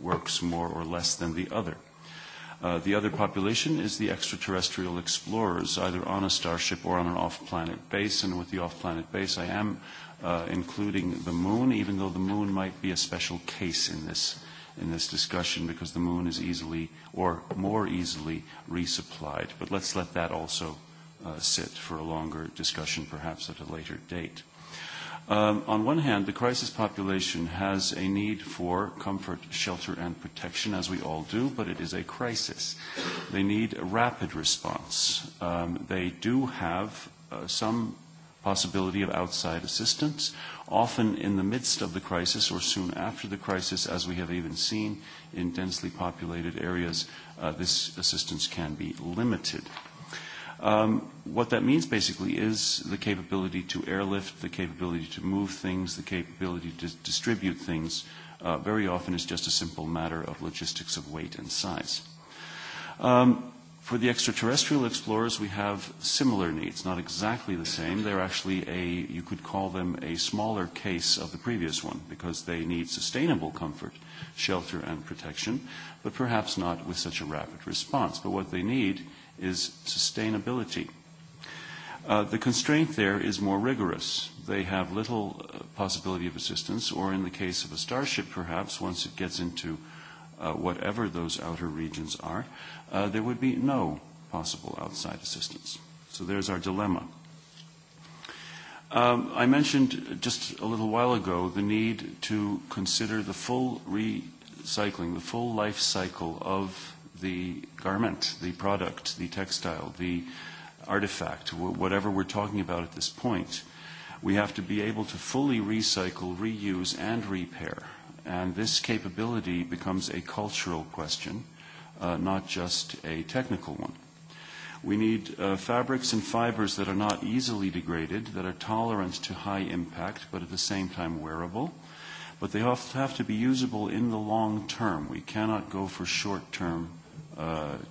works more or less than the other. The other population is the extraterrestrial explorers, either on a starship or on an off-planet base. And with the off-planet base, I am including the moon, even though the moon might be a special case in this in this discussion because the moon is easily or more easily resupplied. But let's let that also sit for a longer discussion, perhaps at a later date. On one hand, the crisis population has a need for comfort, shelter, and protection, as we all do, but it is a crisis. They need a rapid response. They do have some possibility of outside assistance, often in the midst of the crisis or soon after the crisis, as we have even seen in densely populated areas, this assistance can be limited. What that means basically is the capability to airlift, the capability to move things, the capability to distribute things very often is just a simple matter of logistics of weight and size. Um For the extraterrestrial explorers, we have similar needs, not exactly the same. They're actually a, you could call them a smaller case of the previous one, because they need sustainable comfort, shelter and protection, but perhaps not with such a rapid response. But what they need is sustainability. The constraint there is more rigorous. They have little possibility of assistance, or in the case of a starship, perhaps, once it gets into whatever those outer regions are, there would be no possible outside assistance. So there's our dilemma. I mentioned just a little while ago the need to consider the full recycling, the full life cycle of the garment, the product, the textile, the artifact, whatever we're talking about at this point. We have to be able to fully recycle, reuse, and repair. And this capability becomes a cultural question not just a technical one. We need fabrics and fibers that are not easily degraded, that are tolerant to high impact, but at the same time wearable. But they have to be usable in the long term. We cannot go for short-term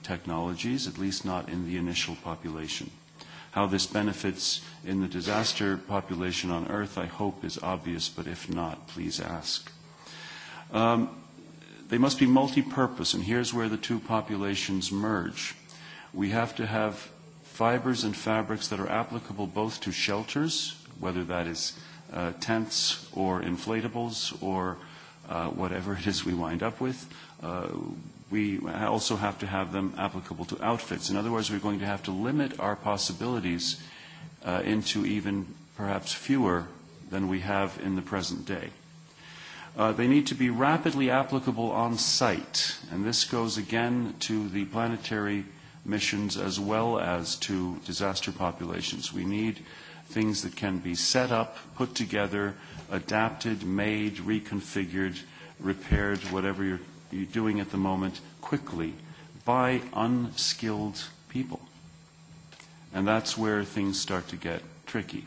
technologies, at least not in the initial population. How this benefits in the disaster population on Earth, I hope, is obvious, but if not, please ask. Um They must be multi-purpose, and here's where the two populations merge. We have to have fibers and fabrics that are applicable both to shelters, whether that is tents or inflatables or whatever it is we wind up with. We also have to have them applicable to outfits. In other words, we're going to have to limit our possibilities into even perhaps fewer than we have in the present day. They need to be rapidly applicable on site, and this goes again to the planetary missions as well as to disaster populations. We need things that can be set up, put together, adapted, made, reconfigured, repaired, whatever you're doing at the moment, quickly by unskilled people. And that's where things start to get tricky.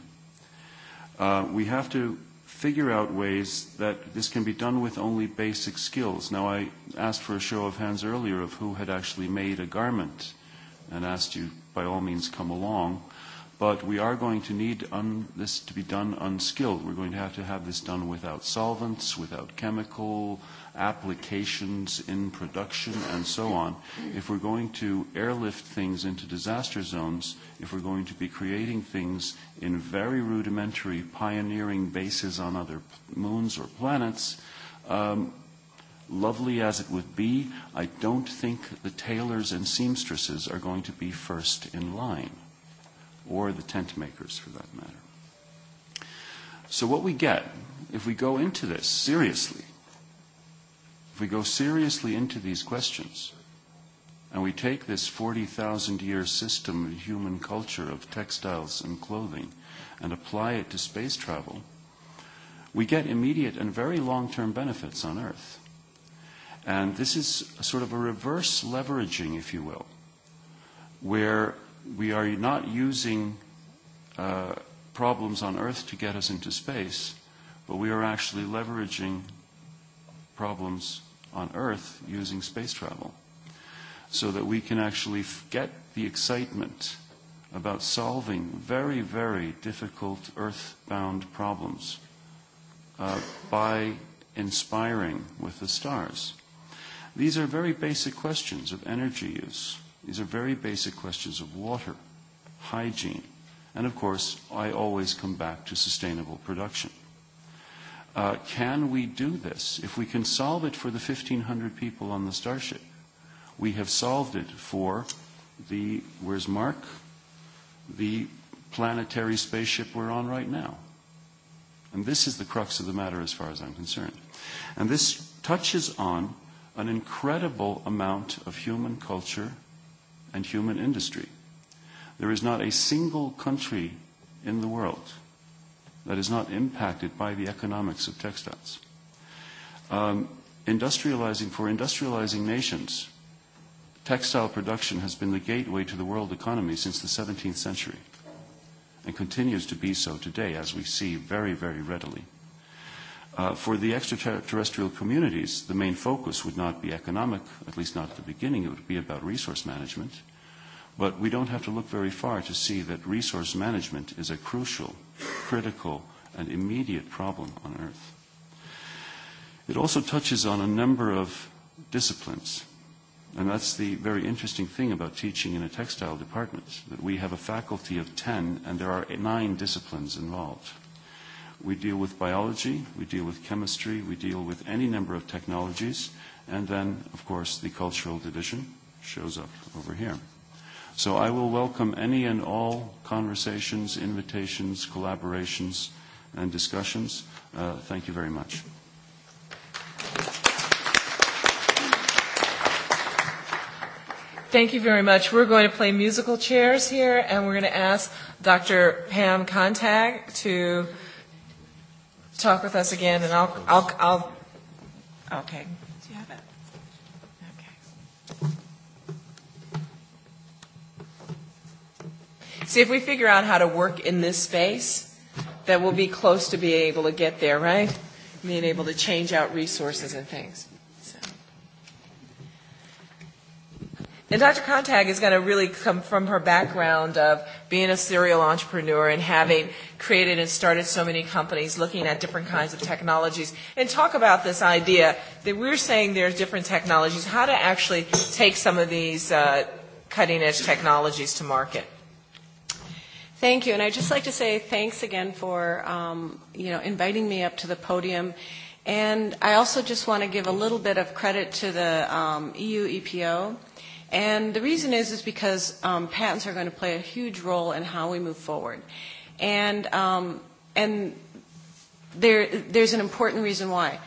We have to figure out ways that this can be done with only basic skills. Now, I asked for a show of hands earlier of who had actually made a garment and asked you, by all means, come along. But we are going to need this to be done unskilled. We're going to have to have this done without solvents, without chemical applications in production and so on, if we're going to airlift things into disaster zones, if we're going to be creating things in very rudimentary pioneering bases on other moons or planets, lovely as it would be, I don't think the tailors and seamstresses are going to be first in line, or the tent makers for that matter. So what we get, if we go into this seriously, If we go seriously into these questions and we take this 40,000 year system of human culture of textiles and clothing and apply it to space travel, we get immediate and very long-term benefits on Earth. And this is sort of a reverse leveraging, if you will, where we are not using problems on Earth to get us into space, but we are actually leveraging problems on Earth using space travel so that we can actually get the excitement about solving very, very difficult Earth-bound problems by inspiring with the stars. These are very basic questions of energy use. These are very basic questions of water, hygiene, and of course, I always come back to sustainable production can we do this? If we can solve it for the 1,500 people on the Starship, we have solved it for the, where's Mark? The planetary spaceship we're on right now. And this is the crux of the matter as far as I'm concerned. And this touches on an incredible amount of human culture and human industry. There is not a single country in the world that is not impacted by the economics of textiles. Industrializing for industrializing nations, textile production has been the gateway to the world economy since the 17th century and continues to be so today, as we see very, very readily. For the extraterrestrial communities, the main focus would not be economic, at least not at the beginning. It would be about resource management. But we don't have to look very far to see that resource management is a crucial critical and immediate problem on Earth. It also touches on a number of disciplines. And that's the very interesting thing about teaching in a textile department, that we have a faculty of 10 and there are nine disciplines involved. We deal with biology, we deal with chemistry, we deal with any number of technologies, and then, of course, the cultural division shows up over here. So I will welcome any and all conversations, invitations, collaborations, and discussions. Thank you very much. Thank you very much. We're going to play musical chairs here, and we're going to ask Dr. Pam Contag to talk with us again, and I'll, I'll, I'll, okay. See, if we figure out how to work in this space, then we'll be close to being able to get there, right? Being able to change out resources and things. And Dr. Contag is going to really come from her background of being a serial entrepreneur and having created and started so many companies, looking at different kinds of technologies, and talk about this idea that we're saying there's different technologies, how to actually take some of these uh cutting-edge technologies to market. Thank you. And I'd just like to say thanks again for, um, you know, inviting me up to the podium. And I also just want to give a little bit of credit to the um, EU EPO. And the reason is, is because um, patents are going to play a huge role in how we move forward. And, um, and there, there's an important reason why.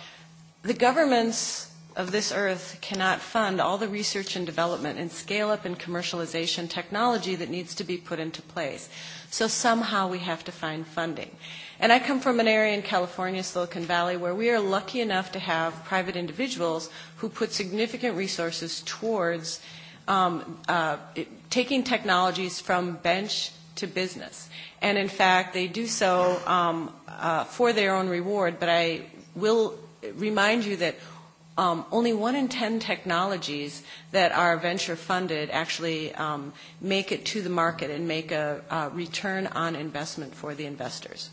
The governments of this earth cannot fund all the research and development and scale up and commercialization technology that needs to be put into place. So somehow we have to find funding. And I come from an area in California, Silicon Valley, where we are lucky enough to have private individuals who put significant resources towards taking technologies from bench to business. And in fact, they do so for their own reward. But I will remind you that only one in ten technologies that are venture funded actually make it to the market and make a return on investment for the investors.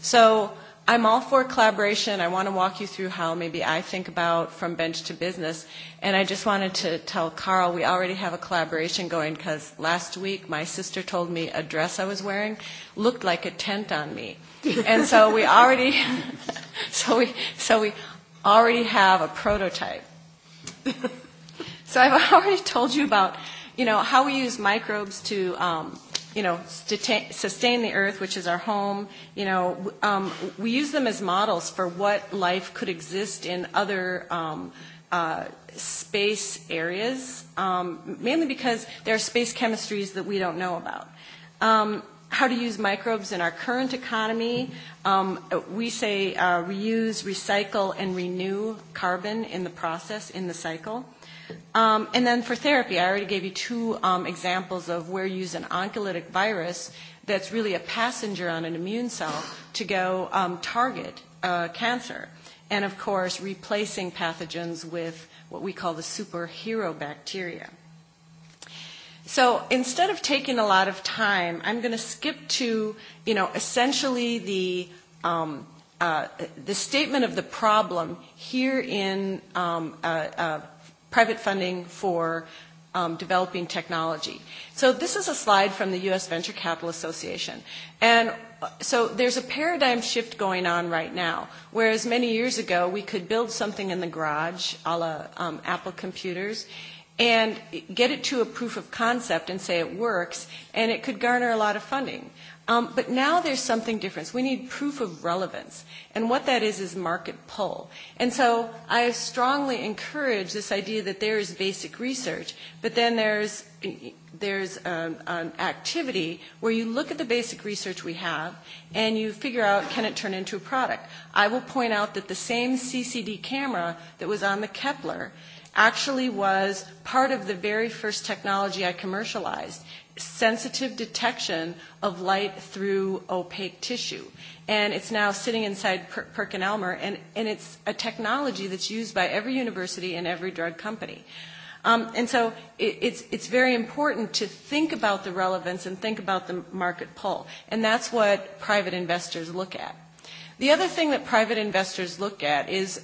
So I'm all for collaboration. I want to walk you through how maybe I think about from bench to business. And I just wanted to tell Carl we already have a collaboration going because last week my sister told me a dress I was wearing looked like a tent on me. And so we already so we so we already have a prototype. so I've already told you about, you know, how we use microbes to, um, you know, sustain the earth, which is our home. You know, um, we use them as models for what life could exist in other um, uh, space areas, um, mainly because there are space chemistries that we don't know about. Um, how to use microbes in our current economy. We say reuse, recycle, and renew carbon in the process, in the cycle. And then for therapy, I already gave you two examples of where you use an oncolytic virus that's really a passenger on an immune cell to go target cancer. And, of course, replacing pathogens with what we call the superhero bacteria. So instead of taking a lot of time, I'm going to skip to, you know, essentially the um, the statement of the problem here in um, private funding for um, developing technology. So this is a slide from the U.S. Venture Capital Association. And so there's a paradigm shift going on right now, whereas many years ago we could build something in the garage a la Apple computers and get it to a proof of concept and say it works, and it could garner a lot of funding. But now there's something different. We need proof of relevance. And what that is is market pull. And so I strongly encourage this idea that there is basic research, but then there's there's an activity where you look at the basic research we have and you figure out can it turn into a product. I will point out that the same CCD camera that was on the Kepler actually was part of the very first technology I commercialized, sensitive detection of light through opaque tissue. And it's now sitting inside Perkin-Elmer, and it's a technology that's used by every university and every drug company. And so it's very important to think about the relevance and think about the market pull. And that's what private investors look at. The other thing that private investors look at is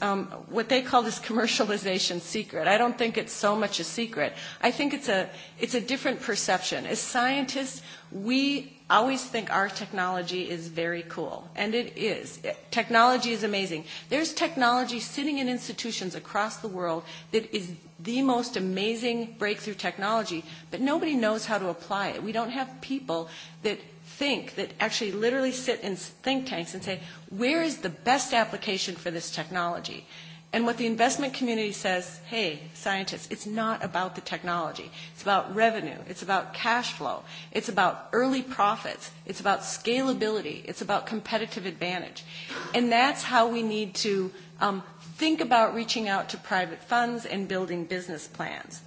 what they call this commercialization secret. I don't think it's so much a secret. I think it's a it's a different perception. As scientists, we always think our technology is very cool, and it is. Technology is amazing. There's technology sitting in institutions across the world that is the most amazing breakthrough technology, but nobody knows how to apply it. We don't have people that think, that actually literally sit in think tanks and say, where is the best application for this technology? And what the investment community says, hey, scientists, it's not about the technology. It's about revenue. It's about cash flow. It's about early profits. It's about scalability. It's about competitive advantage. And that's how we need to think about reaching out to private funds and building business plans.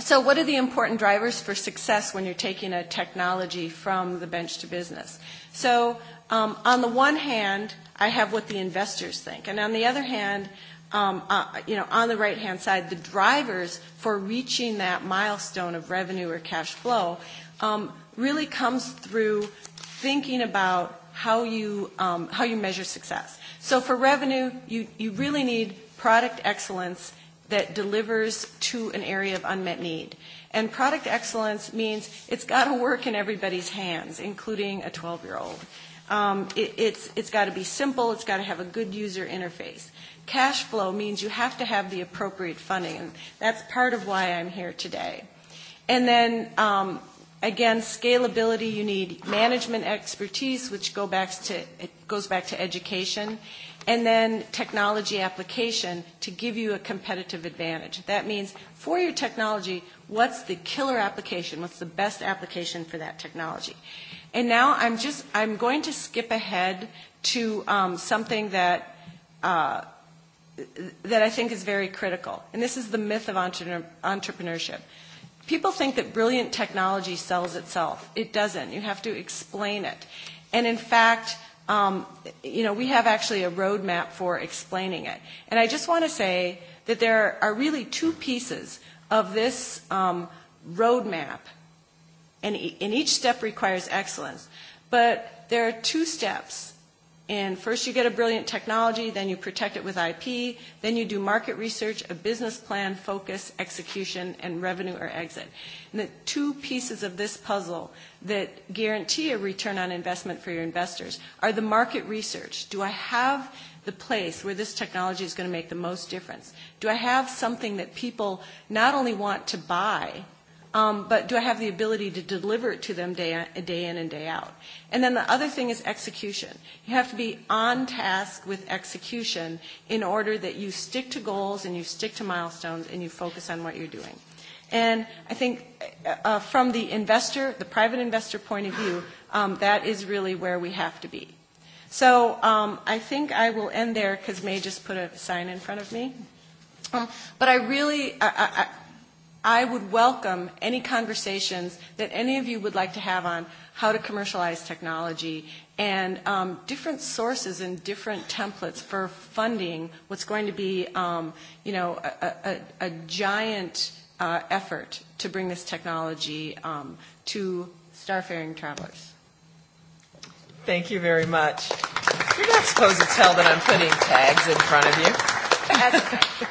So what are the important drivers for success when you're taking a technology from the bench to business? So on the one hand, I have what the investors think. And on the other hand, you know, on the right-hand side, the drivers for reaching that milestone of revenue or cash flow really comes through thinking about how you how you measure success. So for revenue, you you really need product excellence that delivers to an area of unmet need. And product excellence means it's got to work in everybody's hands, including a 12-year-old. It's got to be simple. It's got to have a good user interface. Cash flow means you have to have the appropriate funding, and that's part of why I'm here today. And then, again, scalability. You need management expertise, which goes back to education and then technology application to give you a competitive advantage. That means for your technology, what's the killer application? What's the best application for that technology? And now I'm just, I'm going to skip ahead to something that that I think is very critical. And this is the myth of entrepreneurship. People think that brilliant technology sells itself. It doesn't. You have to explain it. And in fact, you know, we have actually a roadmap for explaining it. And I just want to say that there are really two pieces of this roadmap, and each step requires excellence. But there are two steps And first you get a brilliant technology, then you protect it with IP, then you do market research, a business plan, focus, execution, and revenue or exit. And the two pieces of this puzzle that guarantee a return on investment for your investors are the market research. Do I have the place where this technology is going to make the most difference? Do I have something that people not only want to buy, but do I have the ability to deliver it to them day in and day out? And then the other thing is execution. You have to be on task with execution in order that you stick to goals and you stick to milestones and you focus on what you're doing. And I think from the investor, the private investor point of view, that is really where we have to be. So I think I will end there because May just put a sign in front of me. But I really, I would welcome any conversations that any of you would like to have on how to commercialize technology and different sources and different templates for funding what's going to be, you know, a giant effort to bring this technology to starfaring travelers. Thank you very much. You're not supposed to tell that I'm putting tags in front of you.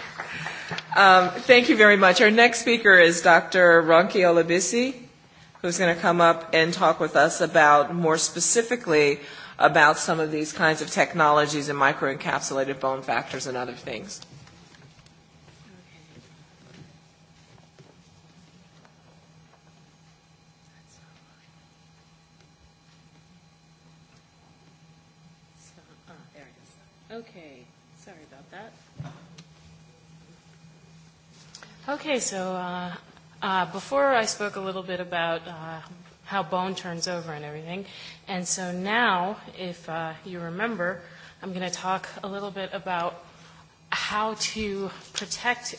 Thank you very much. Our next speaker is Dr. Ronki Olabisi, who's going to come up and talk with us about more specifically about some of these kinds of technologies and microencapsulated bone factors and other things. Okay, so uh, uh, before I spoke a little bit about uh, how bone turns over and everything, and so now, if uh, you remember, I'm going to talk a little bit about how to protect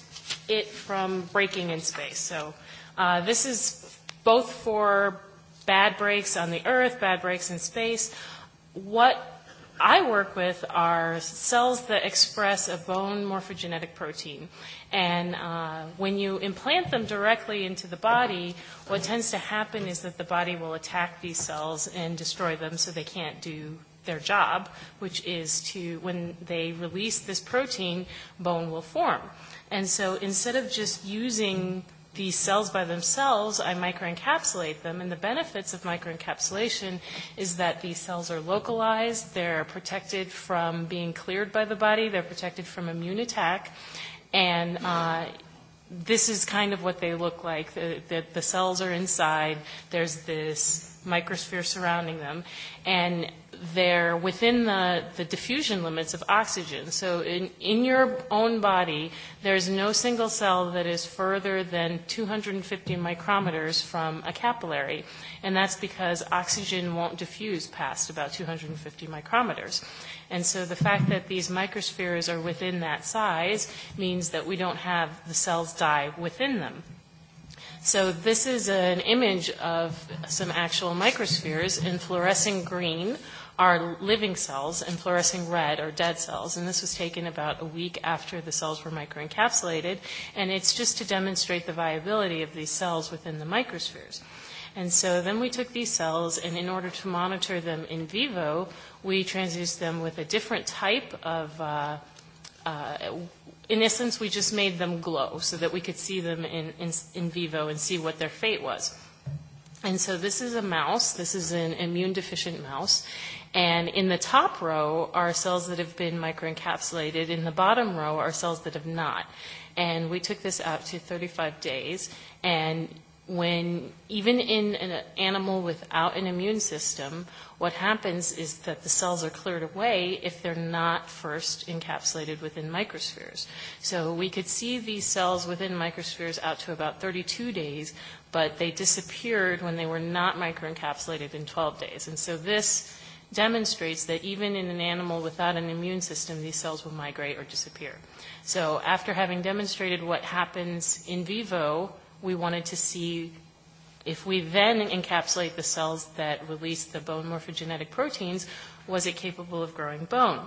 it from breaking in space. So uh, this is both for bad breaks on the Earth, bad breaks in space. What I work with are cells that express a bone morphogenetic protein. And when you implant them directly into the body, what tends to happen is that the body will attack these cells and destroy them so they can't do their job, which is to, when they release this protein, bone will form. And so instead of just using these cells by themselves, I microencapsulate them, and the benefits of microencapsulation is that these cells are localized, they're protected from being cleared by the body, they're protected from immune attack, and this is kind of what they look like. The cells are inside, there's this microsphere surrounding them, and they're within the, the diffusion limits of oxygen. So in, in your own body, there's no single cell that is further than 250 micrometers from a capillary, and that's because oxygen won't diffuse past about 250 micrometers. And so the fact that these microspheres are within that size means that we don't have the cells die within them. So this is an image of some actual microspheres in fluorescent green are living cells and fluorescing red or dead cells. And this was taken about a week after the cells were microencapsulated. And it's just to demonstrate the viability of these cells within the microspheres. And so then we took these cells, and in order to monitor them in vivo, we transduced them with a different type of, in essence, we just made them glow so that we could see them in in vivo and see what their fate was. And so this is a mouse. This is an immune deficient mouse. And in the top row are cells that have been microencapsulated. In the bottom row are cells that have not. And we took this out to 35 days. And when even in an animal without an immune system, what happens is that the cells are cleared away if they're not first encapsulated within microspheres. So we could see these cells within microspheres out to about 32 days, but they disappeared when they were not microencapsulated in 12 days. And so this demonstrates that even in an animal without an immune system, these cells will migrate or disappear. So after having demonstrated what happens in vivo, we wanted to see if we then encapsulate the cells that release the bone morphogenetic proteins, was it capable of growing bone?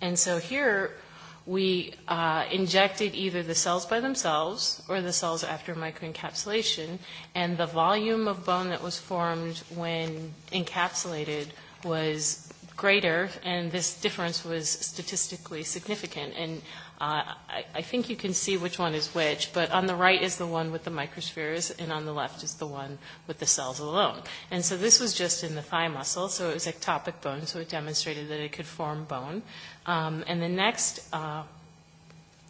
And so here we injected either the cells by themselves or the cells after microencapsulation, and the volume of bone that was formed when encapsulated was greater, and this difference was statistically significant. And I think you can see which one is which, but on the right is the one with the microspheres, and on the left is the one with the cells alone. And so this was just in the thigh muscle, so it was ectopic bone, so it demonstrated that it could form bone. And the next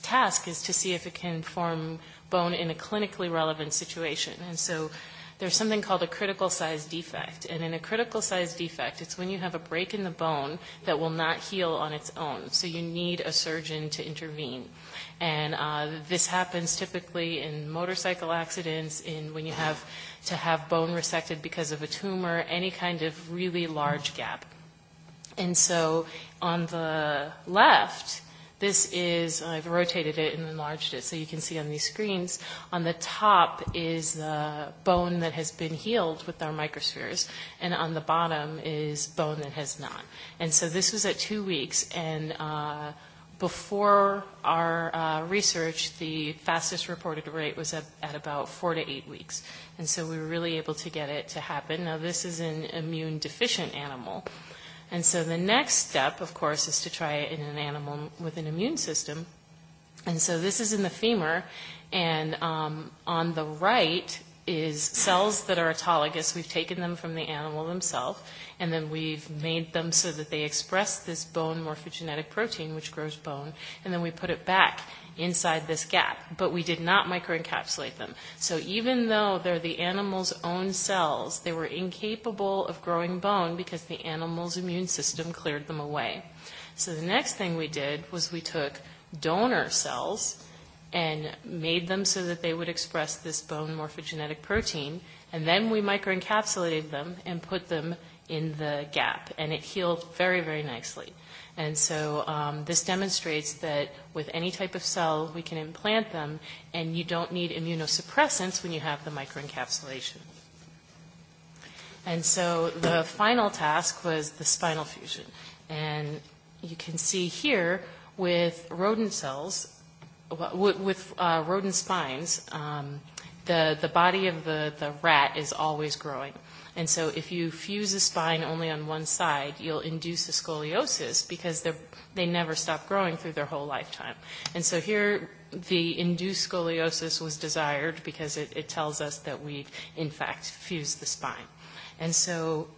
task is to see if it can form bone in a clinically relevant situation. And so there's something called a critical size defect. And in a critical size defect, it's when you have a break in the bone that will not heal on its own. So you need a surgeon to intervene. And this happens typically in motorcycle accidents, in when you have to have bone resected because of a tumor, any kind of really large gap. And so on the left, This is, I've rotated it and enlarged it so you can see on these screens. On the top is the bone that has been healed with our microspheres, and on the bottom is bone that has not. And so this was at two weeks, and uh, before our research, the fastest reported rate was at about four to eight weeks. And so we were really able to get it to happen. Now, this is an immune-deficient animal, And so the next step, of course, is to try it in an animal with an immune system. And so this is in the femur, and um, on the right is cells that are autologous. We've taken them from the animal themselves, and then we've made them so that they express this bone morphogenetic protein, which grows bone, and then we put it back inside this gap, but we did not microencapsulate them. So even though they're the animal's own cells, they were incapable of growing bone because the animal's immune system cleared them away. So the next thing we did was we took donor cells and made them so that they would express this bone morphogenetic protein, and then we microencapsulated them and put them in the gap, and it healed very, very nicely. And so this demonstrates that with any type of cell, we can implant them, and you don't need immunosuppressants when you have the microencapsulation. And so the final task was the spinal fusion. And you can see here with rodent cells, with rodent spines, the body of the rat is always growing. And so if you fuse a spine only on one side, you'll induce a scoliosis because they never stop growing through their whole lifetime. And so here the induced scoliosis was desired because it, it tells us that we've in fact fused the spine. And so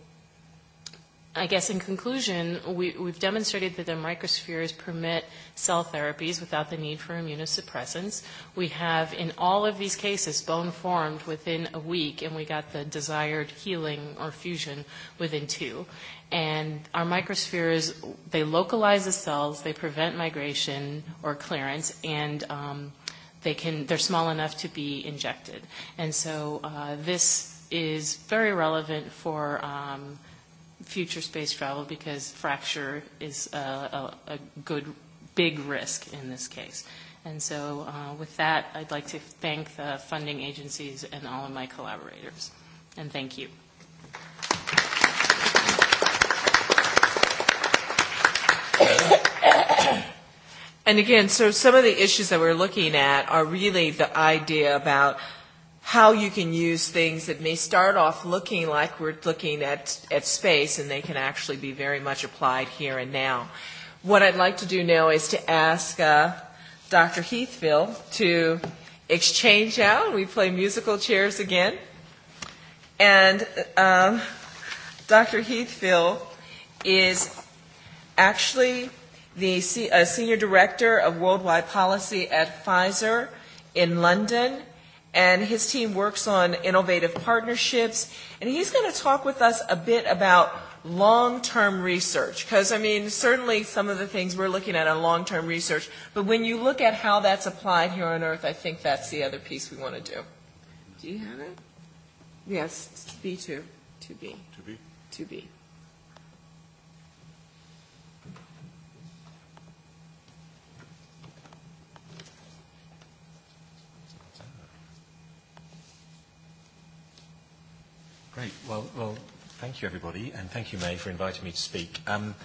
I guess in conclusion, we, we've demonstrated that the microspheres permit cell therapies without the need for immunosuppressants. We have, in all of these cases, bone formed within a week, and we got the desired healing or fusion within two. And our microspheres, they localize the cells, they prevent migration or clearance, and um, they can, they're small enough to be injected. And so uh, this is very relevant for um, future space travel because fracture is a good, big risk in this case. And so with that, I'd like to thank the funding agencies and all of my collaborators. And thank you. And again, so some of the issues that we're looking at are really the idea about how you can use things that may start off looking like we're looking at, at space and they can actually be very much applied here and now. What I'd like to do now is to ask uh, Dr. Heathville to exchange out. We play musical chairs again. And um, Dr. Heathville is actually the senior director of worldwide policy at Pfizer in London and his team works on innovative partnerships. And he's going to talk with us a bit about long-term research, because, I mean, certainly some of the things we're looking at are long-term research, but when you look at how that's applied here on Earth, I think that's the other piece we want to do. Do you have it? Yes, B2. 2B. 2B. 2B. Great. Well, well, thank you everybody, and thank you May for inviting me to speak. Um,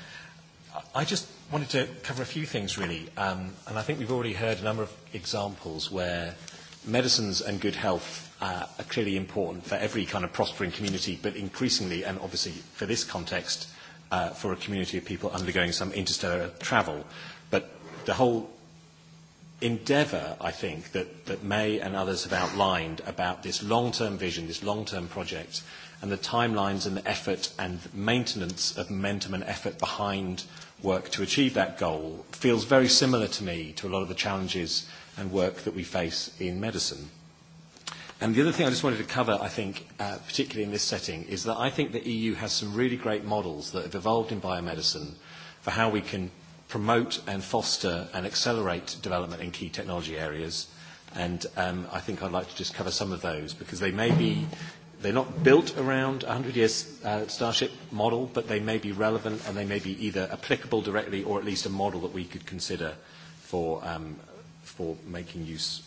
I just wanted to cover a few things really, um, and I think we've already heard a number of examples where medicines and good health are clearly important for every kind of prospering community, but increasingly, and obviously for this context, for a community of people undergoing some interstellar travel. But the whole endeavour, I think, that, that May and others have outlined about this long-term vision, this long-term project, and the timelines and the effort and maintenance of momentum and effort behind work to achieve that goal feels very similar to me to a lot of the challenges and work that we face in medicine. And the other thing I just wanted to cover, I think, particularly in this setting, is that I think the EU has some really great models that have evolved in biomedicine for how we can promote and foster and accelerate development in key technology areas. And I think I'd like to just cover some of those because they may be, they're not built around a 100 years Starship model, but they may be relevant and they may be either applicable directly or at least a model that we could consider for for making use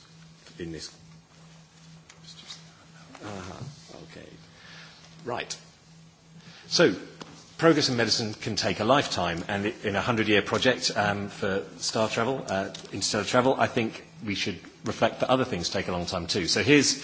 in this. Okay. Right. So Progress in medicine can take a lifetime, and in a 100 year project for star travel, interstellar travel, I think we should reflect that other things take a long time too. So here's,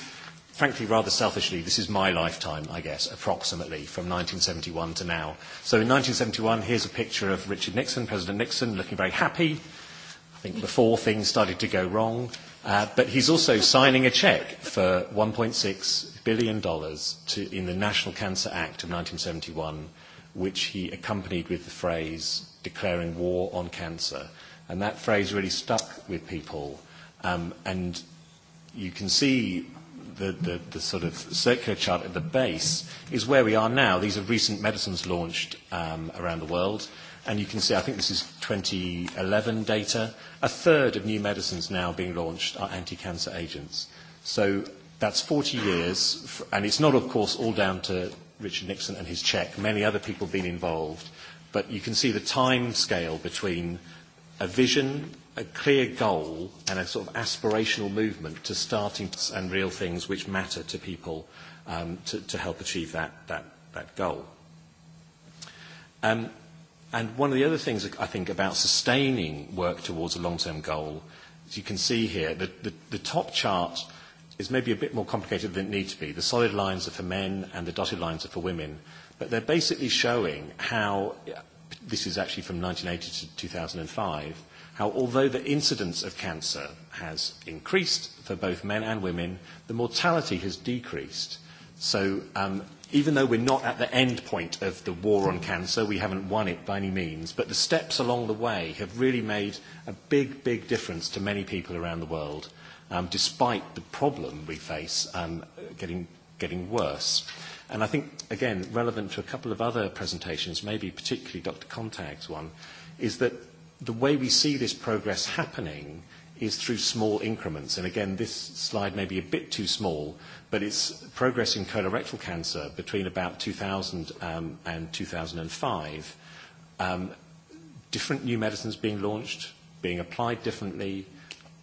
frankly, rather selfishly, this is my lifetime, I guess, approximately, from 1971 to now. So in 1971, here's a picture of Richard Nixon, President Nixon, looking very happy, I think before things started to go wrong, but he's also signing a check for 1.6 billion dollars in the National Cancer Act of 1971 which he accompanied with the phrase declaring war on cancer. And that phrase really stuck with people. And you can see the the sort of circular chart at the base is where we are now. These are recent medicines launched around the world. And you can see, I think this is 2011 data, a third of new medicines now being launched are anti-cancer agents. So that's 40 years, and it's not, of course, all down to Richard Nixon and his check, many other people been involved, but you can see the time scale between a vision, a clear goal, and a sort of aspirational movement to starting and real things which matter to people to help achieve that that goal. And one of the other things, I think, about sustaining work towards a long-term goal, as you can see here, the the top chart is maybe a bit more complicated than it needs to be. The solid lines are for men and the dotted lines are for women. But they're basically showing how, this is actually from 1980 to 2005, how although the incidence of cancer has increased for both men and women, the mortality has decreased. So um, even though we're not at the end point of the war on cancer, we haven't won it by any means, but the steps along the way have really made a big, big difference to many people around the world despite the problem we face getting getting worse. And I think, again, relevant to a couple of other presentations, maybe particularly Dr. Contag's one, is that the way we see this progress happening is through small increments. And again, this slide may be a bit too small, but it's progress in colorectal cancer between about 2000 and 2005. Different new medicines being launched, being applied differently,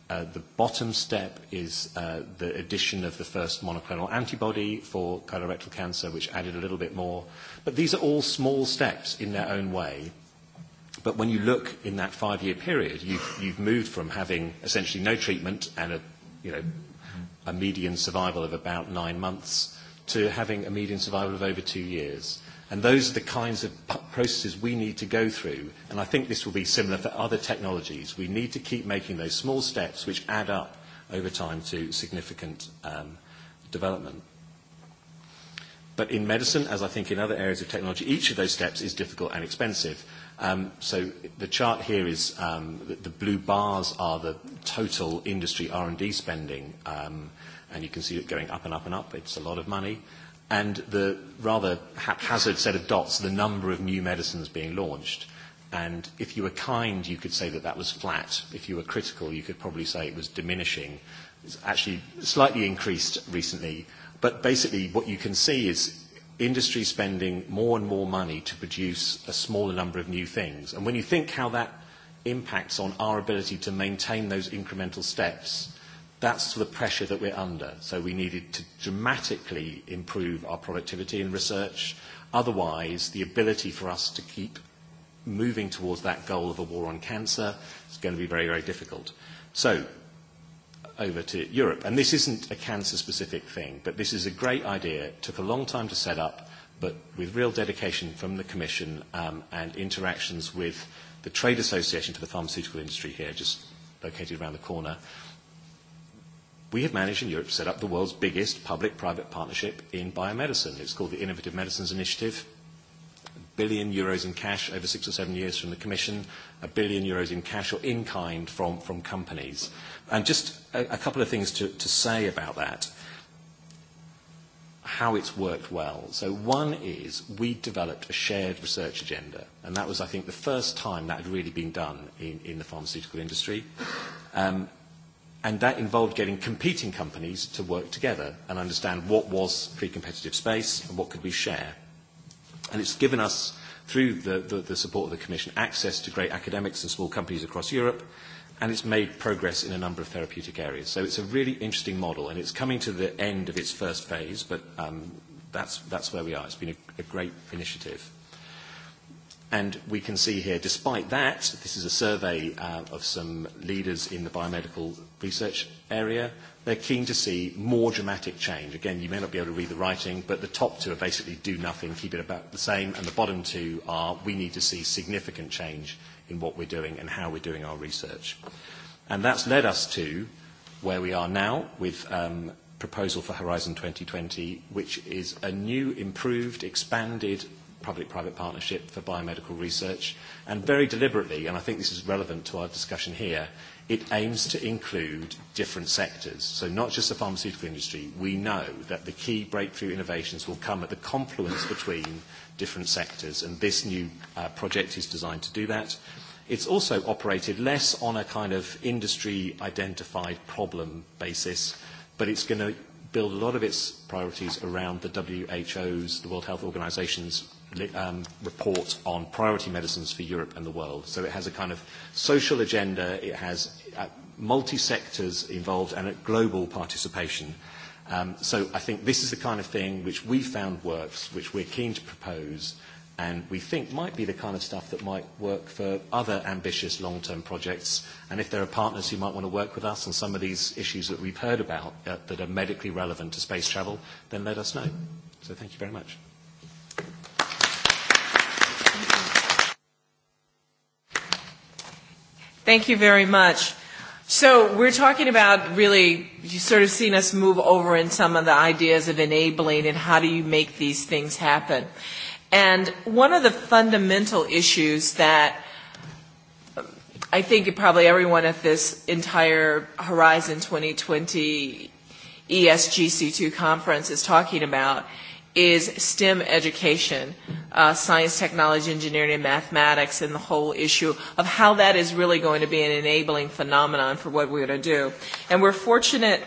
The bottom step is the addition of the first monoclonal antibody for colorectal cancer, which added a little bit more. But these are all small steps in their own way. But when you look in that five-year period, you've moved from having essentially no treatment and a, a median survival of about nine months to having a median survival of over two years. And those are the kinds of processes we need to go through. And I think this will be similar for other technologies. We need to keep making those small steps which add up over time to significant development. But in medicine, as I think in other areas of technology, each of those steps is difficult and expensive. So the chart here is the blue bars are the total industry R&D spending. And you can see it going up and up and up. It's a lot of money and the rather haphazard set of dots, the number of new medicines being launched. And if you were kind, you could say that that was flat. If you were critical, you could probably say it was diminishing. It's actually slightly increased recently. But basically, what you can see is industry spending more and more money to produce a smaller number of new things. And when you think how that impacts on our ability to maintain those incremental steps, That's the pressure that we're under. So we needed to dramatically improve our productivity in research. Otherwise, the ability for us to keep moving towards that goal of a war on cancer is going to be very, very difficult. So over to Europe. And this isn't a cancer-specific thing, but this is a great idea. It took a long time to set up, but with real dedication from the Commission and interactions with the Trade Association for the Pharmaceutical Industry here, just located around the corner, We have managed in Europe to set up the world's biggest public-private partnership in biomedicine. It's called the Innovative Medicines Initiative. A billion euros in cash over six or seven years from the Commission, a billion euros in cash or in kind from, from companies. And just a, couple of things to, to say about that, how it's worked well. So one is we developed a shared research agenda, and that was, I think, the first time that had really been done in, in the pharmaceutical industry. Um, and that involved getting competing companies to work together and understand what was pre competitive space and what could we share. And it's given us, through the, the, the support of the Commission, access to great academics and small companies across Europe, and it's made progress in a number of therapeutic areas. So it's a really interesting model, and it's coming to the end of its first phase, but um, that's, that's where we are. It's been a, a great initiative. And we can see here, despite that, this is a survey of some leaders in the biomedical research area, they're keen to see more dramatic change. Again, you may not be able to read the writing, but the top two are basically do nothing, keep it about the same, and the bottom two are we need to see significant change in what we're doing and how we're doing our research. And that's led us to where we are now with proposal for Horizon 2020, which is a new, improved, expanded public-private partnership for biomedical research. And very deliberately, and I think this is relevant to our discussion here, it aims to include different sectors, so not just the pharmaceutical industry. We know that the key breakthrough innovations will come at the confluence between different sectors, and this new project is designed to do that. It's also operated less on a kind of industry-identified problem basis, but it's going to build a lot of its priorities around the WHO's, the World Health Organization's report on priority medicines for Europe and the world. So it has a kind of social agenda, it has multi-sectors involved and at global participation. So I think this is the kind of thing which we found works, which we're keen to propose, and we think might be the kind of stuff that might work for other ambitious long-term projects. And if there are partners who might want to work with us on some of these issues that we've heard about that are medically relevant to space travel, then let us know. So thank you very much. Thank you very much. So we're talking about really, you've sort of seen us move over in some of the ideas of enabling and how do you make these things happen. And one of the fundamental issues that I think probably everyone at this entire Horizon 2020 ESGC2 conference is talking about is STEM education, science, technology, engineering, and mathematics, and the whole issue of how that is really going to be an enabling phenomenon for what we're going to do. And we're fortunate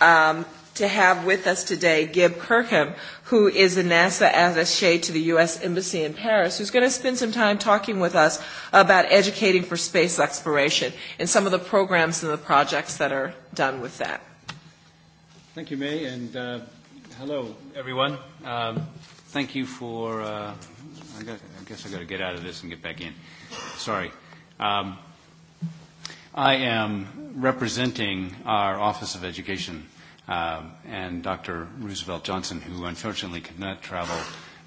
um to have with us today Gib Kirkham, who is a NASA attaché to the U.S. Embassy in Paris, who's going to spend some time talking with us about educating for space exploration and some of the programs and the projects that are done with that. Thank you, May, and Hello, everyone. Um, thank you for. Uh, I, got, I guess I got to get out of this and get back in. Sorry. Um, I am representing our Office of Education uh and Dr. Roosevelt Johnson, who unfortunately could not travel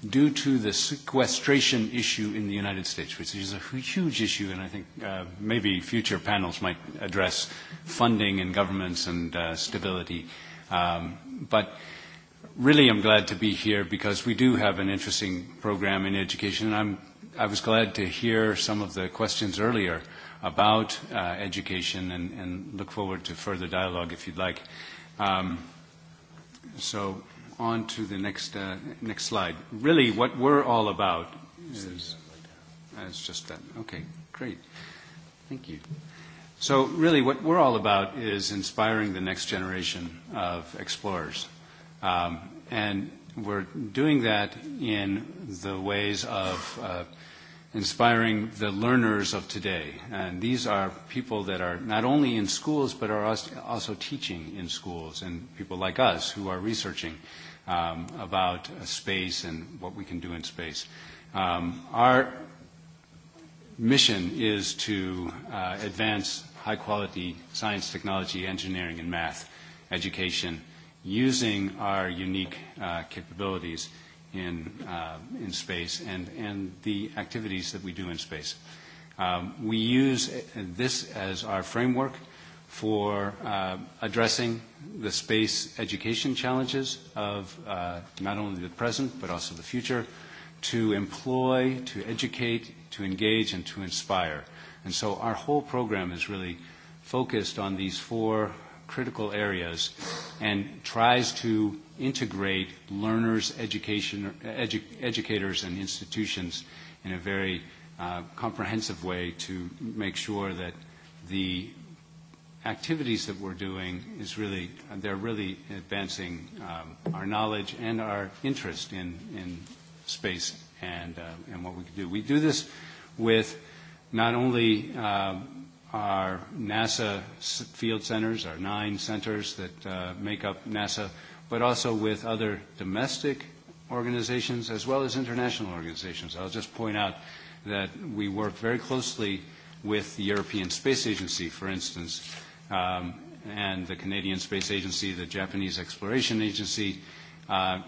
due to the sequestration issue in the United States, which is a huge issue, and I think maybe future panels might address funding and governments and stability. Um But really I'm glad to be here because we do have an interesting program in education. And I was glad to hear some of the questions earlier about education and look forward to further dialogue if you'd like. So on to the next next slide. Really, what we're all about is just that. Okay, great. Thank you. So really, what we're all about is inspiring the next generation of explorers. Um And we're doing that in the ways of inspiring the learners of today. And these are people that are not only in schools, but are also teaching in schools, and people like us who are researching about space and what we can do in space. Our mission is to advance high-quality science, technology, engineering, and math education using our unique capabilities in in space and and the activities that we do in space. We use this as our framework for addressing the space education challenges of not only the present but also the future, to employ, to educate, to engage, and to inspire. And so our whole program is really focused on these four critical areas and tries to integrate learners, education educators, and institutions in a very comprehensive way to make sure that the activities that we're doing is really, they're really advancing our knowledge and our interest in, in space and, and what we can do. We do this with not only our NASA field centers, our nine centers that make up NASA, but also with other domestic organizations as well as international organizations. I'll just point out that we work very closely with the European Space Agency, for instance, and the Canadian Space Agency, the Japanese Exploration Agency,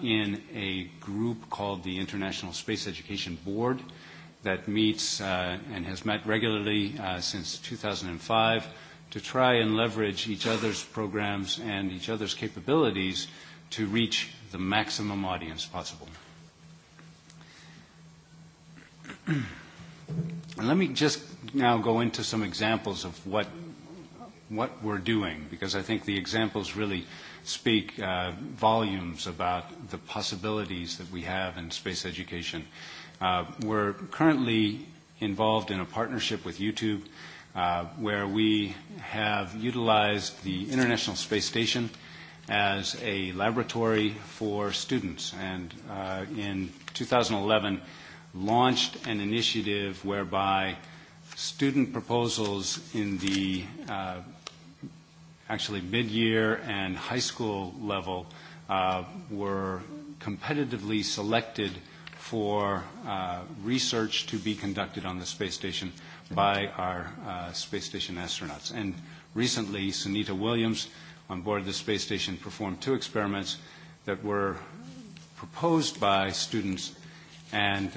in a group called the International Space Education Board that meets and has met regularly since 2005 to try and leverage each other's programs and each other's capabilities to reach the maximum audience possible. Let me just now go into some examples of what what we're doing, because I think the examples really speak volumes about the possibilities that we have in space education. We're currently involved in a partnership with YouTube where we have utilized the International Space Station as a laboratory for students and in 2011 launched an initiative whereby student proposals in the actually mid-year and high school level were competitively selected for research to be conducted on the space station by our space station astronauts. And recently, Sunita Williams on board the space station performed two experiments that were proposed by students. And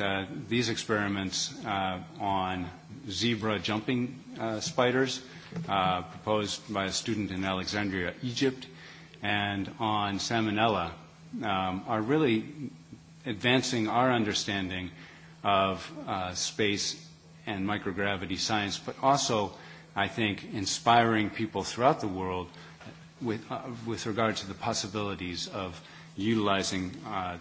these experiments on zebra jumping spiders proposed by a student in Alexandria, Egypt, and on salmonella are really advancing our understanding of space and microgravity science, but also, I think, inspiring people throughout the world with regard to the possibilities of utilizing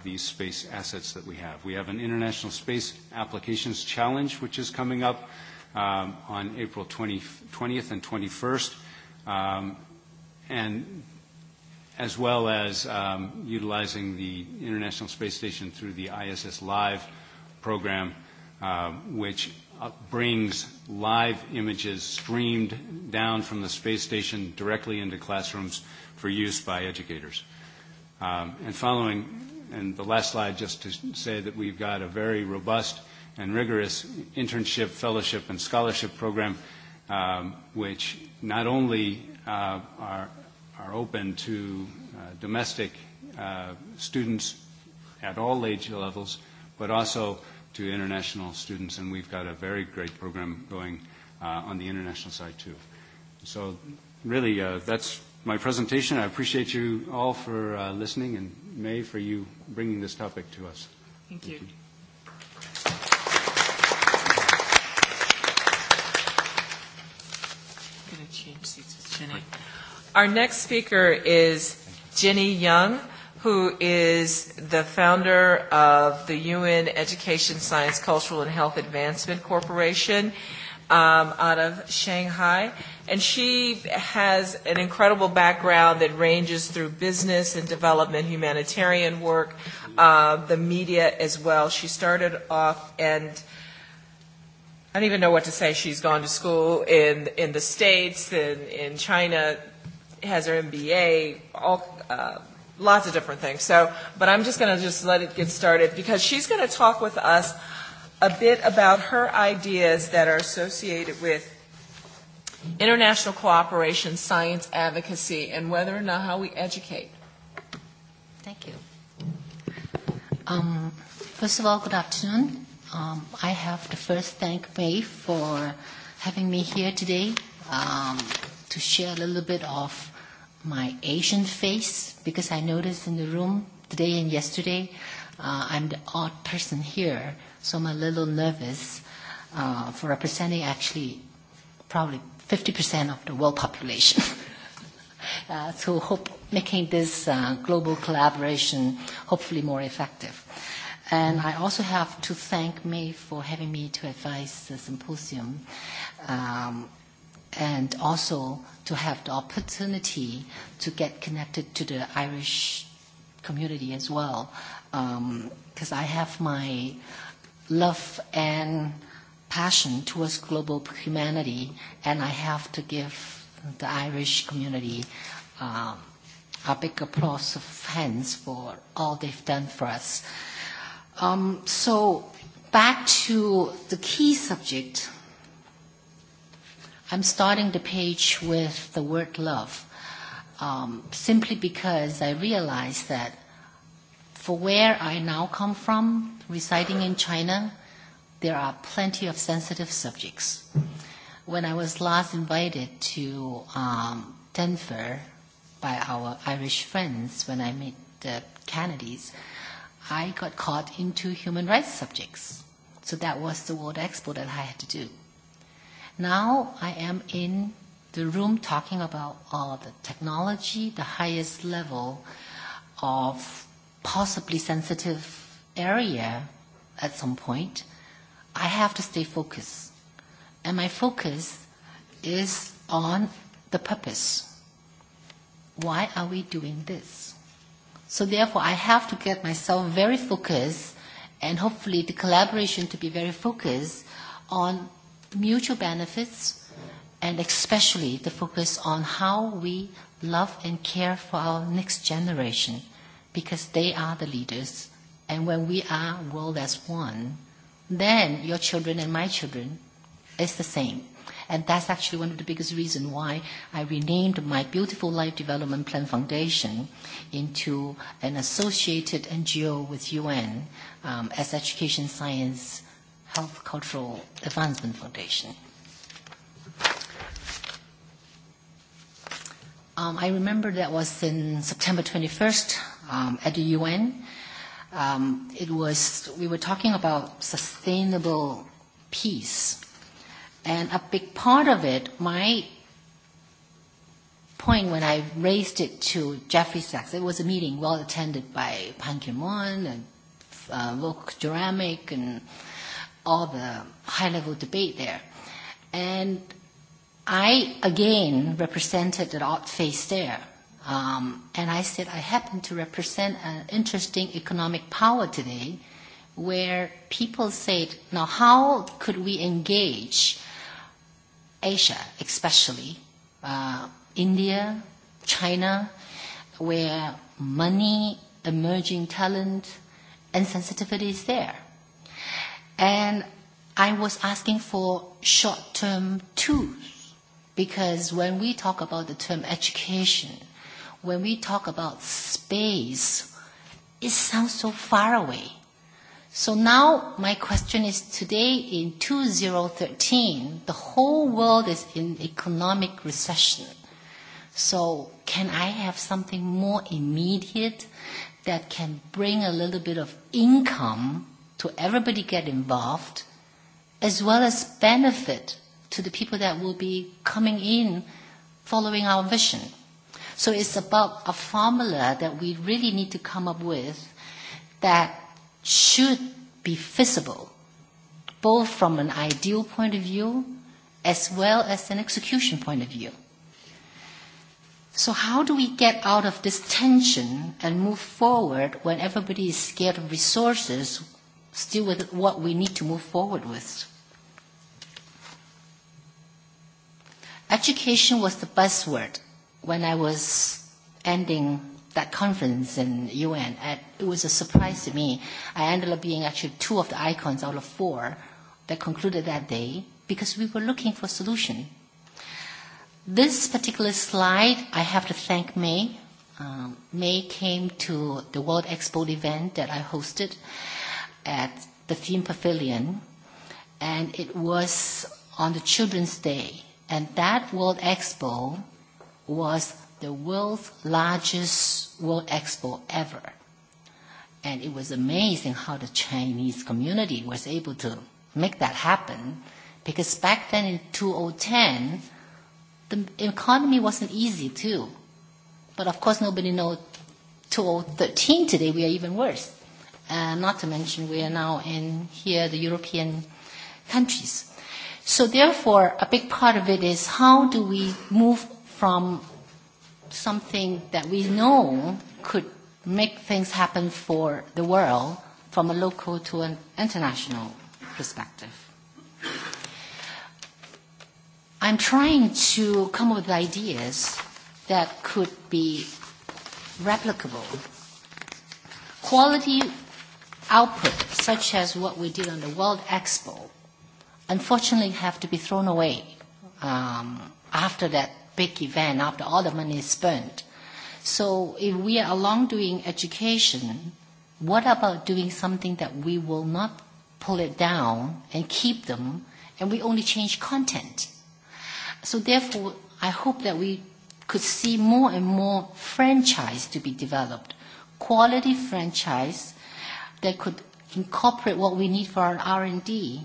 these space assets that we have. We have an International Space Applications Challenge, which is coming up on April 20th and 21st. And as well as utilizing the International Space Station through the ISS Live program, which brings live images streamed down from the space station directly into classrooms for use by educators. and following, and the last slide just to say that we've got a very robust and rigorous internship, fellowship, and scholarship program, which not only uh, are are open to domestic students at all age levels, but also to international students, and we've got a very great program going on the international side too. So really, that's my presentation. I appreciate you all for listening, and May, for you bringing this topic to us. Thank you. Our next speaker is Jenny Young, who is the founder of the UN Education, Science, Cultural, and Health Advancement Corporation out of Shanghai. And she has an incredible background that ranges through business and development, humanitarian work, the media as well. She started off and I don't even know what to say. She's gone to school in in the States, in in China, has her MBA, all, uh, lots of different things. So, but I'm just going to just let it get started because she's going to talk with us a bit about her ideas that are associated with international cooperation, science advocacy, and whether or not how we educate. Thank you. Um, first of all, good afternoon. Um, I have to first thank May for having me here today um, to share a little bit of my Asian face because I noticed in the room today and yesterday I'm the odd person here, so I'm a little nervous for representing actually probably 50% of the world population. So hope making this global collaboration hopefully more effective. And I also have to thank May for having me to advise the symposium. Um and also to have the opportunity to get connected to the Irish community as well. Because I have my love and passion towards global humanity, and I have to give the Irish community a big applause of hands for all they've done for us. So back to the key subject I'm starting the page with the word love, um, simply because I realize that for where I now come from, residing in China, there are plenty of sensitive subjects. When I was last invited to um, Denver by our Irish friends when I met the Kennedys, I got caught into human rights subjects. So that was the World Expo that I had to do. Now I am in the room talking about all the technology, the highest level of possibly sensitive area at some point. I have to stay focused. And my focus is on the purpose. Why are we doing this? So therefore, I have to get myself very focused and hopefully the collaboration to be very focused on mutual benefits and especially the focus on how we love and care for our next generation because they are the leaders and when we are world as one then your children and my children is the same and that's actually one of the biggest reasons why I renamed my beautiful life development plan foundation into an associated NGO with UN as education science Health Cultural Advancement Foundation. Um, I remember that was in September 21st um, at the UN. Um, it was, we were talking about sustainable peace. And a big part of it, my point when I raised it to Jeffrey Sachs, it was a meeting well attended by Pan Ki-moon and uh, Vuk and all the high-level debate there. And I, again, represented an odd face there. Um, and I said I happen to represent an interesting economic power today where people said, now how could we engage Asia, especially uh, India, China, where money, emerging talent, and sensitivity is there? And I was asking for short-term tools because when we talk about the term education, when we talk about space, it sounds so far away. So now my question is today in 2013, the whole world is in economic recession. So can I have something more immediate that can bring a little bit of income to everybody get involved, as well as benefit to the people that will be coming in following our vision. So it's about a formula that we really need to come up with that should be feasible, both from an ideal point of view as well as an execution point of view. So how do we get out of this tension and move forward when everybody is scared of resources still with what we need to move forward with. Education was the buzzword when I was ending that conference in UN. It was a surprise to me. I ended up being actually two of the icons out of four that concluded that day because we were looking for solution. This particular slide, I have to thank May. Um, May came to the World Expo event that I hosted at the theme Pavilion, and it was on the Children's Day. And that World Expo was the world's largest World Expo ever. And it was amazing how the Chinese community was able to make that happen, because back then in 2010, the economy wasn't easy too. But of course, nobody knows 2013 today we are even worse not to mention we are now in here the European countries. So therefore, a big part of it is how do we move from something that we know could make things happen for the world from a local to an international perspective. I'm trying to come up with ideas that could be replicable. Quality output, such as what we did on the World Expo, unfortunately have to be thrown away um, after that big event, after all the money is spent. So if we are along doing education, what about doing something that we will not pull it down and keep them, and we only change content? So therefore, I hope that we could see more and more franchise to be developed, quality franchise that could incorporate what we need for our R&D.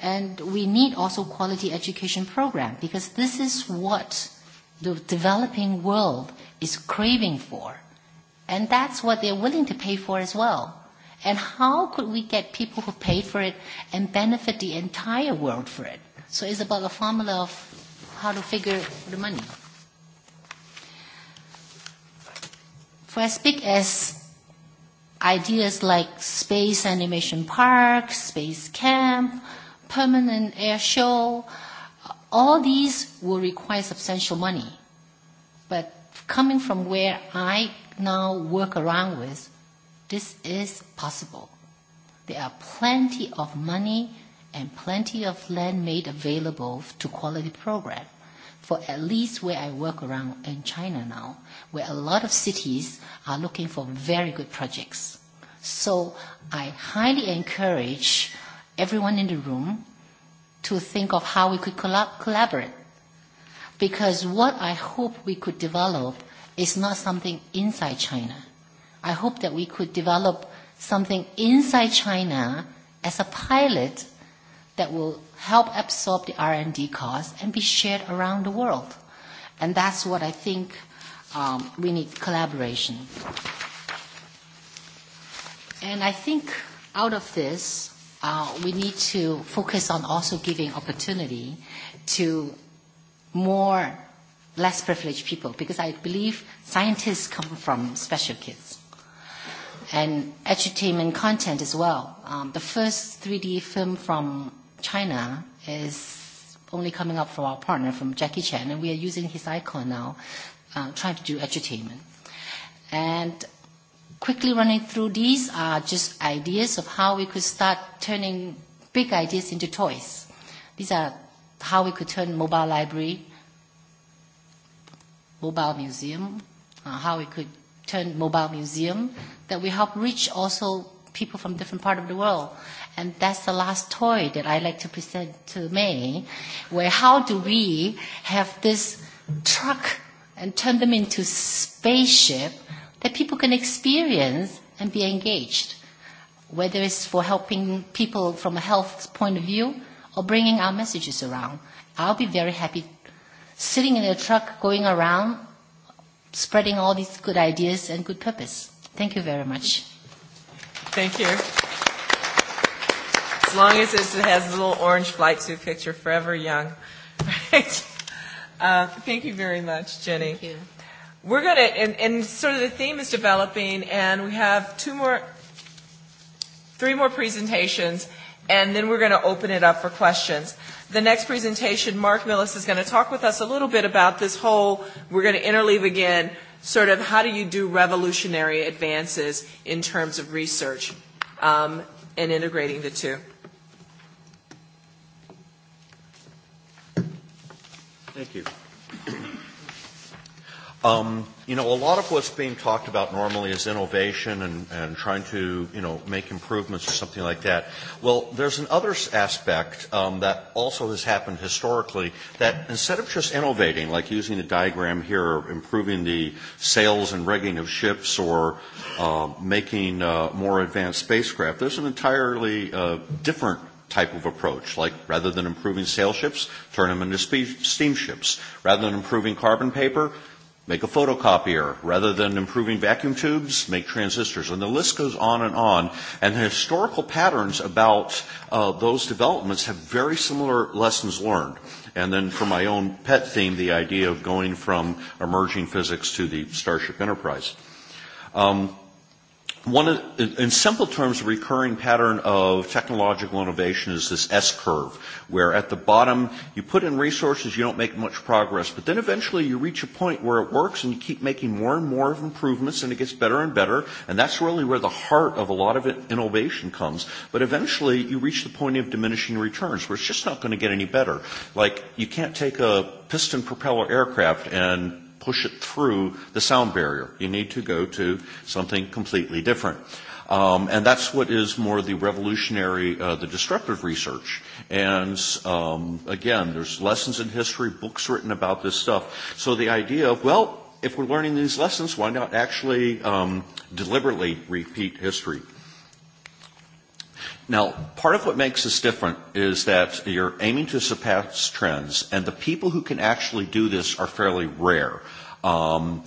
And we need also quality education program because this is what the developing world is craving for. And that's what they're willing to pay for as well. And how could we get people who pay for it and benefit the entire world for it? So it's about a formula of how to figure the money. For as big as ideas like space animation park, space camp, permanent air show, all these will require substantial money. But coming from where I now work around with, this is possible. There are plenty of money and plenty of land made available to quality programs for at least where I work around in China now, where a lot of cities are looking for very good projects. So I highly encourage everyone in the room to think of how we could collaborate. Because what I hope we could develop is not something inside China. I hope that we could develop something inside China as a pilot that will help absorb the R&D costs and be shared around the world. And that's what I think we need collaboration. And I think out of this, we need to focus on also giving opportunity to more less privileged people because I believe scientists come from special kids and entertainment content as well. The first 3D film from China is only coming up from our partner, from Jackie Chan, and we are using his icon now, trying to do entertainment. And quickly running through these are just ideas of how we could start turning big ideas into toys. These are how we could turn mobile library, mobile museum, how we could turn mobile museum, that we help reach also people from different parts of the world. And that's the last toy that I like to present to May, where how do we have this truck and turn them into spaceship that people can experience and be engaged, whether it's for helping people from a health point of view or bringing our messages around. I'll be very happy sitting in a truck going around spreading all these good ideas and good purpose. Thank you very much. Thank you. As long as it has a little orange flight suit picture, forever young. Thank you very much, Jenny. Thank you. We're going to, and sort of the theme is developing, and we have two more, three more presentations, and then we're going to open it up for questions. The next presentation, Mark Millis is going to talk with us a little bit about this whole, we're going to interleave again, sort of how do you do revolutionary advances in terms of research um, and integrating the two. Thank you. Um, You know, a lot of what's being talked about normally is innovation and, and trying to, you know, make improvements or something like that. Well, there's another aspect um, that also has happened historically that instead of just innovating, like using the diagram here, improving the sails and rigging of ships or uh, making uh, more advanced spacecraft, there's an entirely uh, different type of approach. Like rather than improving sail ships, turn them into steamships. Rather than improving carbon paper, make a photocopier rather than improving vacuum tubes, make transistors. And the list goes on and on. And the historical patterns about those developments have very similar lessons learned. And then for my own pet theme, the idea of going from emerging physics to the Starship Enterprise. Um, one of, in simple terms, a recurring pattern of technological innovation is this S-curve, where at the bottom you put in resources, you don't make much progress, but then eventually you reach a point where it works and you keep making more and more of improvements and it gets better and better, and that's really where the heart of a lot of innovation comes. But eventually you reach the point of diminishing returns, where it's just not going to get any better. Like, you can't take a piston propeller aircraft and push it through the sound barrier. You need to go to something completely different. Um, and that's what is more the revolutionary, the disruptive research. And um, again, there's lessons in history, books written about this stuff. So the idea of, well, if we're learning these lessons, why not actually um, deliberately repeat history? Now, part of what makes us different is that you're aiming to surpass trends, and the people who can actually do this are fairly rare. Um,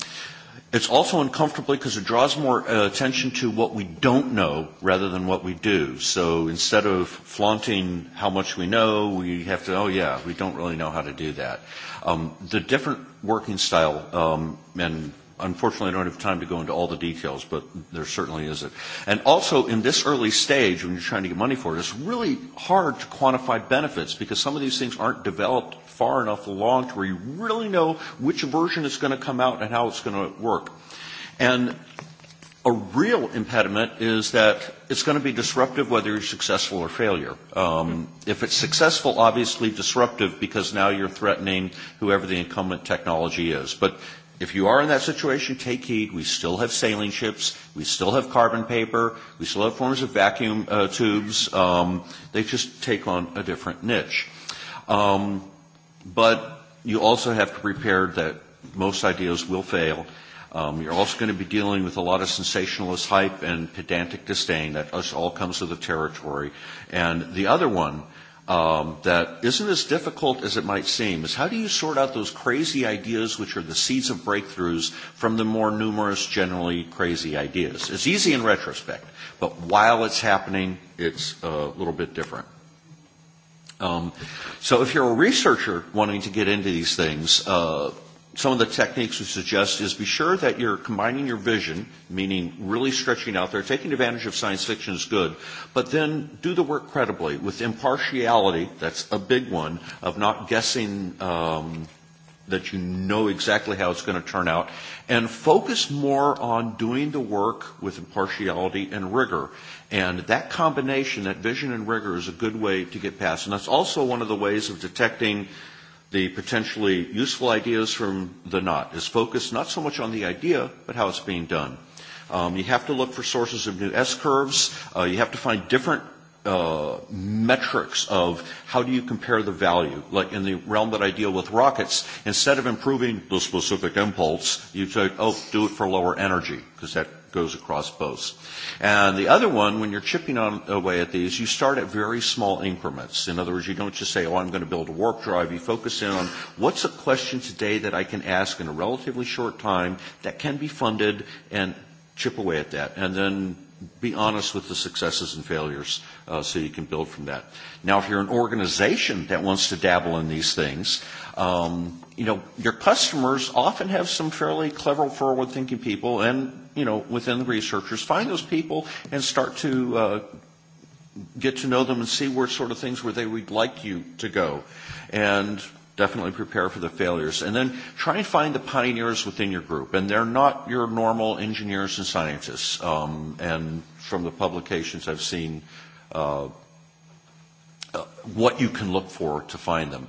it's also uncomfortable because it draws more attention to what we don't know rather than what we do. So instead of flaunting how much we know, we have to, oh yeah, we don't really know how to do that. Um, the different working style, um, and unfortunately I don't have time to go into all the details, but there certainly is it. And also in this early stage when you're trying to get money for it, it's really hard to quantify benefits because some of these things aren't developed far enough along to where you really know which version is going to come out and how it's going to work. And a real impediment is that it's going to be disruptive whether you're successful or failure. Um, if it's successful, obviously disruptive because now you're threatening whoever the incumbent technology is. But if you are in that situation, take heed. We still have sailing ships. We still have carbon paper. We still have forms of vacuum tubes. Um, they just take on a different niche. Um, But you also have to prepare that most ideas will fail. Um, you're also going to be dealing with a lot of sensationalist hype and pedantic disdain. That all comes with the territory. And the other one um, that isn't as difficult as it might seem is how do you sort out those crazy ideas which are the seeds of breakthroughs from the more numerous, generally crazy ideas? It's easy in retrospect, but while it's happening, it's a little bit different. Um, so if you're a researcher wanting to get into these things, uh, some of the techniques we suggest is be sure that you're combining your vision, meaning really stretching out there, taking advantage of science fiction is good, but then do the work credibly with impartiality. That's a big one of not guessing um, that you know exactly how it's going to turn out, and focus more on doing the work with impartiality and rigor And that combination, that vision and rigor, is a good way to get past. And that's also one of the ways of detecting the potentially useful ideas from the not, is focused not so much on the idea, but how it's being done. Um You have to look for sources of new S-curves. You have to find different uh metrics of how do you compare the value. Like in the realm that I deal with rockets, instead of improving the specific impulse, you say, oh, do it for lower energy, because that goes across both. And the other one, when you're chipping on away at these, you start at very small increments. In other words, you don't just say, oh, I'm going to build a warp drive. You focus in on what's a question today that I can ask in a relatively short time that can be funded and chip away at that. And then be honest with the successes and failures so you can build from that. Now, if you're an organization that wants to dabble in these things, Um, you know, your customers often have some fairly clever, forward-thinking people, and you know, within the researchers, find those people and start to uh, get to know them and see where sort of things where they would like you to go, and definitely prepare for the failures. And then try and find the pioneers within your group, and they're not your normal engineers and scientists. Um, and from the publications I've seen, uh, what you can look for to find them.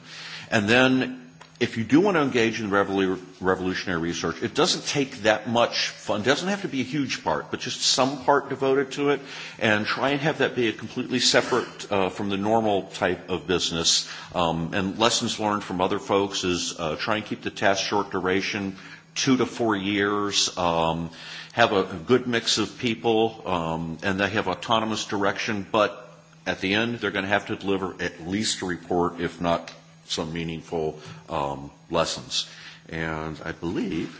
And then if you do want to engage in revolutionary research, it doesn't take that much fun. It doesn't have to be a huge part, but just some part devoted to it. And try and have that be a completely separate from the normal type of business. And lessons learned from other folks is try and keep the task short duration, two to four years, have a good mix of people, and they have autonomous direction. But at the end, they're going to have to deliver at least a report, if not some meaningful um, lessons. And I believe,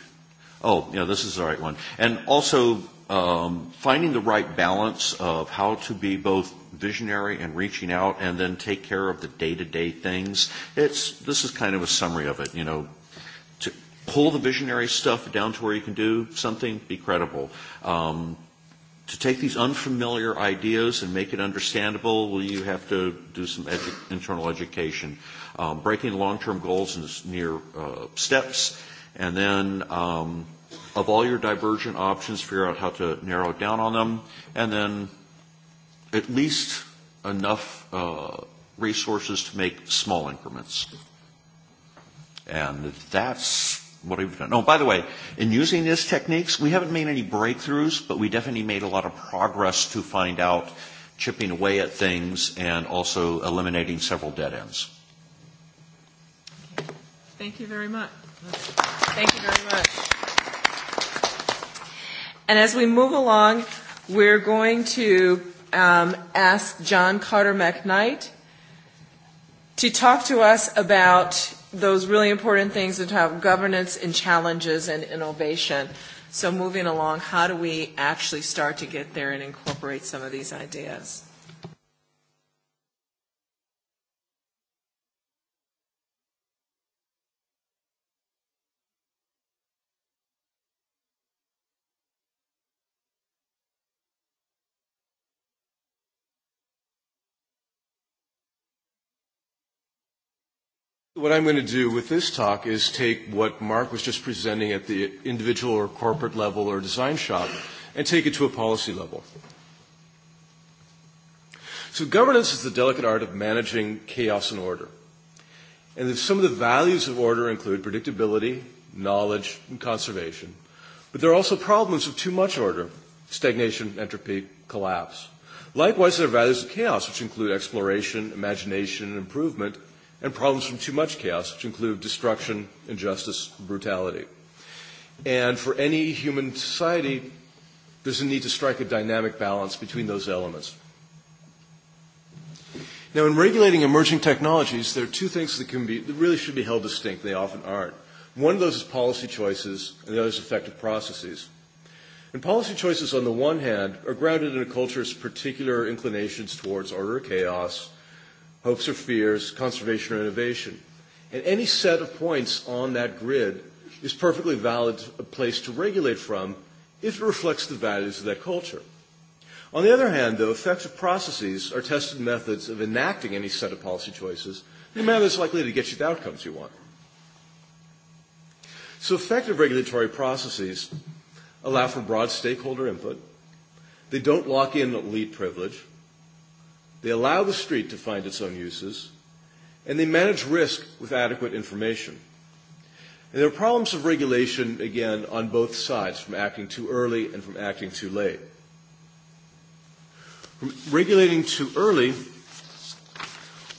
oh, yeah, this is the right one. And also finding the right balance of how to be both visionary and reaching out and then take care of the day-to-day things. It's, this is kind of a summary of it, you know, to pull the visionary stuff down to where you can do something, be credible. to take these unfamiliar ideas and make it understandable, you have to do some internal education breaking long-term goals and near steps, and then of all your divergent options, figure out how to narrow down on them, and then at least enough resources to make small increments. And that's what we've done. Oh, by the way, in using these techniques, we haven't made any breakthroughs, but we definitely made a lot of progress to find out chipping away at things and also eliminating several dead ends. Thank you very much. Thank you very much. And as we move along, we're going to um, ask John Carter McKnight to talk to us about those really important things about governance and challenges and innovation. So moving along, how do we actually start to get there and incorporate some of these ideas? What I'm going to do with this talk is take what Mark was just presenting at the individual or corporate level or design shop and take it to a policy level. So governance is the delicate art of managing chaos and order. And some of the values of order include predictability, knowledge, and conservation. But there are also problems of too much order, stagnation, entropy, collapse. Likewise, there are values of chaos, which include exploration, imagination, and improvement – and problems from too much chaos, which include destruction, injustice, brutality. And for any human society, there's a need to strike a dynamic balance between those elements. Now, in regulating emerging technologies, there are two things that can be that really should be held distinct. They often aren't. One of those is policy choices, and the other is effective processes. And policy choices, on the one hand, are grounded in a culture's particular inclinations towards order or chaos, hopes or fears, conservation or innovation. And any set of points on that grid is perfectly valid a place to regulate from if it reflects the values of that culture. On the other hand, though, effective processes are tested methods of enacting any set of policy choices, no manner that's likely to get you the outcomes you want. So effective regulatory processes allow for broad stakeholder input. They don't lock in elite privilege. They allow the street to find its own uses, and they manage risk with adequate information. And there are problems of regulation, again, on both sides, from acting too early and from acting too late. From regulating too early,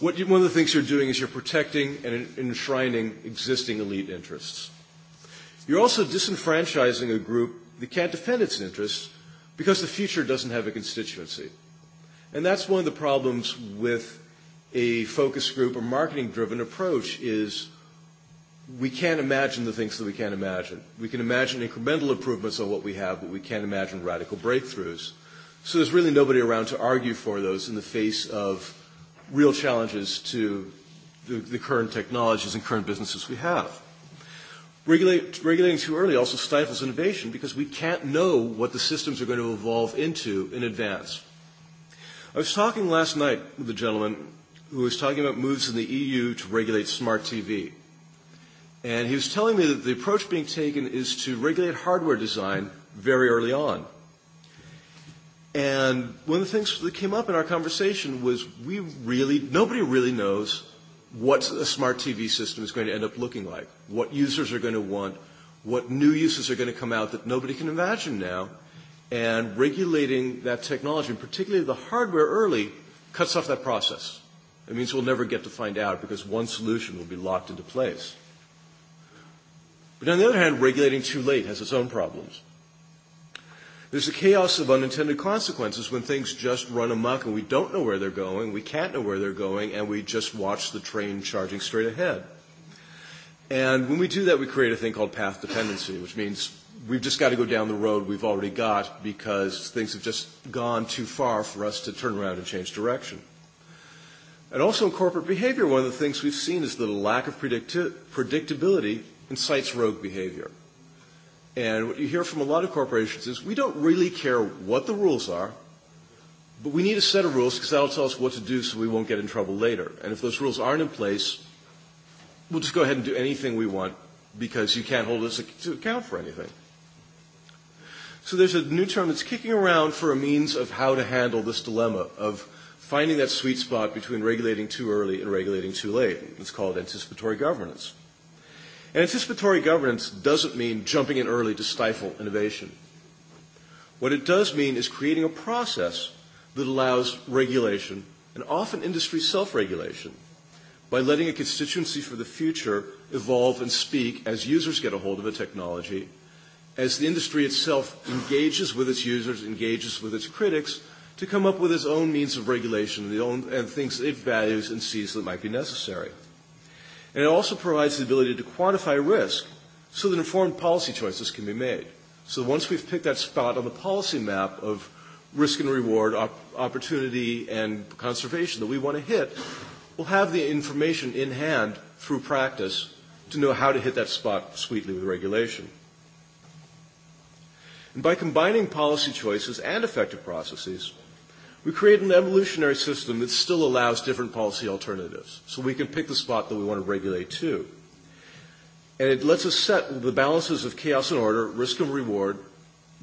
what one of the things you're doing is you're protecting and enshrining existing elite interests. You're also disenfranchising a group that can't defend its interests because the future doesn't have a constituency. And that's one of the problems with a focus group or marketing-driven approach is we can't imagine the things that we can't imagine. We can imagine incremental improvements on what we have, but we can't imagine radical breakthroughs. So there's really nobody around to argue for those in the face of real challenges to the, the current technologies and current businesses we have. regulating too early also stifles innovation because we can't know what the systems are going to evolve into in advance. I was talking last night with a gentleman who was talking about moves in the EU to regulate smart TV. And he was telling me that the approach being taken is to regulate hardware design very early on. And one of the things that came up in our conversation was we really, nobody really knows what a smart TV system is going to end up looking like, what users are going to want, what new uses are going to come out that nobody can imagine now and regulating that technology, and particularly the hardware early, cuts off that process. It means we'll never get to find out because one solution will be locked into place. But on the other hand, regulating too late has its own problems. There's a chaos of unintended consequences when things just run amok and we don't know where they're going, we can't know where they're going, and we just watch the train charging straight ahead. And when we do that, we create a thing called path dependency, which means we've just got to go down the road we've already got because things have just gone too far for us to turn around and change direction. And also in corporate behavior, one of the things we've seen is that a lack of predictability incites rogue behavior. And what you hear from a lot of corporations is we don't really care what the rules are, but we need a set of rules because that'll tell us what to do so we won't get in trouble later. And if those rules aren't in place, we'll just go ahead and do anything we want because you can't hold us to account for anything. So there's a new term that's kicking around for a means of how to handle this dilemma of finding that sweet spot between regulating too early and regulating too late. It's called anticipatory governance. And anticipatory governance doesn't mean jumping in early to stifle innovation. What it does mean is creating a process that allows regulation and often industry self-regulation by letting a constituency for the future evolve and speak as users get a hold of a technology as the industry itself engages with its users, engages with its critics, to come up with its own means of regulation and things it values and sees that might be necessary. And it also provides the ability to quantify risk so that informed policy choices can be made. So once we've picked that spot on the policy map of risk and reward, opportunity and conservation that we want to hit, we'll have the information in hand through practice to know how to hit that spot sweetly with regulation. And by combining policy choices and effective processes, we create an evolutionary system that still allows different policy alternatives. So we can pick the spot that we want to regulate to. And it lets us set the balances of chaos and order, risk and reward,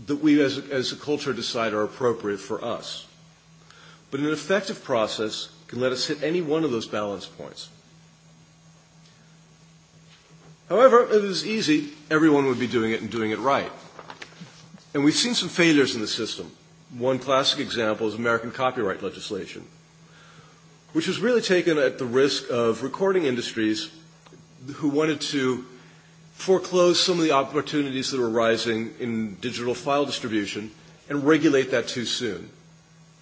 that we as, a culture decide are appropriate for us. But an effective process can let us hit any one of those balance points. However, if it was easy, everyone would be doing it and doing it right. And we've seen some failures in the system. One classic example is American copyright legislation, which was really taken at the risk of recording industries who wanted to foreclose some of the opportunities that were rising in digital file distribution and regulate that too soon.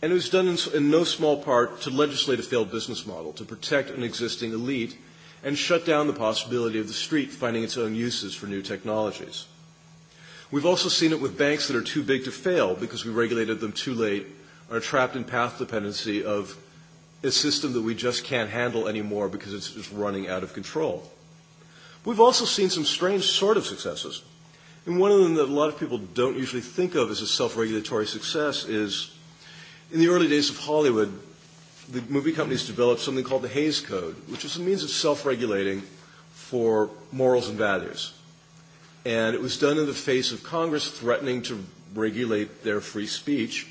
And it was done in no small part to legislate a failed business model, to protect an existing elite and shut down the possibility of the street finding its own uses for new technologies. We've also seen it with banks that are too big to fail because we regulated them too late, are trapped in path dependency of a system that we just can't handle anymore because it's just running out of control. We've also seen some strange sort of successes. And one of them that a lot of people don't usually think of as a self-regulatory success is in the early days of Hollywood, the movie companies developed something called the Hayes Code, which is a means of self-regulating for morals and values. And it was done in the face of Congress threatening to regulate their free speech.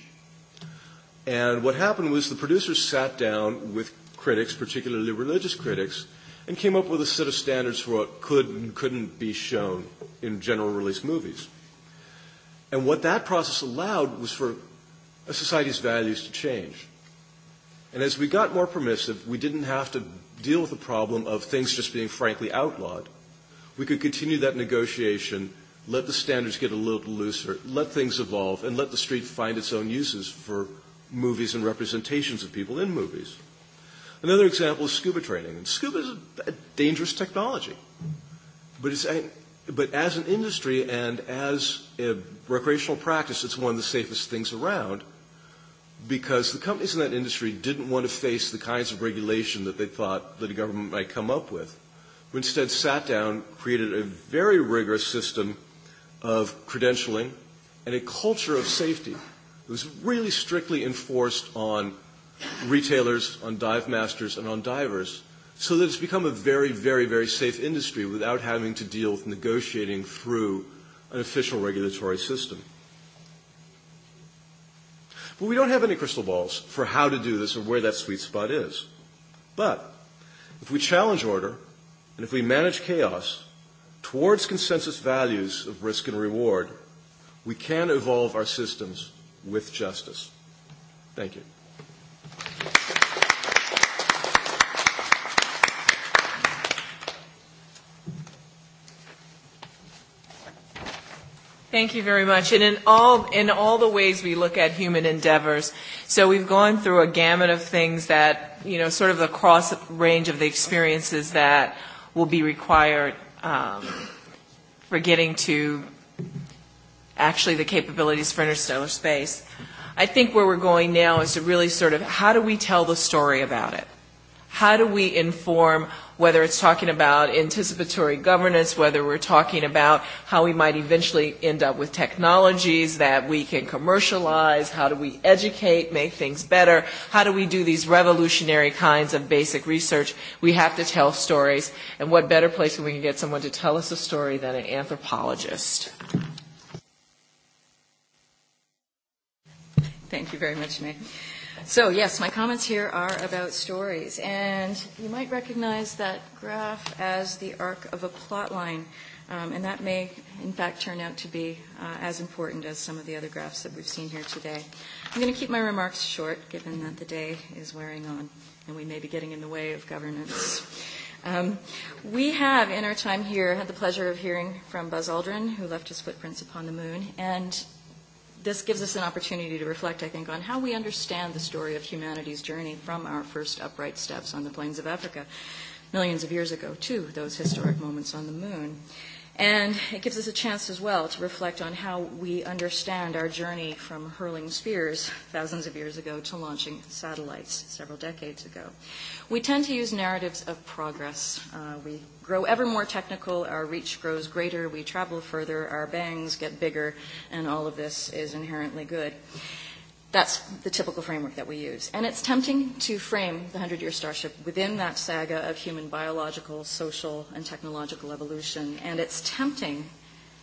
And what happened was the producers sat down with critics, particularly religious critics, and came up with a set of standards for what could and couldn't be shown in general release movies. And what that process allowed was for a society's values to change. And as we got more permissive, we didn't have to deal with the problem of things just being frankly outlawed we could continue that negotiation, let the standards get a little looser, let things evolve, and let the street find its own uses for movies and representations of people in movies. Another example is scuba training. And scuba is a dangerous technology. But, it's, but as an industry and as a recreational practice, it's one of the safest things around because the companies in that industry didn't want to face the kinds of regulation that they thought that the government might come up with who instead sat down, created a very rigorous system of credentialing and a culture of safety that was really strictly enforced on retailers, on dive masters, and on divers, so that it's become a very, very, very safe industry without having to deal with negotiating through an official regulatory system. But we don't have any crystal balls for how to do this or where that sweet spot is. But if we challenge order, and if we manage chaos towards consensus values of risk and reward, we can evolve our systems with justice. Thank you. Thank you very much. And in all, in all the ways we look at human endeavors, so we've gone through a gamut of things that, you know, sort of the cross range of the experiences that will be required for getting to actually the capabilities for interstellar space. I think where we're going now is to really sort of how do we tell the story about it? How do we inform whether it's talking about anticipatory governance, whether we're talking about how we might eventually end up with technologies that we can commercialize, how do we educate, make things better, how do we do these revolutionary kinds of basic research. We have to tell stories, and what better place can we can get someone to tell us a story than an anthropologist. Thank you very much, May. So yes, my comments here are about stories, and you might recognize that graph as the arc of a plot line, and that may in fact turn out to be as important as some of the other graphs that we've seen here today. I'm going to keep my remarks short, given that the day is wearing on, and we may be getting in the way of governance. We have, in our time here, had the pleasure of hearing from Buzz Aldrin, who left his footprints upon the moon, and this gives us an opportunity to reflect, I think, on how we understand the story of humanity's journey from our first upright steps on the plains of Africa, millions of years ago, to those historic moments on the moon. And it gives us a chance as well to reflect on how we understand our journey from hurling spears thousands of years ago to launching satellites several decades ago. We tend to use narratives of progress. We grow ever more technical, our reach grows greater, we travel further, our bangs get bigger, and all of this is inherently good. That's the typical framework that we use. And it's tempting to frame the 100-year starship within that saga of human biological, social, and technological evolution. And it's tempting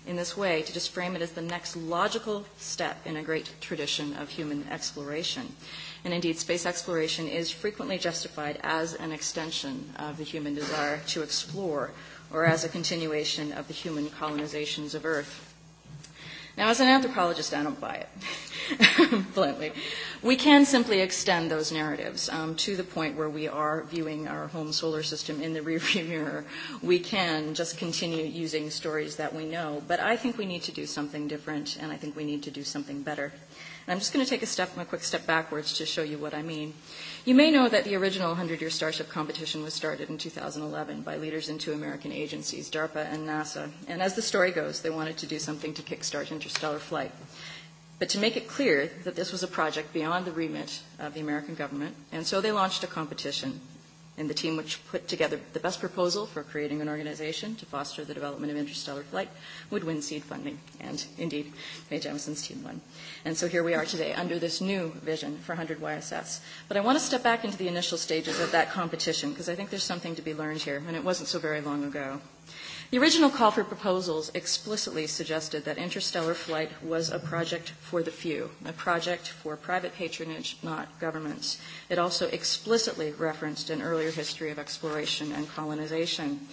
in this way to just frame it as the next logical step in a great tradition of human exploration. And indeed, space exploration is frequently justified as an extension of the human desire to explore or as a continuation of the human colonizations of Earth Now, as an anthropologist, I don't buy it, bluntly. We can simply extend those narratives to the point where we are viewing our home solar system in the rearview mirror. We can just continue using stories that we know, but I think we need to do something different, and I think we need to do something better. And I'm just going to take a step, a quick step backwards to show you what I mean. You may know that the original 100-year Starship competition was started in 2011 by leaders in two American agencies, DARPA and NASA. And as the story goes, they wanted to do something to kickstart interstellar flight. But to make it clear that this was a project beyond the remit of the American government, and so they launched a competition and the team which put together the best proposal for creating an organization to foster the development of interstellar flight would win seed funding. And indeed, Mae Jemison's team won. And so here we are today under this new vision for 100 YSS. But I want to step back into the initial stages of that competition because I think there's something to be learned here, and it wasn't so very long ago. The original call for proposals explicitly suggested that interstellar flight was a project for the few, a project for private patronage, not governments. It also explicitly referenced an earlier history of exploration and colonization.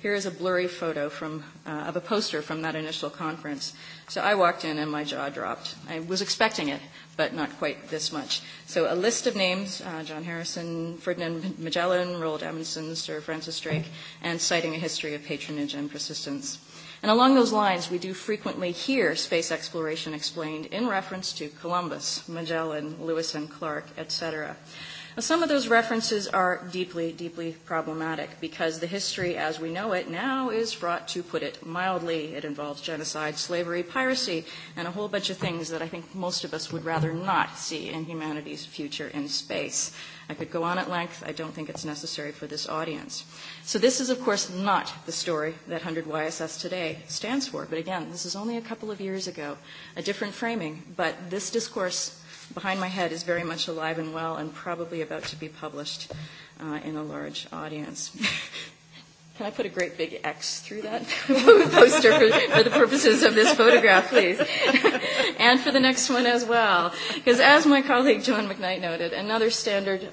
Here is a blurry photo from, of a poster from that initial conference. So I walked in and my jaw dropped. I was expecting it, but not quite this much. So a list of names, John Harrison, Ferdinand Magellan, Roald Amundsen, Sir Francis Drake, and citing a history of patronage and persistence. And along those lines, we do frequently hear space exploration explained in reference to Columbus, Magellan, Lewis and Clark, etc. Some of those references are deeply, deeply problematic because the history as we know it now is fraught, to put it mildly. It involves genocide, slavery, piracy, and a whole bunch of things that I think most of us would rather not see in humanity's future in space. I could go on at length. I don't think it's necessary for this audience. So this is, of course, not the story that 100YSS today stands for. But again, this is only a couple of years ago, a different framing. But this discourse behind my head is very much alive and well and probably about to be published in a large audience. Can I put a great big X through that poster for the purposes of this photograph, please? And for the next one as well. Because as my colleague John McKnight noted, another standard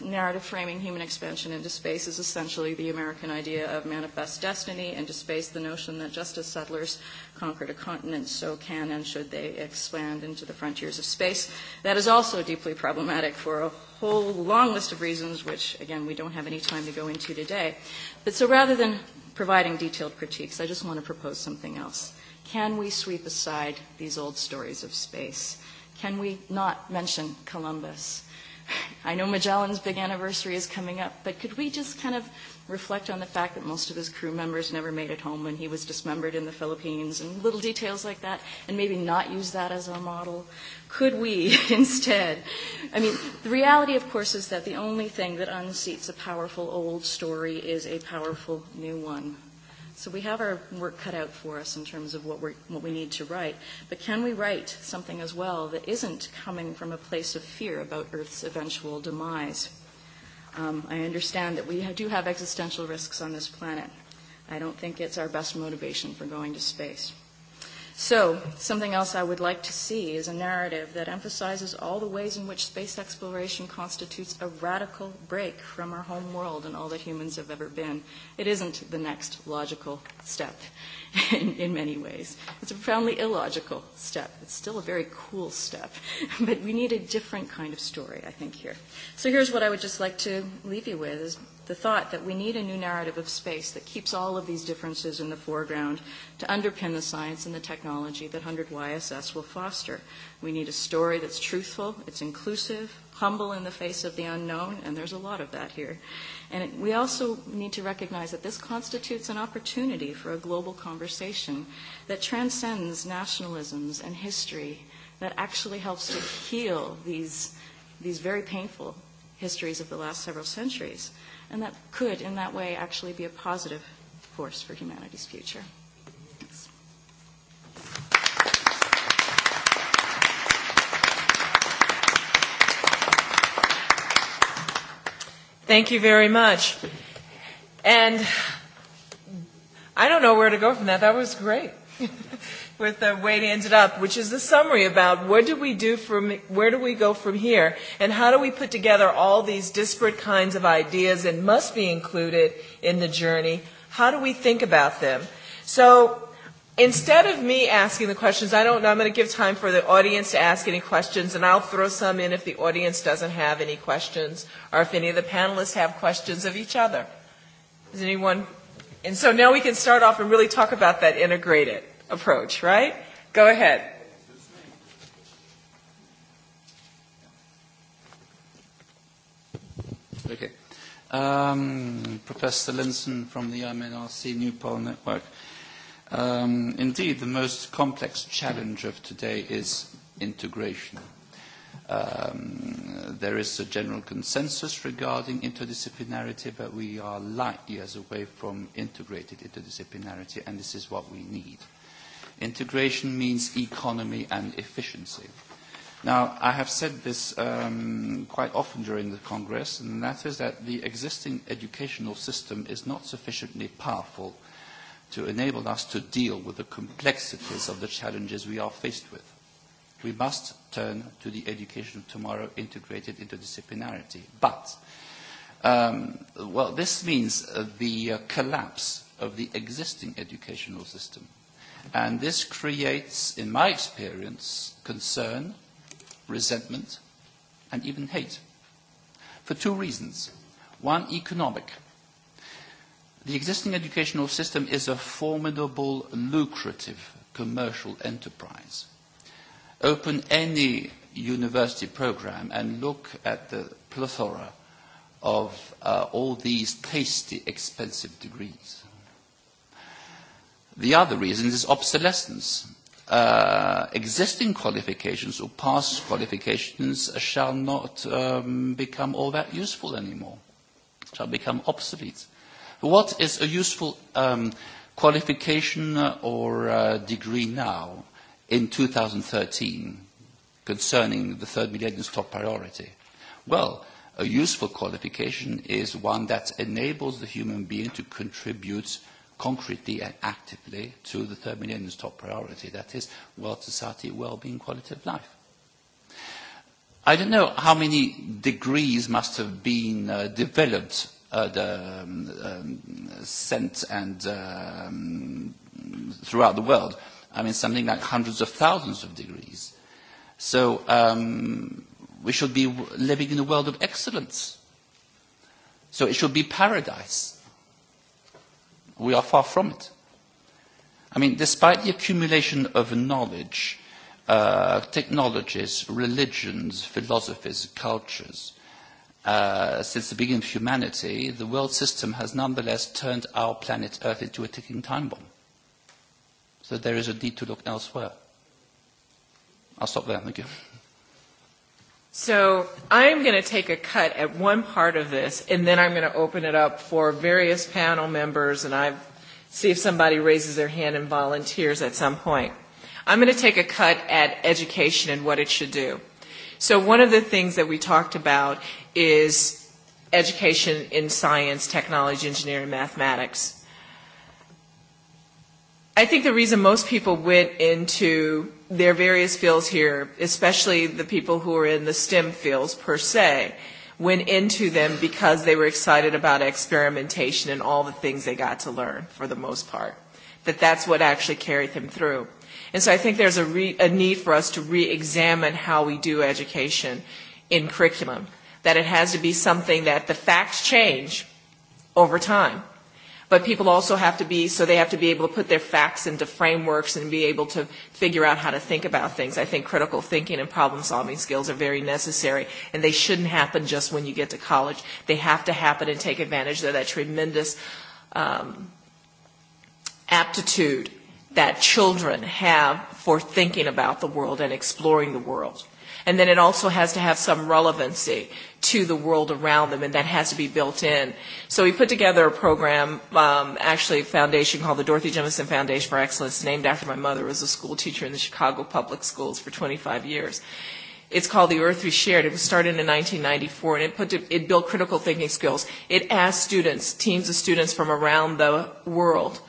narrative framing human expansion into space is essentially the American idea of manifest destiny and to space the notion that just as settlers conquered a continent, so can and should they expand into the frontiers of space. That is also deeply problematic for a whole long list of reasons, which, again, we don't have any time to go into today. But so rather than providing detailed critiques, I just want to propose something else. Can we sweep aside these old stories of space? Can we not mention Columbus? I know Magellan's big anniversary is coming up, but could we just kind of reflect on the fact that most of his crew members never made it home when he was dismembered in the Philippines and little details like that, and maybe not use that as a model? Could we instead? I mean, the reality, of course, is that the only thing that unseats a powerful old story is a powerful new one. So we have our work cut out for us in terms of what, we're, what we need to write. But can we write something as well that isn't coming from a place of fear about Earth's eventual demise? I understand that we do have existential risks on this planet. I don't think it's our best motivation for going to space. So, something else I would like to see is a narrative that emphasizes all the ways in which space exploration constitutes a radical break from our home world and all that humans have ever been. It isn't the next logical step in, in many ways. It's a profoundly illogical step. It's still a very cool step. But we need a different kind of story, I think, here. So here's what I would just like to leave you with is the thought that we need a new narrative of space that keeps all of these differences in the foreground to underpin the science and the technology that 100YSS will foster. We need a story that's truthful, it's inclusive, humble in the face of the unknown, and there's a lot of that here. And we also need to recognize that this constitutes an opportunity for a global conversation that transcends nationalisms and history, that actually helps to heal these, these very painful histories of the last several centuries, and that could, in that way, actually be a positive force for humanity's future. Thank you very much. And I don't know where to go from that. That was great with the way it ended up, which is the summary about what do we do from where do we go from here and how do we put together all these disparate kinds of ideas and must be included in the journey. How do we think about them? So Instead of me asking the questions, I don't know, I'm going to give time for the audience to ask any questions, and I'll throw some in if the audience doesn't have any questions, or if any of the panelists have questions of each other. Is anyone? And so now we can start off and really talk about that integrated approach, right? Go ahead. Okay. Um, Professor Linson from the IMNRC New Poll Network. Indeed, the most complex challenge of today is integration. There is a general consensus regarding interdisciplinarity, but we are light years away from integrated interdisciplinarity, and this is what we need. Integration means economy and efficiency. Now, I have said this quite often during the Congress, and that is that the existing educational system is not sufficiently powerful to enable us to deal with the complexities of the challenges we are faced with. We must turn to the education of tomorrow integrated interdisciplinarity. But, well, this means the collapse of the existing educational system. And this creates, in my experience, concern, resentment, and even hate. For two reasons. One, economic The existing educational system is a formidable, lucrative commercial enterprise. Open any university program and look at the plethora of all these tasty, expensive degrees. The other reason is obsolescence. Existing qualifications or past qualifications shall not become all that useful anymore, shall become obsolete. What is a useful qualification or degree now in 2013 concerning the third millennium's top priority? Well, a useful qualification is one that enables the human being to contribute concretely and actively to the third millennium's top priority, that is, world society, well-being, quality of life. I don't know how many degrees must have been developed sent and throughout the world. I mean, something like hundreds of thousands of degrees. So we should be living in a world of excellence. So it should be paradise. We are far from it. I mean, despite the accumulation of knowledge, technologies, religions, philosophies, cultures, since the beginning of humanity, the world system has nonetheless turned our planet Earth into a ticking time bomb. So there is a need to look elsewhere. I'll stop there. Thank you. So I'm going to take a cut at one part of this, and then I'm going to open it up for various panel members, and I see if somebody raises their hand and volunteers at some point. I'm going to take a cut at education and what it should do. So one of the things that we talked about is education in science, technology, engineering, mathematics. I think the reason most people went into their various fields here, especially the people who are in the STEM fields per se, went into them because they were excited about experimentation and all the things they got to learn for the most part. That that's what actually carried them through. And so I think there's a need for us to re-examine how we do education in curriculum that it has to be something that the facts change over time. But people also have to be, so they have to be able to put their facts into frameworks and be able to figure out how to think about things. I think critical thinking and problem-solving skills are very necessary, and they shouldn't happen just when you get to college. They have to happen and take advantage of that tremendous aptitude that children have for thinking about the world and exploring the world. And then it also has to have some relevancy to the world around them, and that has to be built in. So we put together a program, um, actually a foundation called the Dorothy Jemison Foundation for Excellence, named after my mother, who was a school teacher in the Chicago public schools for 25 years. It's called The Earth We Shared. It was started in 1994, and it, put to, it built critical thinking skills. It asked students, teams of students from around the world,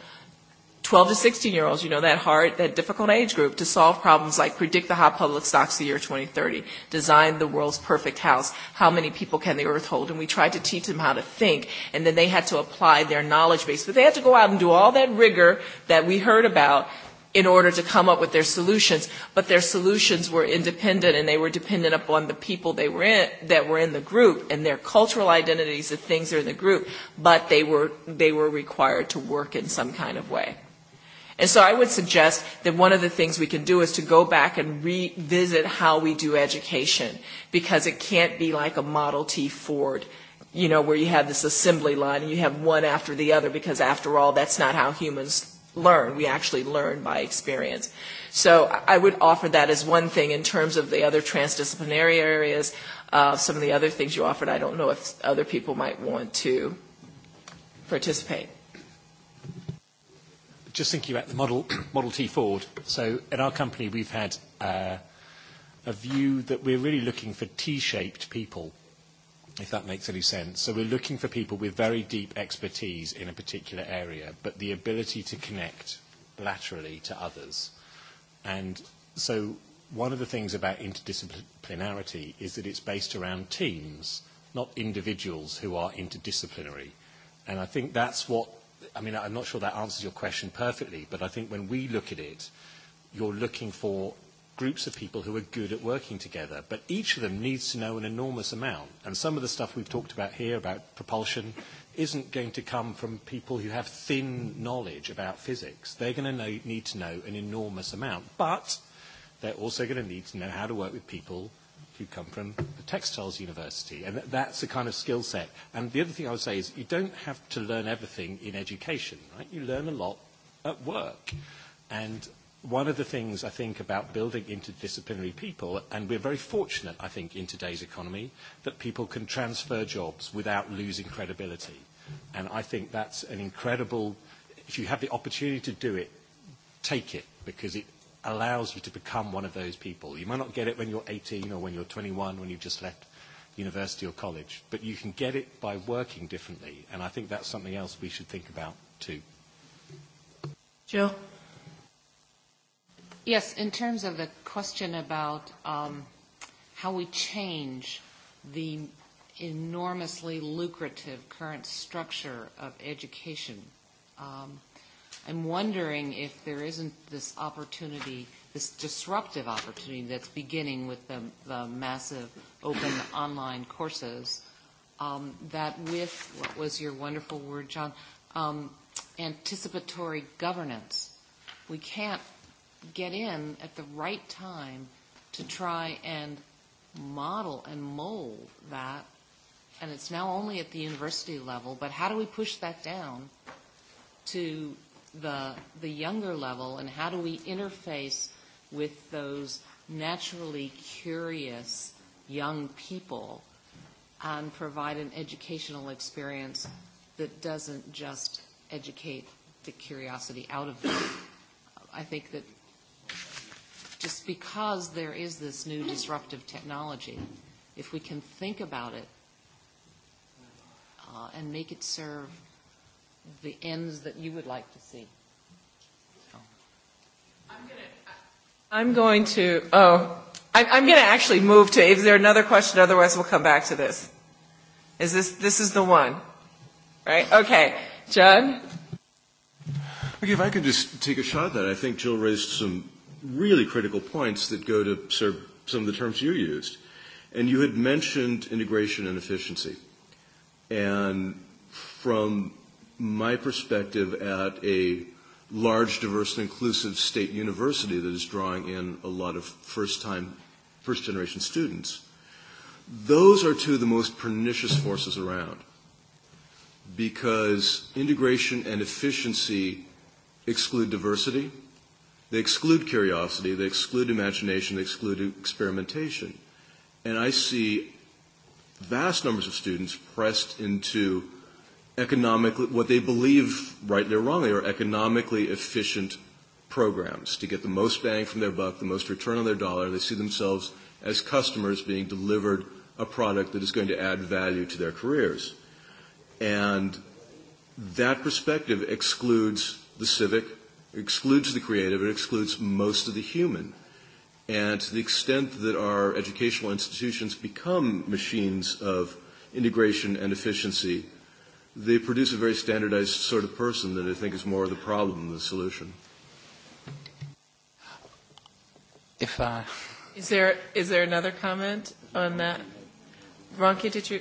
12 to 16 year olds, you know, that hard, that difficult age group to solve problems like predict the hot public stocks the year 2030, design the world's perfect house, how many people can the earth hold? And we tried to teach them how to think, and then they had to apply their knowledge base. But they had to go out and do all that rigor that we heard about in order to come up with their solutions, but their solutions were independent and they were dependent upon the people they were in, that were in the group and their cultural identities, the things that are in the group, but they were, they were required to work in some kind of way. And so I would suggest that one of the things we can do is to go back and revisit how we do education because it can't be like a Model T Ford, you know, where you have this assembly line and you have one after the other because after all, that's not how humans learn. We actually learn by experience. So I would offer that as one thing in terms of the other transdisciplinary areas. Some of the other things you offered, I don't know if other people might want to participate just thinking about the model T Ford. So at our company, we've had a view that we're really looking for T-shaped people, if that makes any sense. So we're looking for people with very deep expertise in a particular area, but the ability to connect laterally to others. And so one of the things about interdisciplinarity is that it's based around teams, not individuals who are interdisciplinary. And I think that's what I mean, I'm not sure that answers your question perfectly, but I think when we look at it, you're looking for groups of people who are good at working together, but each of them needs to know an enormous amount. And some of the stuff we've talked about here about propulsion isn't going to come from people who have thin knowledge about physics. They're going to need to know an enormous amount, but they're also going to need to know how to work with people who come from the textiles university. And that's a kind of skill set. And the other thing I would say is you don't have to learn everything in education, right? You learn a lot at work. And one of the things I think about building interdisciplinary people, and we're very fortunate, I think, in today's economy, that people can transfer jobs without losing credibility. And I think that's an incredible, if you have the opportunity to do it, take it, because it allows you to become one of those people. You might not get it when you're 18 or when you're 21, when you've just left university or college, but you can get it by working differently, and I think that's something else we should think about too. Jill? Yes, in terms of the question about um, how we change the enormously lucrative current structure of education, um, I'm wondering if there isn't this opportunity, this disruptive opportunity that's beginning with the, massive open online courses, that with, what was your wonderful word, John, anticipatory governance, we can't get in at the right time to try and model and mold that. And it's now only at the university level, but how do we push that down to the the younger level and how do we interface with those naturally curious young people and provide an educational experience that doesn't just educate the curiosity out of them. I think that just because there is this new disruptive technology, if we can think about it and make it serve the ends that you would like to see? I'm going to, oh, I'm going to actually move to, is there another question? Otherwise, we'll come back to this. Is this, this is the one, right? Okay. John? Okay, if I could just take a shot at that. I think Jill raised some really critical points that go to some of the terms you used. And you had mentioned integration and efficiency. And from my perspective at a large, diverse, and inclusive state university that is drawing in a lot of first-time, first-generation students. Those are two of the most pernicious forces around because integration and efficiency exclude diversity, they exclude curiosity, they exclude imagination, they exclude experimentation. And I see vast numbers of students pressed into economically, what they believe, rightly or wrongly, are economically efficient programs to get the most bang from their buck, the most return on their dollar. They see themselves as customers being delivered a product that is going to add value to their careers. And that perspective excludes the civic, excludes the creative, it excludes most of the human. And to the extent that our educational institutions become machines of integration and efficiency, they produce a very standardized sort of person that I think is more of the problem than the solution. If I... Is there is there another comment on that? Ronki, did you?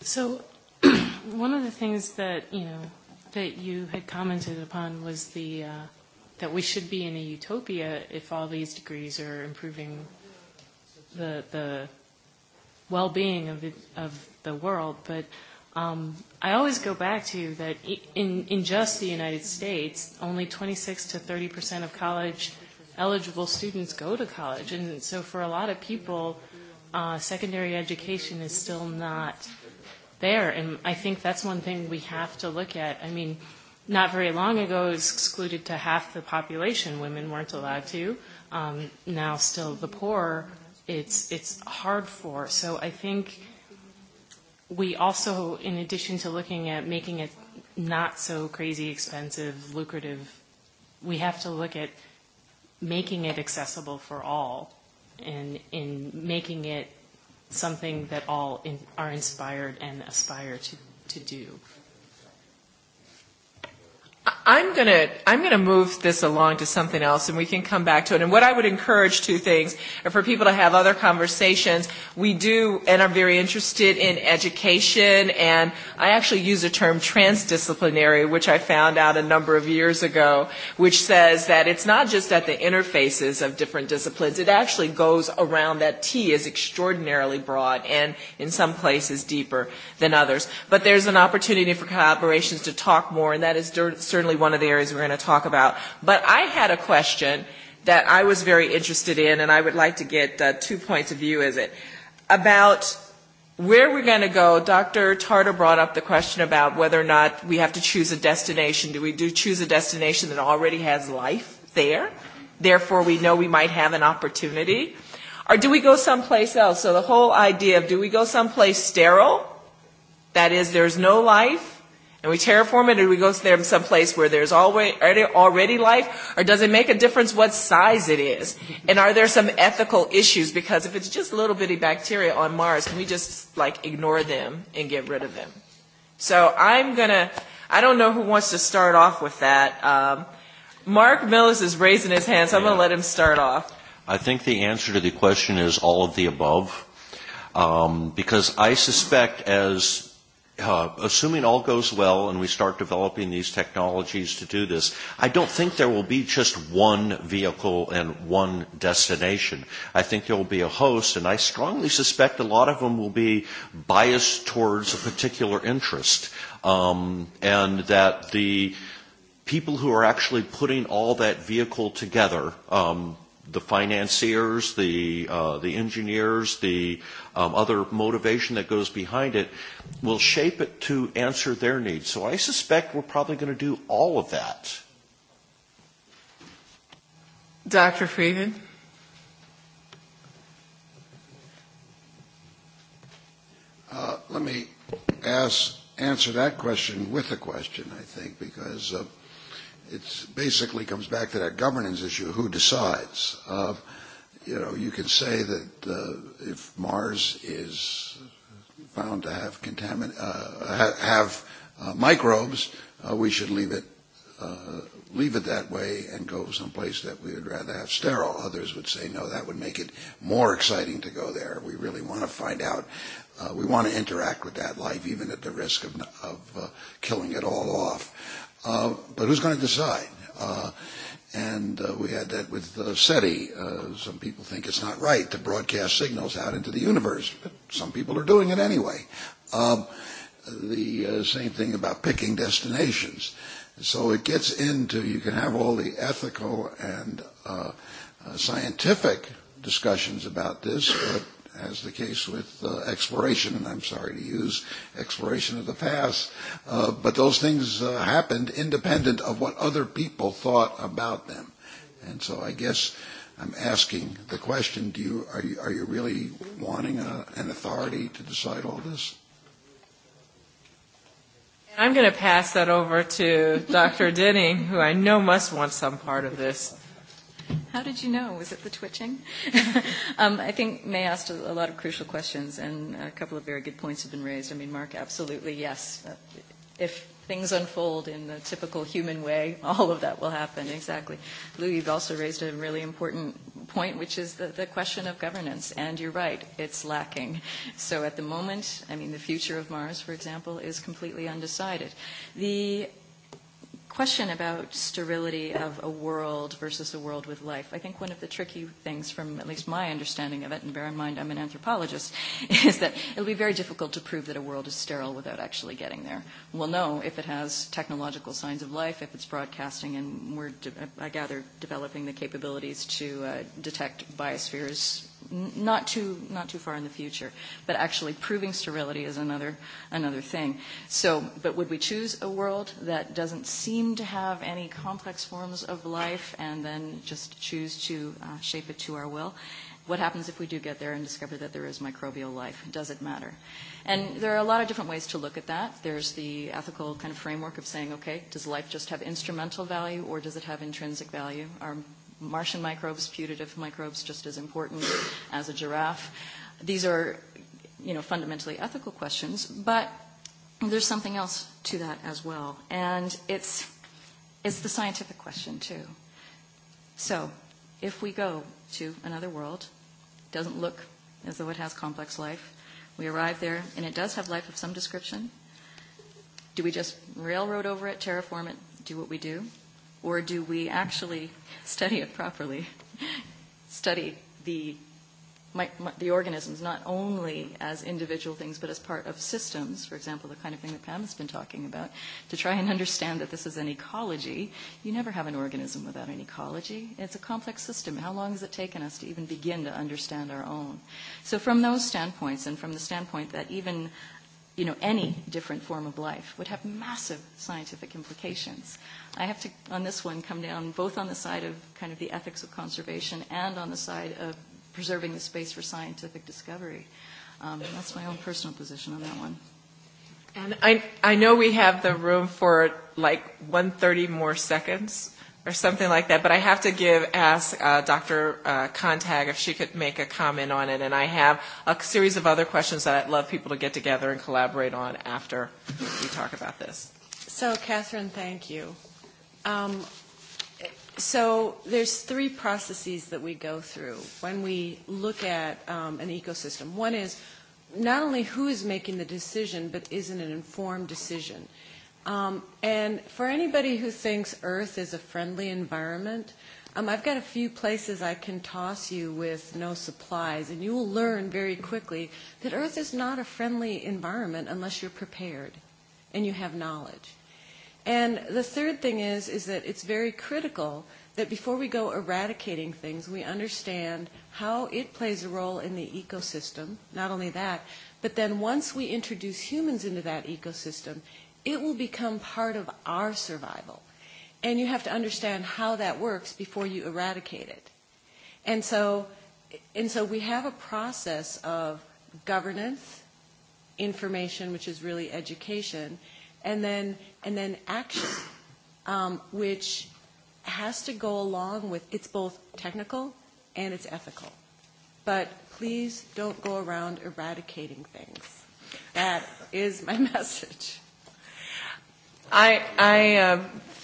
So, one of the things that you know that you had commented upon was the uh, that we should be in a utopia if all these degrees are improving the the well-being of the, of the world, but I always go back to that in just the United States, only 26 to 30 percent of college eligible students go to college, and so for a lot of people, secondary education is still not there, and I think that's one thing we have to look at. I mean, not very long ago, it was excluded to half the population. Women weren't allowed to. Now, still the poor, it's it's hard for. So I think we also, in addition to looking at making it not so crazy expensive, lucrative, we have to look at making it accessible for all and in making it something that all are inspired and aspire to, to do. I'm going to move this along to something else and we can come back to it. And what I would encourage two things and for people to have other conversations. We do and are very interested in education and I actually use the term transdisciplinary which I found out a number of years ago which says that it's not just at the interfaces of different disciplines. It actually goes around that T is extraordinarily broad and in some places deeper than others. But there's an opportunity for collaborations to talk more and that is certainly one of the areas we're going to talk about. But I had a question that I was very interested in, and I would like to get two points of view, is it, about where we're going to go. Dr. Tarter brought up the question about whether or not we have to choose a destination. Do we do choose a destination that already has life there? Therefore, we know we might have an opportunity. Or do we go someplace else? So the whole idea of do we go someplace sterile, that is, there's no life, and we terraform it or we go to them someplace where there's already already life or does it make a difference what size it is and are there some ethical issues because if it's just little bitty bacteria on mars can we just like ignore them and get rid of them so i'm going i don't know who wants to start off with that mark millis is raising his hand so i'm going to let him start off i think the answer to the question is all of the above um because i suspect as assuming all goes well and we start developing these technologies to do this, I don't think there will be just one vehicle and one destination. I think there will be a host, and I strongly suspect a lot of them will be biased towards a particular interest, and that the people who are actually putting all that vehicle together, um, the financiers, the the engineers, the other motivation that goes behind it will shape it to answer their needs. So I suspect we're probably going to do all of that. Dr. Friedman. Let me ask answer that question with a question, I think, because it basically comes back to that governance issue. Who decides? You know, you can say that if Mars is found to have have microbes, we should leave it, leave it that way and go someplace that we would rather have sterile. Others would say, no, that would make it more exciting to go there. We really want to find out. We want to interact with that life, even at the risk of killing it all off but who's going to decide? And we had that with SETI. Some people think it's not right to broadcast signals out into the universe, but some people are doing it anyway. The same thing about picking destinations. So it gets into, you can have all the ethical and scientific discussions about this, but as the case with exploration, and I'm sorry to use exploration of the past, but those things happened independent of what other people thought about them. And so I guess I'm asking the question, do you, are, you, are you really wanting an authority to decide all this? I'm going to pass that over to Dr. Dinning, who I know must want some part of this. How did you know? Was it the twitching? um, I think May asked a, lot of crucial questions, and a couple of very good points have been raised. I mean, Mark, absolutely, yes. If things unfold in the typical human way, all of that will happen, exactly. Lou, you've also raised a really important point, which is the, the question of governance. And you're right, it's lacking. So at the moment, I mean, the future of Mars, for example, is completely undecided. The question about sterility of a world versus a world with life. I think one of the tricky things from at least my understanding of it, and bear in mind I'm an anthropologist, is that it'll be very difficult to prove that a world is sterile without actually getting there. We'll know if it has technological signs of life, if it's broadcasting, and we're, I gather, developing the capabilities to detect biospheres not too not too far in the future, but actually proving sterility is another another thing. So, but would we choose a world that doesn't seem to have any complex forms of life, and then just choose to shape it to our will? What happens if we do get there and discover that there is microbial life? Does it matter? And there are a lot of different ways to look at that. There's the ethical kind of framework of saying, okay, does life just have instrumental value or does it have intrinsic value? Are Martian microbes, putative microbes, just as important as a giraffe. These are, you know, fundamentally ethical questions, but there's something else to that as well. And it's, it's the scientific question, too. So if we go to another world, it doesn't look as though it has complex life. We arrive there, and it does have life of some description. Do we just railroad over it, terraform it, do what we do? or do we actually study it properly, study the the organisms not only as individual things but as part of systems, for example, the kind of thing that Pam has been talking about, to try and understand that this is an ecology. You never have an organism without an ecology. It's a complex system. How long has it taken us to even begin to understand our own? So from those standpoints and from the standpoint that even you know, any different form of life would have massive scientific implications. I have to, on this one, come down both on the side of kind of the ethics of conservation and on the side of preserving the space for scientific discovery. Um, that's my own personal position on that one. And I, I know we have the room for like 130 more seconds, or something like that. But I have to give ask uh, Dr. Uh, Contag if she could make a comment on it. And I have a series of other questions that I'd love people to get together and collaborate on after we talk about this. So, Catherine, thank you. Um, so there's three processes that we go through when we look at um, an ecosystem. One is not only who is making the decision, but is it an informed decision? And for anybody who thinks Earth is a friendly environment, I've got a few places I can toss you with no supplies, and you will learn very quickly that Earth is not a friendly environment unless you're prepared and you have knowledge. And the third thing is, is that it's very critical that before we go eradicating things, we understand how it plays a role in the ecosystem. Not only that, but then once we introduce humans into that ecosystem, it will become part of our survival. And you have to understand how that works before you eradicate it. And so, and so we have a process of governance, information, which is really education, and then, and then action, um, which has to go along with, it's both technical and it's ethical. But please don't go around eradicating things. That is my message. I, I uh,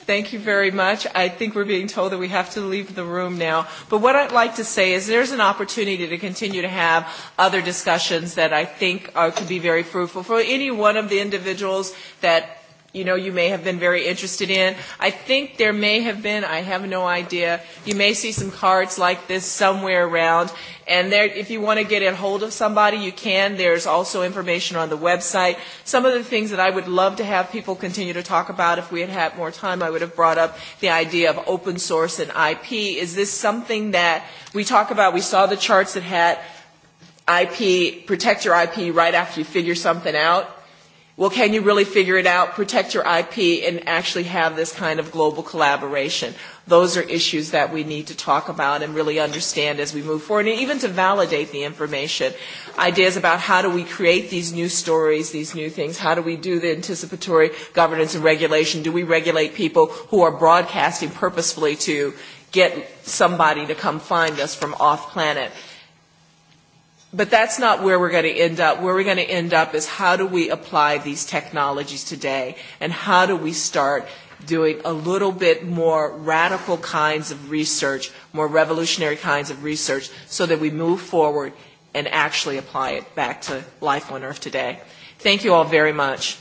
thank you very much. I think we're being told that we have to leave the room now. But what I'd like to say is there's an opportunity to continue to have other discussions that I think are, could be very fruitful for any one of the individuals that you know you may have been very interested in. I think there may have been, I have no idea, you may see some cards like this somewhere around. And there, if you want to get in hold of somebody, you can. There's also information on the website. Some of the things that I would love to have people continue to talk about, if we had had more time, I would have brought up the idea of open source and IP. Is this something that we talk about? We saw the charts that had IP, protect your IP right after you figure something out well, can you really figure it out, protect your IP, and actually have this kind of global collaboration? Those are issues that we need to talk about and really understand as we move forward, and even to validate the information. Ideas about how do we create these new stories, these new things, how do we do the anticipatory governance and regulation? Do we regulate people who are broadcasting purposefully to get somebody to come find us from off planet? But that's not where we're going to end up. Where we're going to end up is how do we apply these technologies today and how do we start doing a little bit more radical kinds of research, more revolutionary kinds of research so that we move forward and actually apply it back to life on Earth today. Thank you all very much.